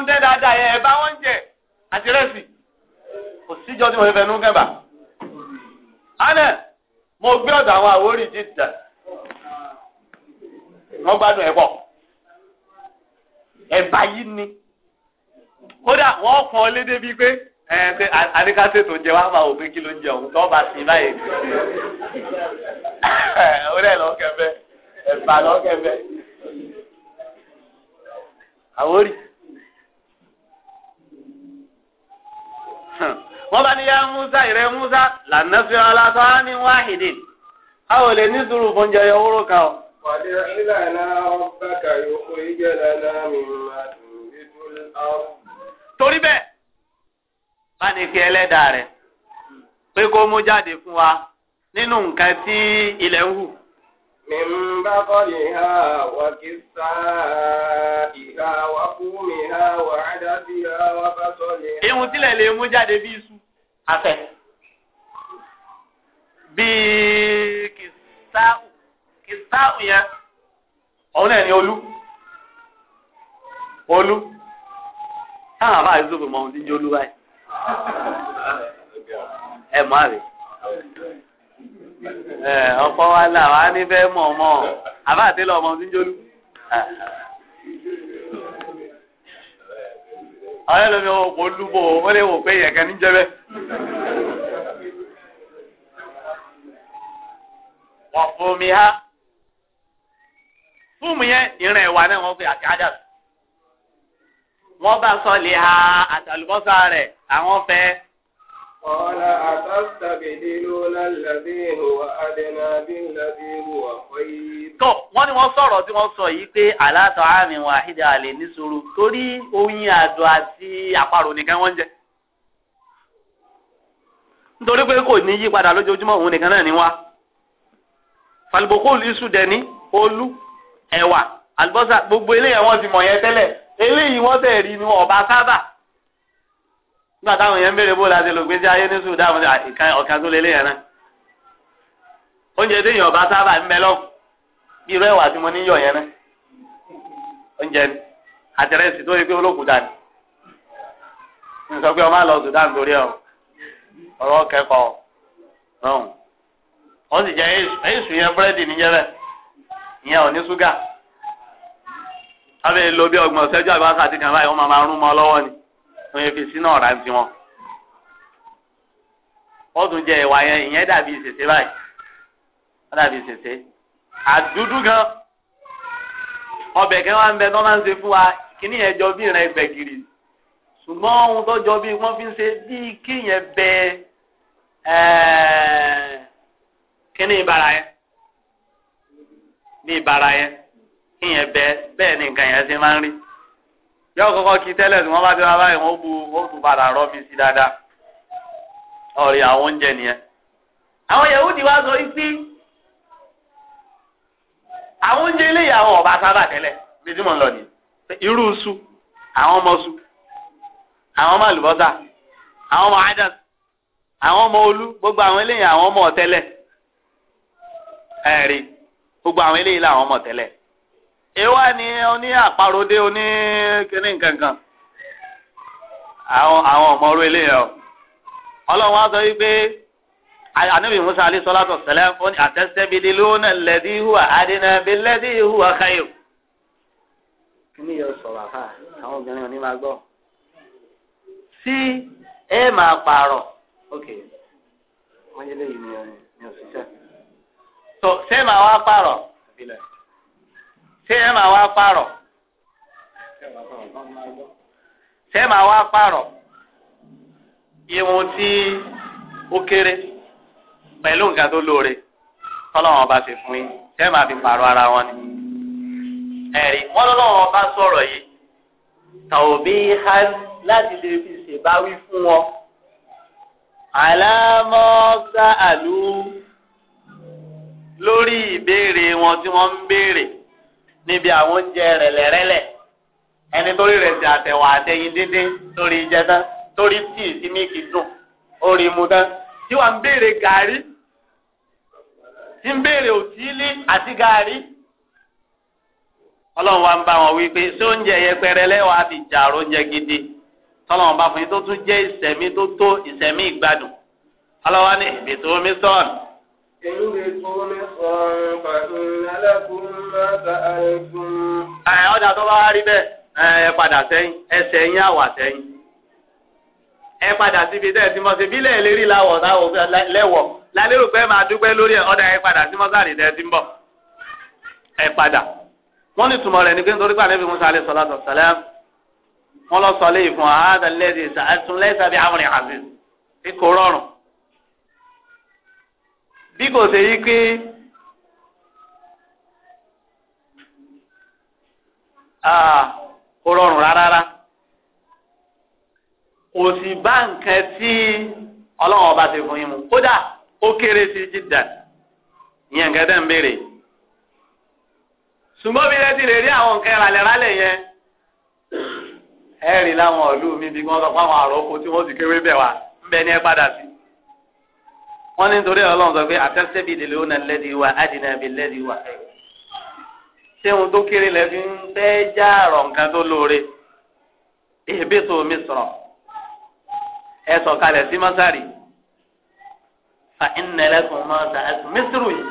ń dáadáa yẹn bá jẹ kò síjọ́ tí mo fẹ́ fẹnu kẹ́bà. anẹ mo gbé ọ̀dọ̀ àwọn àwórì jìtà wọ́n gbádùn ẹ̀ pọ̀ ẹ̀bà yìí ni kódà wọ́n kàn ọ́ lédè bíi pé ẹ̀ẹ́dẹ́ àdékásẹ́ tó jẹ wá máa wò pé kí ló ń jẹ òun tó bá sí báyìí. orí ẹ̀ lọ́kẹ̀fẹ́ ẹ̀bà lọ́kẹ̀fẹ́ àwórì. Huh. Hmm. wọ́n bá musa ìrẹ́ musa lànà fi ọlá a ò lè ní fún jẹyọ wúrú kan o. wàdí ìlànà ọba náà mi máa dùn nítorí àwọn. torí bẹ́ẹ̀ bá ní kí ẹlẹ́dàá rẹ̀ pé wa nínú nǹkan tí ilẹ̀ ń hù. ha wà kí ìhà ha wà sí ha wà bá ha. afẹ́ bíi kìsáù kìsáù yẹn òun náà ní olú olú táwọn àbá àìsàn òfin mọ ohun tí ń jẹ olú báyìí ẹ mọ àrè ẹ ọ̀pọ̀ wa là wà á nífẹ̀ẹ́ mọ ọmọ àbá àtẹlẹ ọmọ ohun tí ń jẹ olú. àwọn ẹlòmíì wọn kò lúbọ wọn lè wò pé yẹ̀kẹ́ ní jẹ́bẹ́. wọ́n fún mi ha fúùmù yẹn ìrìn ẹ̀wà náà wọ́n fi àti ádà wọ́n bá sọ lè ha àtàlùbọ́sà rẹ̀ àwọn fẹ́ قال أتستبدلون الذي هو أدنى بالذي هو خير. tó wọ́n ní wọ́n sọ̀rọ̀ tí wọ́n sọ yìí pé aláàtọ̀ àmì wàhídà àlè ní sùúrù torí oyin àdó àti àparò nìkan wọ́n jẹ. nítorí pé kò ní yípadà lójoojúmọ́ òun nìkan náà ni wá. falibokol isu olú ẹ̀wà àlùbọ́sà gbogbo eléyàwó ti mọ̀ yẹn tẹ́lẹ̀ eléyìí wọ́n tẹ̀ rí ni ọba sábà. nígbà táwọn yẹn ń béèrè bóòlù àti lògbèsè ayé ní Sudan ọ̀kan tó lélẹ̀ yẹn náà oúnjẹ tí èèyàn bá sábà ń bẹ bí irú ẹ̀wà tí mo ní yọ yẹn náà oúnjẹ àtẹrẹsì tó yẹ pé olókùúta ni n sọ pé ọmọ torí ọ ọ̀rọ̀ kẹ́kọ̀ọ́ náà wọ́n sì jẹ èsù yẹn búrẹ́dì níjẹ́ bẹ́ẹ̀ ìyẹn ò ní ṣúgà lo bí ọgbọ̀n ṣẹ́jú wọ́n fi sínú ọ̀rá ń tún jẹ ìwà yẹn ìyẹn dàbí ìṣẹ̀ṣẹ̀ báyìí wọ́n dàbí ìṣẹ̀ṣẹ̀ àdúdú gan ọbẹ̀ kẹ́ wọ́n á bẹ tó máa ń ṣe fún wa jọ bí ẹgbẹ́ gírì ṣùgbọ́n ohun tó jọ bí wọ́n fi ń ṣe bíi bẹ ìbára yẹn ni nǹkan yẹn ṣe máa ń yóò kọ́kọ́ kí tẹ́lẹ̀ tí wọ́n bá dé wá báyìí wọ́n bu wọ́n tún padà rọ́bì sí dáadáa ọ̀rẹ́ àwọn oúnjẹ nìyẹn. àwọn Yahudi wá sọ pé àwọn oúnjẹ eléyìí àwọn ọba sábà tẹ́lẹ̀ bí tí mò ń lọ nìyẹn irú su àwọn ọmọ su àwọn ọmọ àlùbọ́sà àwọn ọmọ adas àwọn ọmọ olú gbogbo àwọn eléyìí àwọn ọmọ ọ̀tẹ́lẹ̀ ẹ̀rí gbogbo àwọn eléyìí làwọn ọmọ ọ̀tẹ́lẹ̀ ìwà ni oní àparòdé oní kíní kankan àwọn àwọn ọmọọrú eléyà o ọlọ́run á sọ wípé anabi musa alayhi salatu wassalam ó ní àtẹ́sẹ́bìdìlónà lẹ́dí hùwà àdínàbí lẹ́dí hùwà káyò. kíní yóò sọ̀rọ̀ àfà àwọn obìnrin ò ní máa gbọ́. sí ẹ máa pààrọ̀ ok wọ́n yé léyìí ni òṣìṣẹ́. tó ṣé màá wá pààrọ̀ ṣé ẹ máa wá pààrọ̀ ṣé ẹ máa wá pààrọ̀ ìwọ̀n tí ó kéré pẹ̀lú nǹkan tó lóore tọ́lọ́wọ́n ọba ṣe fún yín ṣé ẹ máa fi pààrọ̀ ara wọn ni ẹ̀rí wọ́n lọ́wọ́ ọba sọ̀rọ̀ yìí tàbí láti lè fi ṣèbáwí fún wọn àlámọ́sá lórí ìbéèrè wọn tí wọ́n ń béèrè níbi àwọn oúnjẹ rẹ̀lẹ̀rẹ̀lẹ̀ ẹni tó rí rẹ̀ sí àtẹ̀wà àtẹ̀yìn díndín torí ìjẹ tán torí tíì sí míìkì dùn orí mu tán tí wàá ń béèrè gàárì tí ń béèrè òtílí àti gàárì ọlọ́run wa ń bá wọn wí pé ṣé oúnjẹ yẹpẹrẹ lẹ́wàá fi jàrò oúnjẹ gidi tọ́lọ́run bá fún yín tó tún jẹ́ ìsẹ̀mí tó tó ìsẹ̀mí ìgbádùn ọlọ́wà ní ìbètò omi sọ́ọ̀nù ẹ ọjà tó bá wá rí bẹ́ẹ̀ ẹ padà sẹ́yìn ẹsẹ̀ yín àwà sẹ́yìn ẹ padà síbi tẹ́ ẹ ti mọ̀ sí bílẹ̀ ìlérí láwọ̀ láwọ̀ lẹ́wọ̀ lálérò pé máa dúpẹ́ lórí ẹ̀ ọ̀dà ẹ padà sí mọ́sálì tẹ́ ẹ ti ń bọ̀ ẹ padà wọ́n ní tùmọ̀ rẹ̀ ní pé nítorí pàdé fi Musa alẹ́ sọlá sọ̀sálẹ́ wọ́n lọ sọ léyìí fún wa àádọ́lẹ́sì àtúnlẹ́sàbí àmúrin àzíz ikọ̀ rọrùn biko kò ṣe yí pé kò rọrùn rárá kò sì bá nǹkan tí ọlọ́run ọba ti fún yín mu kódà ó kéré sí jìdá ìyẹn nǹkan tẹ̀ ń béèrè ṣùgbọ́n ti lè rí àwọn nǹkan ìrànlẹ́rálẹ̀ yẹn ẹ rí láwọn ìlú mi bí wọ́n sọ fún àwọn àròkọ tí wọ́n sì kéwé bẹ̀ wá ń bẹ ní ẹ padà sí wọ́n ní torí ọlọ́run sọ pé àtẹ́sẹ́bì lè lóun náà lẹ́dí wa ádìnnà bíi lẹ́dí wa ṣé ohun tó kéré lẹ fi ń fẹ́ já àrọ̀ nǹkan tó lóore èébì tó mi sọ̀rọ̀ ẹ sọ̀kalẹ̀ sí mọ́sárì fa ìnẹ̀lẹ́kùn mọ́sá ẹ̀sùn mísírù yìí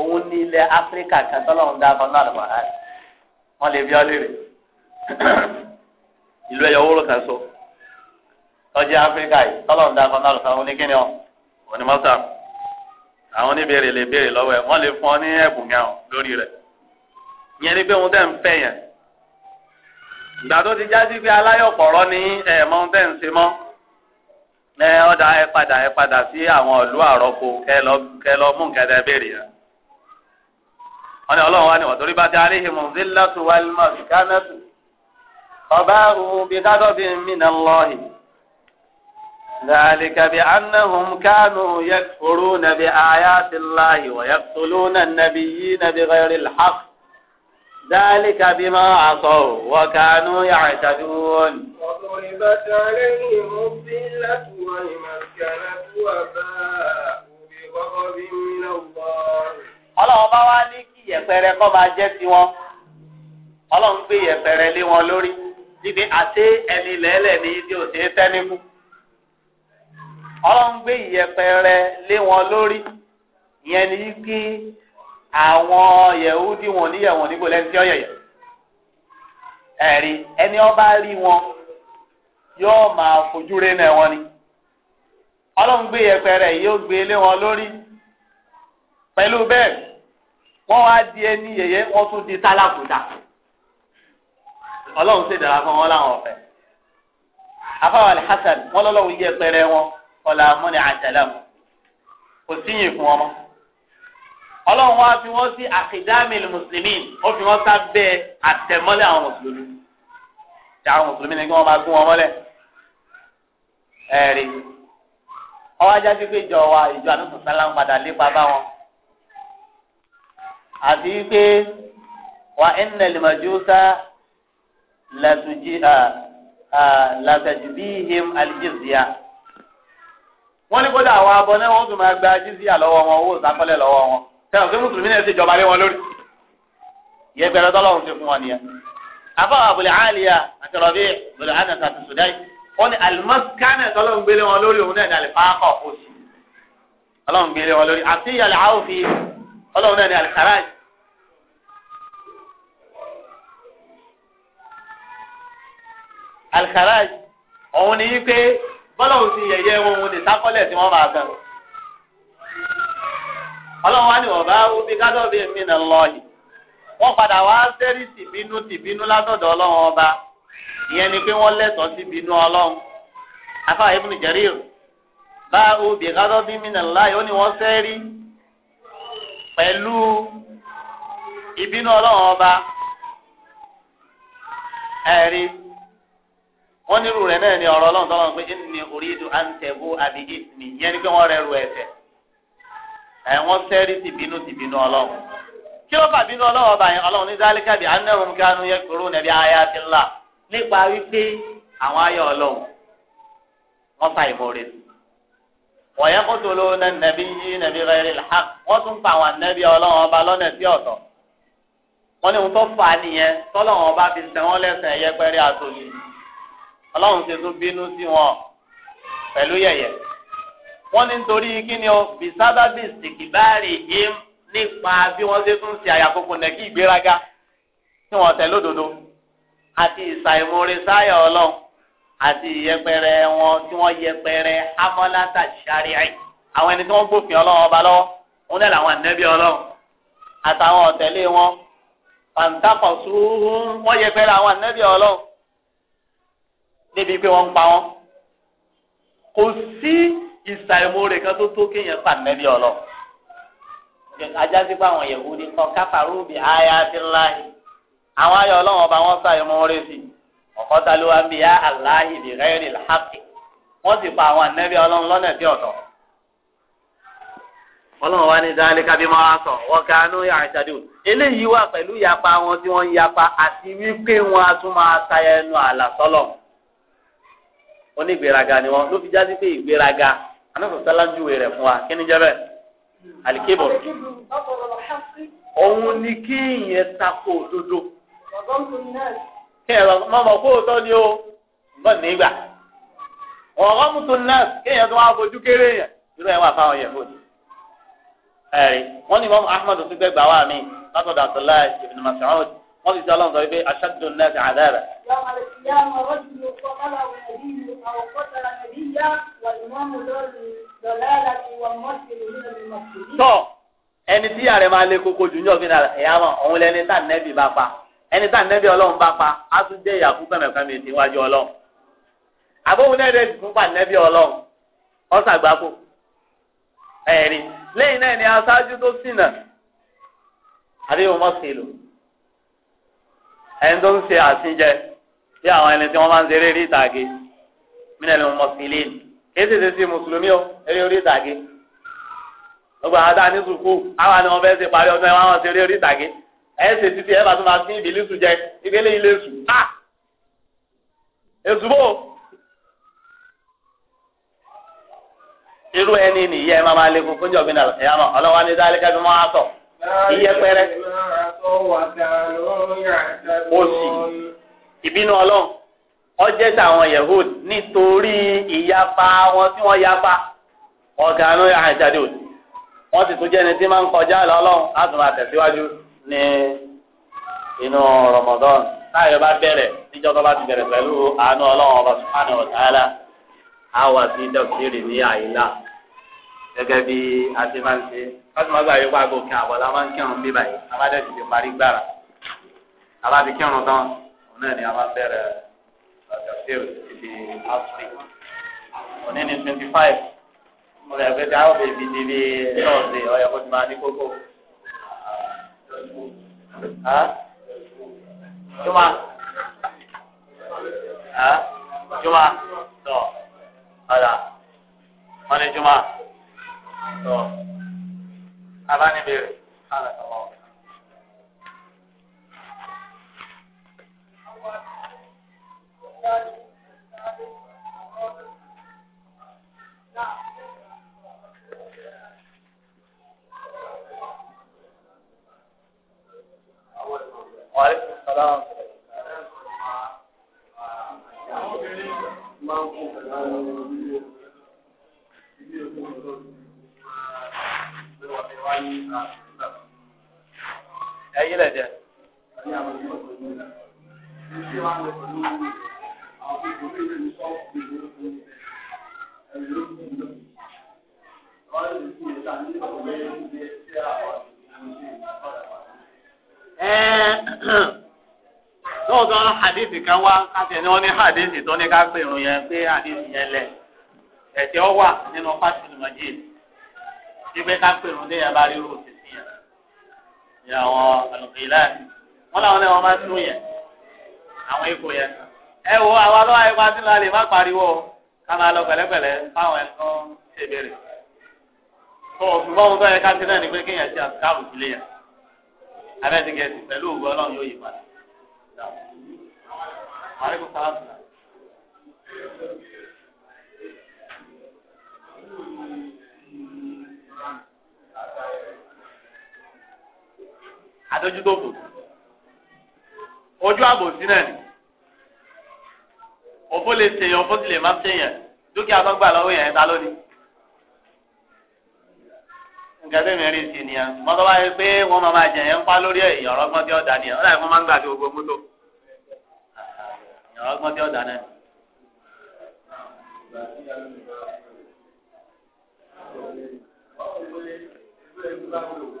òun ní ilẹ̀ áfíríkà kan tọ́lọ́run dá abọ́ náà rẹ̀ wọ́n lè bí ọ ìlú ẹ̀yọ́ kan so tọ́jú áfíríkà yìí tọ́lọ́run dá abọ́ náà lọ́wọ́ rẹ̀ onímọ̀sá àwọn oníbèrè lè béèrè lọ́wọ́ ẹ̀ wọ́n lè fún ọ ní ẹ̀bùn yẹn lórí rẹ̀ yẹn ni pé òun tẹ̀ ń fẹ́ yẹn ìgbà tó ti jáde pé aláyọ̀pọ̀rọ̀ ní ẹ̀ẹ̀mọ́ tẹ̀ ń ṣe mọ́ ẹ ọ̀dà ẹ padà ẹ padà sí àwọn ìlú àrọ́pò kẹ lọ mú nǹkan béèrè yẹn wọ́n ní ọlọ́run wá ní wọ̀tórí bá ti aléhìn mọ̀ọ́dínlẹ́tù wálé mọ̀ọ́dínlẹ́tù ọ̀bá òun bí kádọ́bí mí náà lọ́ọ̀hìn. ذلك بأنهم كانوا يكفرون بآيات الله ويقتلون النبيين بغير الحق ذلك بما عصوا وكانوا يعتدون وضربت عليهم الذلة والمسكنة وباءوا بغضب من الله Ọlọ́run bá wá ní kí yẹ̀pẹ̀rẹ̀ kọ́ máa jẹ́ tiwọn Ọlọ́run gbé yẹ̀pẹ̀rẹ̀ lé wọn lórí níbi àti ẹni lẹ́lẹ̀ ní ibi òsè tẹ́ni fún. ọlọ́run gbé ìyẹpẹrẹ lé wọn lórí ìyẹn ni kí àwọn yẹ̀húdí wọn níyẹ̀wọ̀n níbo lẹ́nu tí ó yẹ̀yẹ̀ ẹ̀rí ẹni ọba rí wọn yóò máa fojú wọn ni ọlọ́run gbé ìyẹpẹrẹ yóò gbé wọn lórí pẹ̀lú bẹ́ẹ̀ wọ́n wá di ẹni yẹ̀yẹ́ wọ́n tún di ọlọ́run ṣèdára fún wọn láwọn ọ̀fẹ́ hasan lọ́lọ́run wọn. kọlá mọ́ni àjàlá mu kò síyìn fún ọmọ ọlọ́run wá fi wọ́n sí àkìdámìlì mùsùlùmí ó fi wọ́n sábẹ́ àtẹ̀mọ́lẹ̀ àwọn mùsùlùmí tí àwọn mùsùlùmí ni kí wọ́n máa gún wọn mọ́lẹ̀ ẹ̀rí ọwọ́ ajá sí pé wa ìjọ àdúgbò sálá padà lépa bá wọn àti pé wa innal majusa làtùjì làtàjìbíhìm al-jizya wọ́n ní kódà àwọn abọ náà wọ́n tún máa gba jísíyà lọ́wọ́ wọn owó ìsákọ́lẹ̀ lọ́wọ́ wọn tẹ̀wọ̀n pé mùsùlùmí náà ti jọba lé wọn lórí yẹgbẹrẹ tọ́lọ́run ti fún wọn nìyẹn. àbáwọ̀ àbùlẹ̀ àlìyà àti rọ̀bì bùlẹ̀ ànàtà àti sùdáì wọ́n ní alimọ́síkánẹ̀ tọ́lọ́run gbélé wọn lórí òun náà ní alifáàkọ̀ òsì ọlọ́run gbélé wọn lórí àti ìyàlẹ̀ àwòfi ọlọ́run náà ní alikaraji alikaraji òun ní yí pé bọ́lá òun ti yẹ̀yẹ́ wọn òun lè sákọ́lẹ̀ tí wọ́n máa bẹ̀ ọlọ́run wá ní ọ̀bá omi gádọ́ bíi mi nà lọ yìí wọ́n padà wá sẹ́rí tìbínú tìbínú látọ̀dọ̀ ọlọ́run ọba ìyẹn ni pé wọ́n sí bínú ọlọ́run ibùn bá gádọ́ bíi mi nà ó ní wọ́n sẹ́rí pẹ̀lú ọba ẹ̀rí. wọ́n ruru rẹ̀ náà ni ọ̀rọ̀ ọlọ́run tó pé ẹni orídu àǹtẹ̀bù àbí ìsìnì yẹn ni pé wọ́n rẹ̀ ru ẹ̀ṣẹ̀ ẹ̀ wọ́n sẹ́rí tìbínú tìbínú ọlọ́run kí ló fà bínú ọlọ́run ọba yẹn ọlọ́run ní kánú kúrú nípa wípé àwọn ọlọ́run wọ́n wọ́n yẹ kó tolo pa àwọn ọlọ́run ọba ọlọ́run ṣe tún bínú sí wọn pẹ̀lú yẹ̀yẹ̀ wọ́n ní nítorí kí ni o bisábàbí sìkìbárì yìí nípa bí wọ́n ṣe tún ṣe àyàkókò nẹ́kí ìgbéraga tí wọ́n tẹ̀ lódodo àti ìsàìmọ̀re sáyà ọlọ́run àti ìyẹpẹrẹ wọn tí wọ́n yẹpẹrẹ amọ́látà ṣàríà àwọn ẹni tí wọ́n gbófin ọlọ́run ọba lọ́wọ́ wọn náà làwọn ànẹ́bí ọlọ́run àtàwọn ọ̀tẹ̀lé wọn pàǹtàkọ̀ sùúrù wọ́n yẹpẹrẹ àwọn ànẹ́bí ọlọ́run débi pé wọ́n ń pa wọ́n kò sí ìsàìmóore kan tó tó kéèyàn pa nẹ́bí ọlọ ajá sí pé àwọn Yẹhudi kan káfàrú bí aya ti láàyè àwọn ayọ̀ ọlọ́wọ́n ọba wọn sàìmóore sí ọ̀kọ́tàlúwa ń bí yá aláhi bí rẹ́rì láàpì wọ́n sì pa àwọn nẹ́bí ọlọ́run lọ́nà tí ọ̀tọ̀ ọlọ́run wa ní dáálé kábímọ́ wa sọ wọ́n kánú àṣàdù eléyìí wà pẹ̀lú ìyapa wọn tí wọ́n ń yapa àti wípé wọn a tún máa ta ẹnu àlà wọn ní ìgbéraga ni wọn ló fi jáde pé ìgbéraga anáfẹ́ sálájúwe rẹ̀ fún wa kí ni ni kí ìyẹn takò òdodo kí ẹ má mọ̀ kó ni o nígbà mùtò kí ìyẹn tó kéré yẹn irú wà fáwọn yẹn wọ́n ti sọ ọlọ́run sọ wípé aṣáájú náà ti àdá rẹ̀. tọ́ ẹni tí yàrá máa lé koko jù ní ọ̀gbìn náà ẹ̀yà mọ̀ òun lẹni tá nẹ́bì bá pa ẹni tá nẹ́bì ọlọ́run bá pa á tún dé ìyàkú pẹ̀mẹ̀pẹ̀mẹ̀ ti wájú ọlọ́run. àbóhun náà dẹ̀ tún pa nẹ́bì ọlọ́run ọ̀sàgbákò ẹ̀rí lẹ́yìn náà ni aṣáájú tó ṣìnà àbí wọn mọ̀ sí lò. ẹni tó ń ṣe àtijẹ bí àwọn ẹni tí wọ́n máa ń ṣeré rí ìtàgé mílẹ̀lì mọ̀sílìn kìí ṣe ṣe mùsùlùmí o eré orí ìtàgé gbogbo àwọn tá a ní sùkúù àwọn ni wọ́n fẹ́ ṣe parí ọdún ẹ̀ ṣe eré orí ìtàgé ẹ̀ ṣe títí máa fi jẹ ilé sùn irú ẹni máa máa fún iyẹpẹrẹ òsì ìbínú ọlọ́run ọjẹ́ tàwọn yehud nítorí ìyapa wọn tí wọ́n yapa ọ̀gánu àjàdé òsì wọ́n sì tún jẹ́ ẹni tí máa ń kọjá lọ́lọ́run láti máa tẹ̀síwájú ní inú Ramadan táyọ̀ bá bẹ̀rẹ̀ níjọ́ tó bá ti bẹ̀rẹ̀ pẹ̀lú àánú ọlọ́run ọba subhanahu wa ta'ala àwa sí tẹ̀síìrì ní àyílá gẹ́gẹ́ bí ati máa ń ṣe kásìmọ́ gbà yípa àgọ́ kí àbọ̀ la máa ń kírun bí báyìí abájọ́ ti ti parí gbára abáti kírun tán òun náà ni a máa bẹ̀rẹ̀ ọ̀dọ̀fẹ́rù títí áfírí òní ni twenty five mo rẹ̀ pé dáhùn bèbí ti bí nọ́ọ̀sì ọ̀yọ́ kó ti máa ní kókó. Juma Juma tọ ọ̀dà wọ́n ní Juma tọ́ abánibẹ̀rẹ̀ sáré tọ́lọ́. Thank you. ẹ̀yin lẹ jẹ. lóòótọ́ hadithi kan wá káfíẹ̀ ni wọ́n ní hadithi tó ní ká pè yẹn pé hadithi yẹn lẹ̀ nínú fásitì wípé ká pè ya déyà bá ríro òtítì yẹn ní àwọn àlùkìlá wọn làwọn náà wọn máa tún yẹn àwọn ikú yẹn ẹ wo àwọn alọ́wọ́ ayé pàṣẹ la lè má pariwo ká máa lọ pẹ̀lẹ́pẹ̀lẹ́ fáwọn ẹ̀kọ́ ṣèbéèrè tó o fi bọ́ọ̀mù bẹ́ẹ̀ káṣí náà ni pé kéèyàn ṣe àtúkàrù sílé yẹn abẹ́tìkẹ́sì pẹ̀lú òògùn ọlọ́run yóò yí padà. àdójútòfò ojú àbòsí náà ni òfó lè ṣèyàn òfó sì lè má ṣèyàn dúkìá tó gbà lọ́wọ́ yẹn ta lónìí nǹkan tẹ̀mí rí sí ni ya mọ́tò bá yẹ pé wọ́n máa máa jẹ̀yẹ́ ń pa lórí ẹ̀yìn ọ̀rọ̀gbọ́n tí ọ̀dà ni ẹ̀ ọ̀dà ìfọ́n máa ń gbà sí gbogbo mọ́tò ọ̀rọ̀gbọ́n tí ọ̀dà náà. Thank you.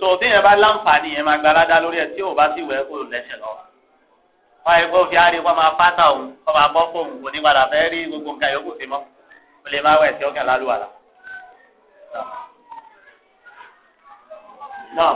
so bí yẹn bá láǹfààní yẹn máa gbalada lórí ẹ tí ò bá sì wẹ kó lẹsẹ lọ wọn yẹ kó fi àárẹ kó máa fásà òun kó máa bọ fóun kò ní padà fẹ́ rí gbogbo nǹkan yòókù sí mọ́ kò lè má wẹ̀ tí ó kàn lálùwà la. náà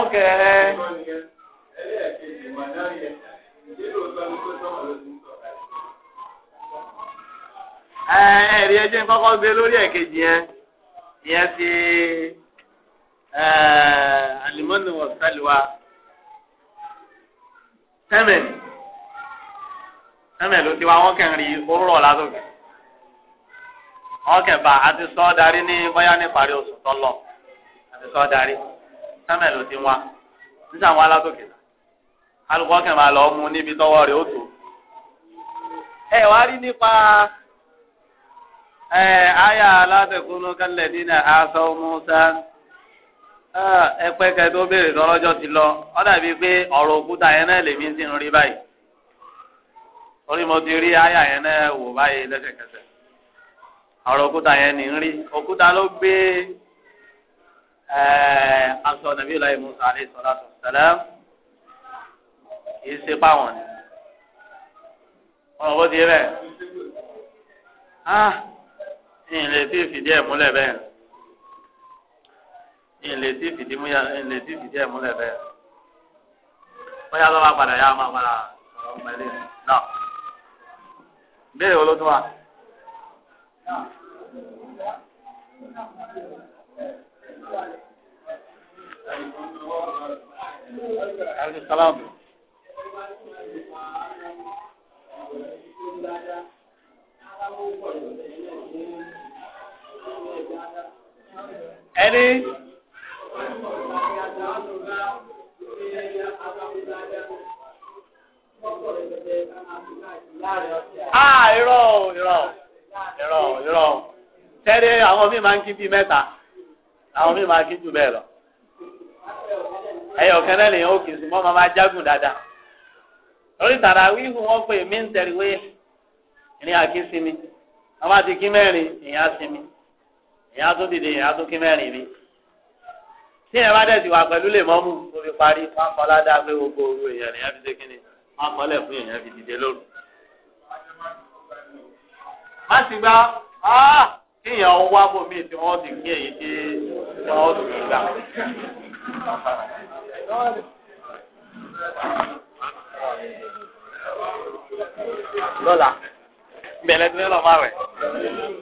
Okay. ẹ̀rí eh, eh, ẹjẹ́ kọ́kọ́ gbé lórí ẹ̀kejì yẹn ìyẹn ti eh, alimọ́nù wọ̀sálùwà. ẹmẹ ẹmẹ ti wá wọn kàn rí òwúrọ̀ látòkè wọn a bá àti sọ darí ní bóyá ní parí oṣù tó lọ àti sọ darí ti wá níta wọn alùpùpù lọ níbi ó tó ẹ wá rí nípa ẹ àyà alátẹkùnú Eh, ẹpẹ kẹ tó béèrè lọ́lọ́jọ́ ti lọ ọ dàbí pé ọ̀rọ̀ òkúta yẹn náà lèmi ti ń rí báyìí orí mo ti rí àyà yẹn náà wò báyìí lẹ́sẹ̀kẹsẹ̀ ọ̀rọ̀ òkúta yẹn ní ń rí òkúta ló gbé eh, aṣọ nàbí ìlà ìmúṣà àlẹ́ ìsọ̀lá tó tẹ̀lé kì í ṣe páwọn ni ọ̀rọ̀ bó ti rẹ̀ ah ìyìn lè fi fìdí ẹ̀ múlẹ̀ bẹ́ẹ̀ ìlè tí fìdí mú ya ìlè tí fìdí ẹ̀ múlẹ̀ bẹ́ẹ̀. wọ́n yá lọ́wọ́ padà yá máa padà ọ̀rọ̀ pẹ̀lú náà. béèrè wo ló Ẹni. Ah, irọ́ Tẹ́lẹ̀ àwọn míì máa ń kí bíi mẹ́ta, àwọn míì máa kí jù bẹ́ẹ̀ lọ. Ẹyọ̀ kẹ́lẹ́ lèyàn ó máa jágùn dáadáa. Lórí tàrà wọ́n pè mí ń tí ẹ bá dẹ̀sí wà pẹ̀lú lè mọ́mú tó fi parí fáfọlá dá pé gbogbo òru èèyàn nìyẹn fi ṣe kí ni fáfọlẹ̀ fún èèyàn fi dìde lóru. má sì gbá kéèyàn wá bòmí tí wọ́n ti kí èyí tí wọ́n ti gbà. lọ́la bẹ̀rẹ̀ tí máa rẹ̀.